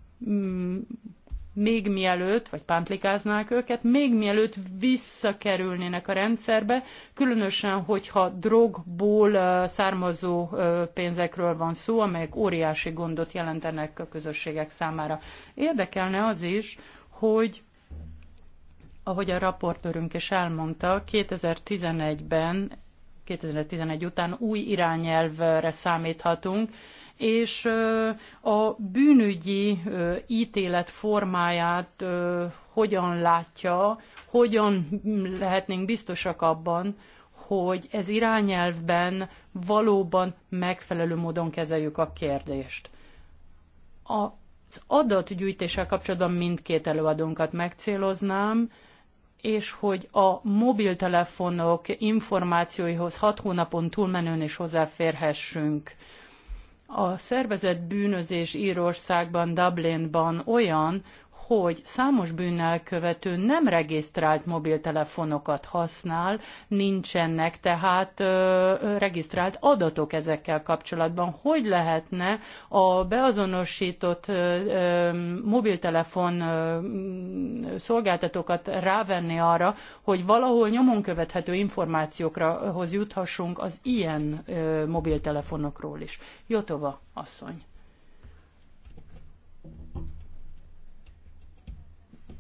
még mielőtt, vagy pántlikáznák őket, még mielőtt visszakerülnének a rendszerbe, különösen, hogyha drogból származó pénzekről van szó, amelyek óriási gondot jelentenek a közösségek számára. Érdekelne az is, hogy ahogy a raportőrünk is elmondta, 2011-ben, 2011 után új irányelvre számíthatunk, és a bűnügyi ítélet formáját hogyan látja, hogyan lehetnénk biztosak abban, hogy ez irányelvben valóban megfelelő módon kezeljük a kérdést. Az adatgyűjtéssel kapcsolatban mindkét előadónkat megcéloznám, és hogy a mobiltelefonok információihoz hat hónapon túlmenően is hozzáférhessünk. A szervezett bűnözés Írországban, Dublinban olyan, hogy számos bűnnel követő nem regisztrált mobiltelefonokat használ, nincsenek tehát ö, regisztrált adatok ezekkel kapcsolatban. Hogy lehetne a beazonosított ö, mobiltelefon ö, szolgáltatókat rávenni arra, hogy valahol nyomon követhető információkra hoz juthassunk az ilyen ö, mobiltelefonokról is? Jotova asszony.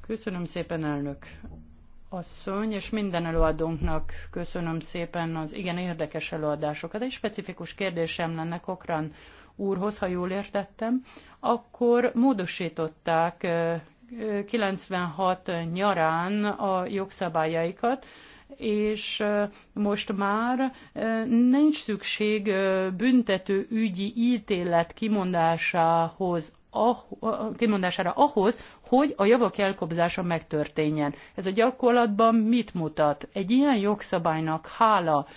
Köszönöm szépen, elnök asszony, és minden előadónknak köszönöm szépen az igen érdekes előadásokat. Egy specifikus kérdésem lenne Kokran úrhoz, ha jól értettem, akkor módosították 96 nyarán a jogszabályaikat, és most már nincs szükség büntető ügyi ítélet kimondásához Ah, kimondására ahhoz, hogy a javak elkobzása megtörténjen. Ez a gyakorlatban mit mutat? Egy ilyen jogszabálynak hála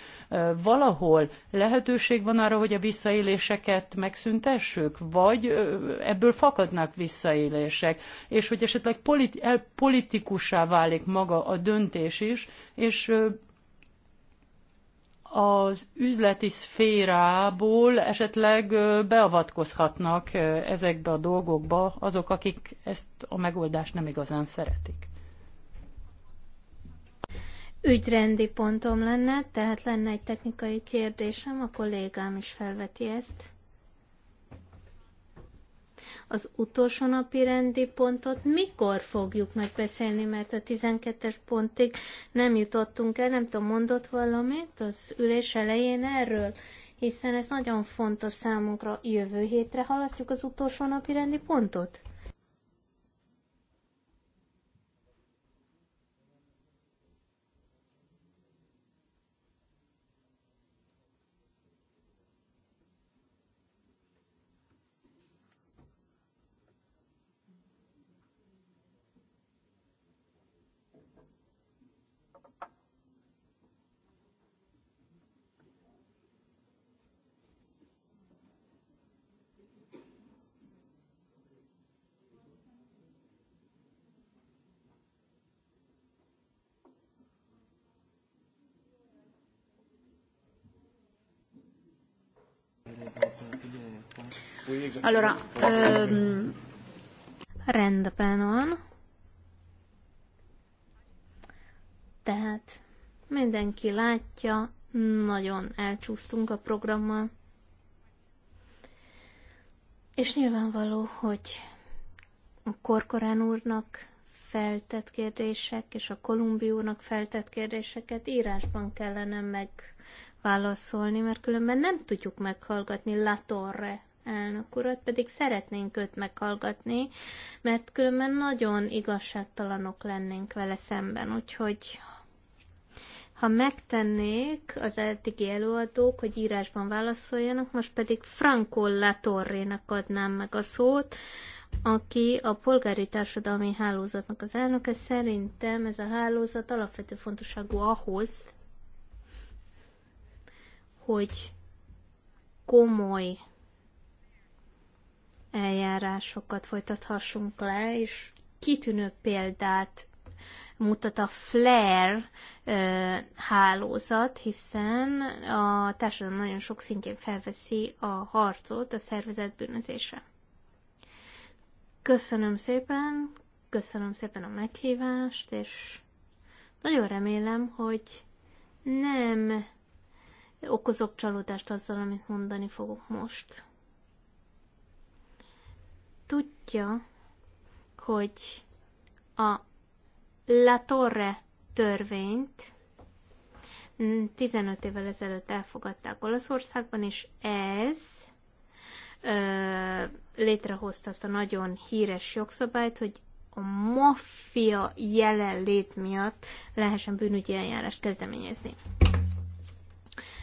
valahol lehetőség van arra, hogy a visszaéléseket megszüntessük, vagy ebből fakadnak visszaélések, és hogy esetleg politikussá válik maga a döntés is, és az üzleti szférából esetleg beavatkozhatnak ezekbe a dolgokba azok, akik ezt a megoldást nem igazán szeretik. Ügyrendi pontom lenne, tehát lenne egy technikai kérdésem, a kollégám is felveti ezt. Az utolsó napi rendi pontot mikor fogjuk megbeszélni, mert a 12-es pontig nem jutottunk el, nem tudom, mondott valamit az ülés elején erről, hiszen ez nagyon fontos számunkra. Jövő hétre halasztjuk az utolsó napi rendi pontot? Allora, ehm, rendben van. Tehát mindenki látja, nagyon elcsúsztunk a programmal. És nyilvánvaló, hogy a Korkorán úrnak feltett kérdések és a Kolumbi úrnak feltett kérdéseket írásban kellene megválaszolni, mert különben nem tudjuk meghallgatni Latorre elnök urat, pedig szeretnénk őt meghallgatni, mert különben nagyon igazságtalanok lennénk vele szemben, úgyhogy ha megtennék az eddigi előadók, hogy írásban válaszoljanak, most pedig Franco Latorrénak adnám meg a szót, aki a polgári társadalmi hálózatnak az elnöke. Szerintem ez a hálózat alapvető fontosságú ahhoz, hogy komoly eljárásokat folytathassunk le, és kitűnő példát mutat a Flair ö, hálózat, hiszen a társadalom nagyon sok szintjén felveszi a harcot a szervezet bűnözése. Köszönöm szépen, köszönöm szépen a meghívást, és nagyon remélem, hogy nem okozok csalódást azzal, amit mondani fogok most tudja, hogy a La Torre törvényt 15 évvel ezelőtt elfogadták Olaszországban, és ez ö, létrehozta azt a nagyon híres jogszabályt, hogy a maffia jelenlét miatt lehessen bűnügyi eljárást kezdeményezni.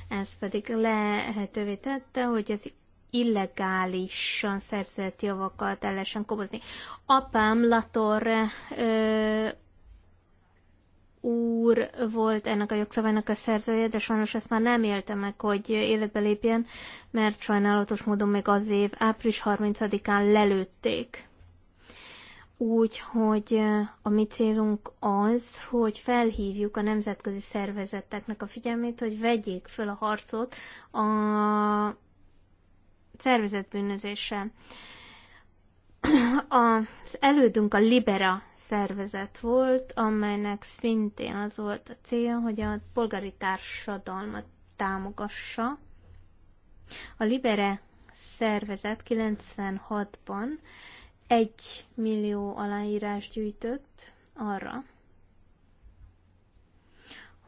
Ez pedig lehetővé tette, hogy az illegálisan szerzett javakkal teljesen kobozni. Apám Lator ö, úr volt ennek a jogszabálynak a szerzője, de sajnos ezt már nem élte meg, hogy életbe lépjen, mert sajnálatos módon még az év április 30-án lelőtték. Úgyhogy a mi célunk az, hogy felhívjuk a nemzetközi szervezeteknek a figyelmét, hogy vegyék föl a harcot a szervezett bűnözéssel. Az elődünk a Libera szervezet volt, amelynek szintén az volt a célja, hogy a polgári társadalmat támogassa. A Libere szervezet 96-ban egy millió aláírás gyűjtött arra,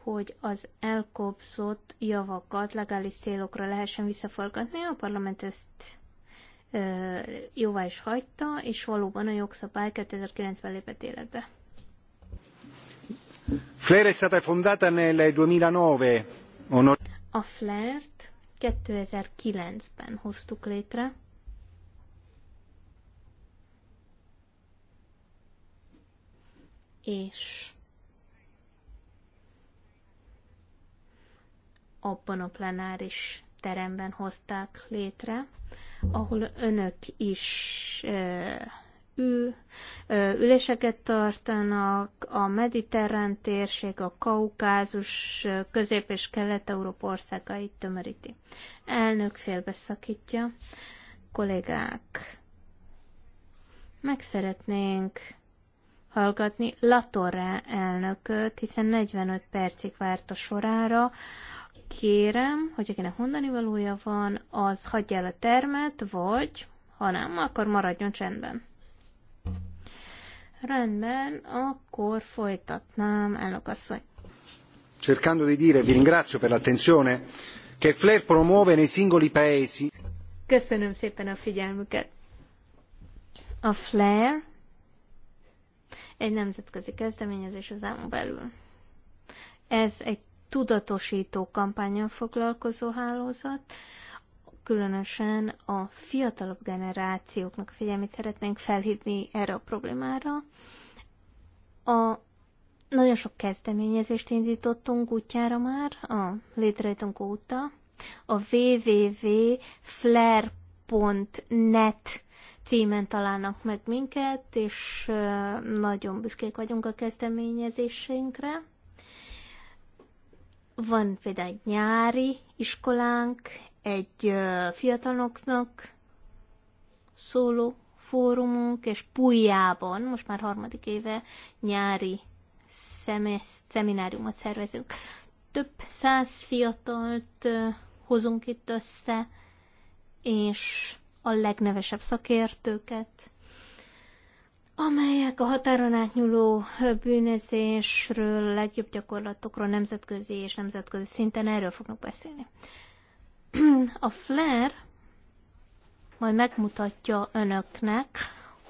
hogy az elkobzott javakat legális célokra lehessen visszaforgatni. A parlament ezt ö, jóvá is hagyta, és valóban a jogszabály 2009-ben lépett életbe. Flair è stata fondata nel 2009. a Flert 2009-ben hoztuk létre. És abban a plenáris teremben hozták létre, ahol önök is ö, ül, ö, üléseket tartanak, a mediterrán térség, a kaukázus, közép- és kelet-európa országait tömöríti. Elnök félbeszakítja, kollégák, meg szeretnénk hallgatni Latorre elnököt, hiszen 45 percig várt a sorára, kérem, hogy akinek mondani valója van, az hagyja el a termet, vagy ha nem, akkor maradjon csendben. Rendben, akkor folytatnám, elnök asszony. Cercando di dire, vi ringrazio per l'attenzione, che Flair promuove nei singoli paesi. Köszönöm szépen a figyelmüket. A Flair egy nemzetközi kezdeményezés az belül. Ez egy tudatosító kampányon foglalkozó hálózat, különösen a fiatalabb generációknak a figyelmét szeretnénk felhívni erre a problémára. A nagyon sok kezdeményezést indítottunk útjára már, a létrejöttünk óta. A www.flair.net címen találnak meg minket, és nagyon büszkék vagyunk a kezdeményezésünkre. Van például egy nyári iskolánk, egy fiataloknak szóló fórumunk, és Pújában, most már harmadik éve nyári szemináriumot szervezünk. Több száz fiatalt hozunk itt össze, és a legnevesebb szakértőket, amelyek a határon átnyúló bűnözésről, legjobb gyakorlatokról nemzetközi és nemzetközi szinten erről fognak beszélni. A FLAIR majd megmutatja önöknek,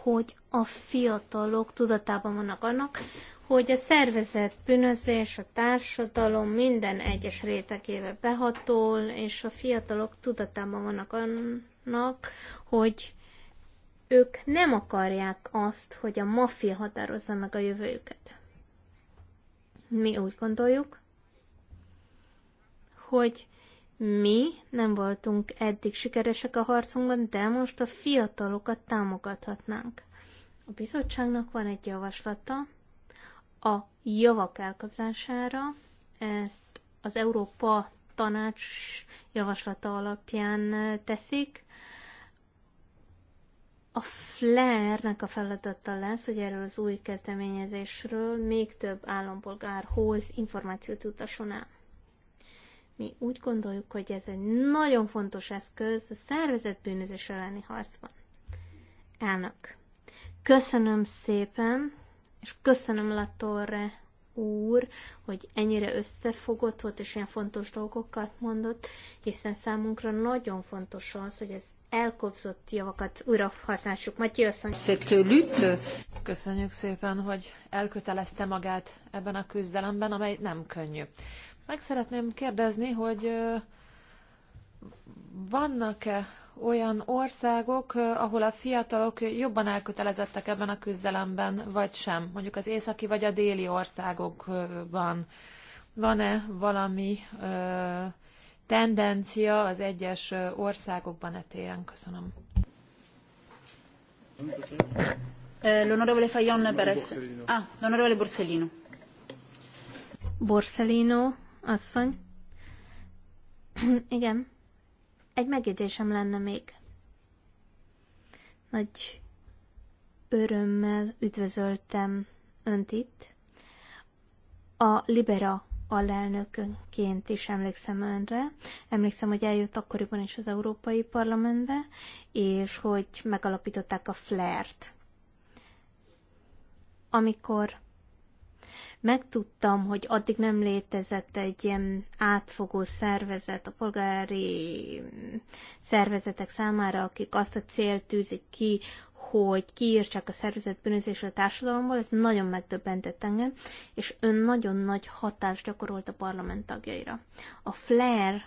hogy a fiatalok tudatában vannak annak, hogy a szervezet bűnözés, a társadalom minden egyes rétegébe behatol, és a fiatalok tudatában vannak annak, hogy ők nem akarják azt, hogy a maffia határozza meg a jövőjüket. Mi úgy gondoljuk, hogy mi nem voltunk eddig sikeresek a harcunkban, de most a fiatalokat támogathatnánk. A bizottságnak van egy javaslata a javak elkapzására, ezt az Európa tanács javaslata alapján teszik. A Flair-nek a feladata lesz, hogy erről az új kezdeményezésről még több állampolgárhoz információt jutasson el. Mi úgy gondoljuk, hogy ez egy nagyon fontos eszköz a szervezett bűnözés elleni harcban. Elnök, köszönöm szépen, és köszönöm Latorre úr, hogy ennyire összefogott volt, és ilyen fontos dolgokat mondott, hiszen számunkra nagyon fontos az, hogy ez elkobzott javakat újra használjuk. Köszönjük szépen, hogy elkötelezte magát ebben a küzdelemben, amely nem könnyű. Meg szeretném kérdezni, hogy vannak-e olyan országok, ahol a fiatalok jobban elkötelezettek ebben a küzdelemben, vagy sem? Mondjuk az északi vagy a déli országokban. Van-e valami tendencia az egyes országokban etéren. Köszönöm. L'onorevole Fajon Perez. Ah, l'onorevole Borsellino. Borsellino asszony. Igen. Egy megjegyzésem lenne még. Nagy örömmel üdvözöltem önt itt. A Libera alelnökönként is emlékszem önre. Emlékszem, hogy eljött akkoriban is az Európai Parlamentbe, és hogy megalapították a flert. Amikor megtudtam, hogy addig nem létezett egy ilyen átfogó szervezet a polgári mm, szervezetek számára, akik azt a célt tűzik ki, hogy kiírtsák a szervezet bűnözés a társadalomból, ez nagyon megdöbbentett engem, és ön nagyon nagy hatást gyakorolt a parlament tagjaira. A Flair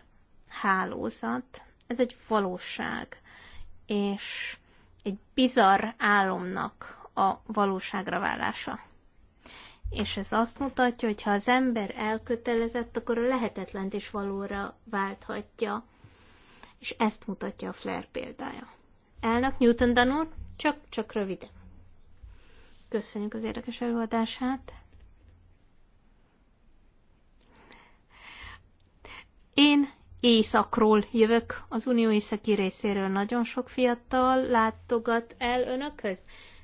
hálózat, ez egy valóság, és egy bizarr álomnak a valóságra válása. És ez azt mutatja, hogy ha az ember elkötelezett, akkor a lehetetlent is valóra válthatja. És ezt mutatja a Flair példája. Elnök Newton Dunn csak, csak röviden. Köszönjük az érdekes előadását. Én északról jövök, az unió északi részéről nagyon sok fiatal látogat el önökhöz.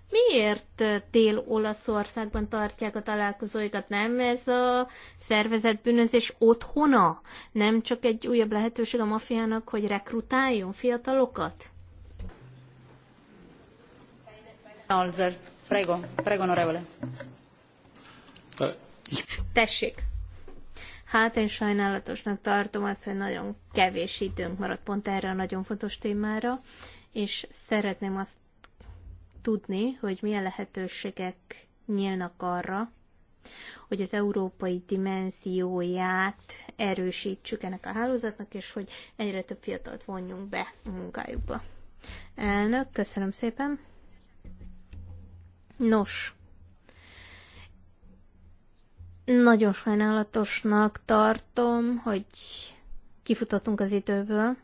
Miért Dél-Olaszországban tartják a találkozóikat? Nem ez a szervezett bűnözés otthona? Nem csak egy újabb lehetőség a mafiának, hogy rekrutáljon fiatalokat? Tessék. Hát én sajnálatosnak tartom azt, hogy nagyon kevés időnk maradt pont erre a nagyon fontos témára, és szeretném azt tudni, hogy milyen lehetőségek nyílnak arra, hogy az európai dimenzióját erősítsük ennek a hálózatnak, és hogy egyre több fiatalt vonjunk be a munkájukba. Elnök, köszönöm szépen! Nos, nagyon sajnálatosnak tartom, hogy kifutottunk az időből.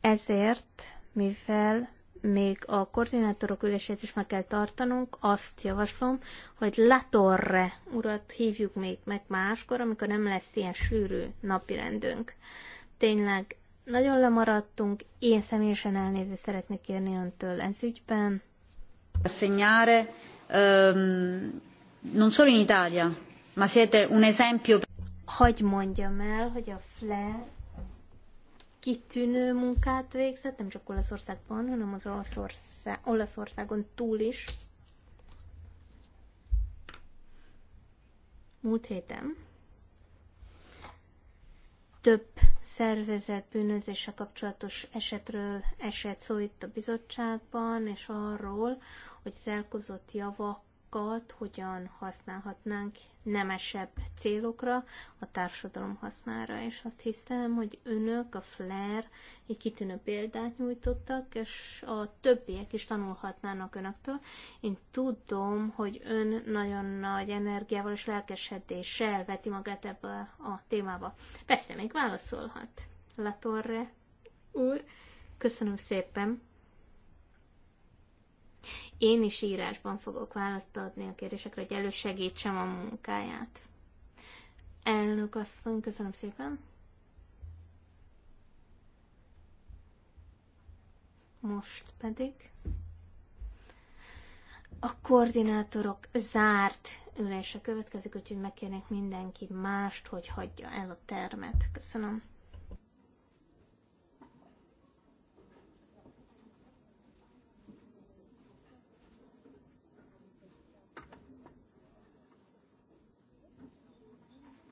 Ezért, mivel még a koordinátorok ülését is meg kell tartanunk, azt javaslom, hogy Latorre urat hívjuk még meg máskor, amikor nem lesz ilyen sűrű napirendünk. Tényleg nagyon lemaradtunk, én személyesen elnézést szeretnék kérni öntől ez ügyben. Segnare, um, non solo in Italia, ma siete un esempio. Hogy mondjam el, hogy a FLE kitűnő munkát végzett, nem csak Olaszországban, hanem az Olaszország, Olaszországon túl is. Múlt héten több szervezett bűnözéssel kapcsolatos esetről esett szó itt a bizottságban, és arról, hogy az elkozott javak azokat hogyan használhatnánk nemesebb célokra, a társadalom hasznára, és azt hiszem, hogy önök, a Flair egy kitűnő példát nyújtottak, és a többiek is tanulhatnának önöktől. Én tudom, hogy ön nagyon nagy energiával és lelkesedéssel veti magát ebbe a témába. Persze, még válaszolhat. Latorre úr, köszönöm szépen. Én is írásban fogok választ adni a kérdésekre, hogy elősegítsem a munkáját. Elnök asszony, köszönöm szépen. Most pedig a koordinátorok zárt ülése következik, úgyhogy megkérnek mindenki mást, hogy hagyja el a termet. Köszönöm.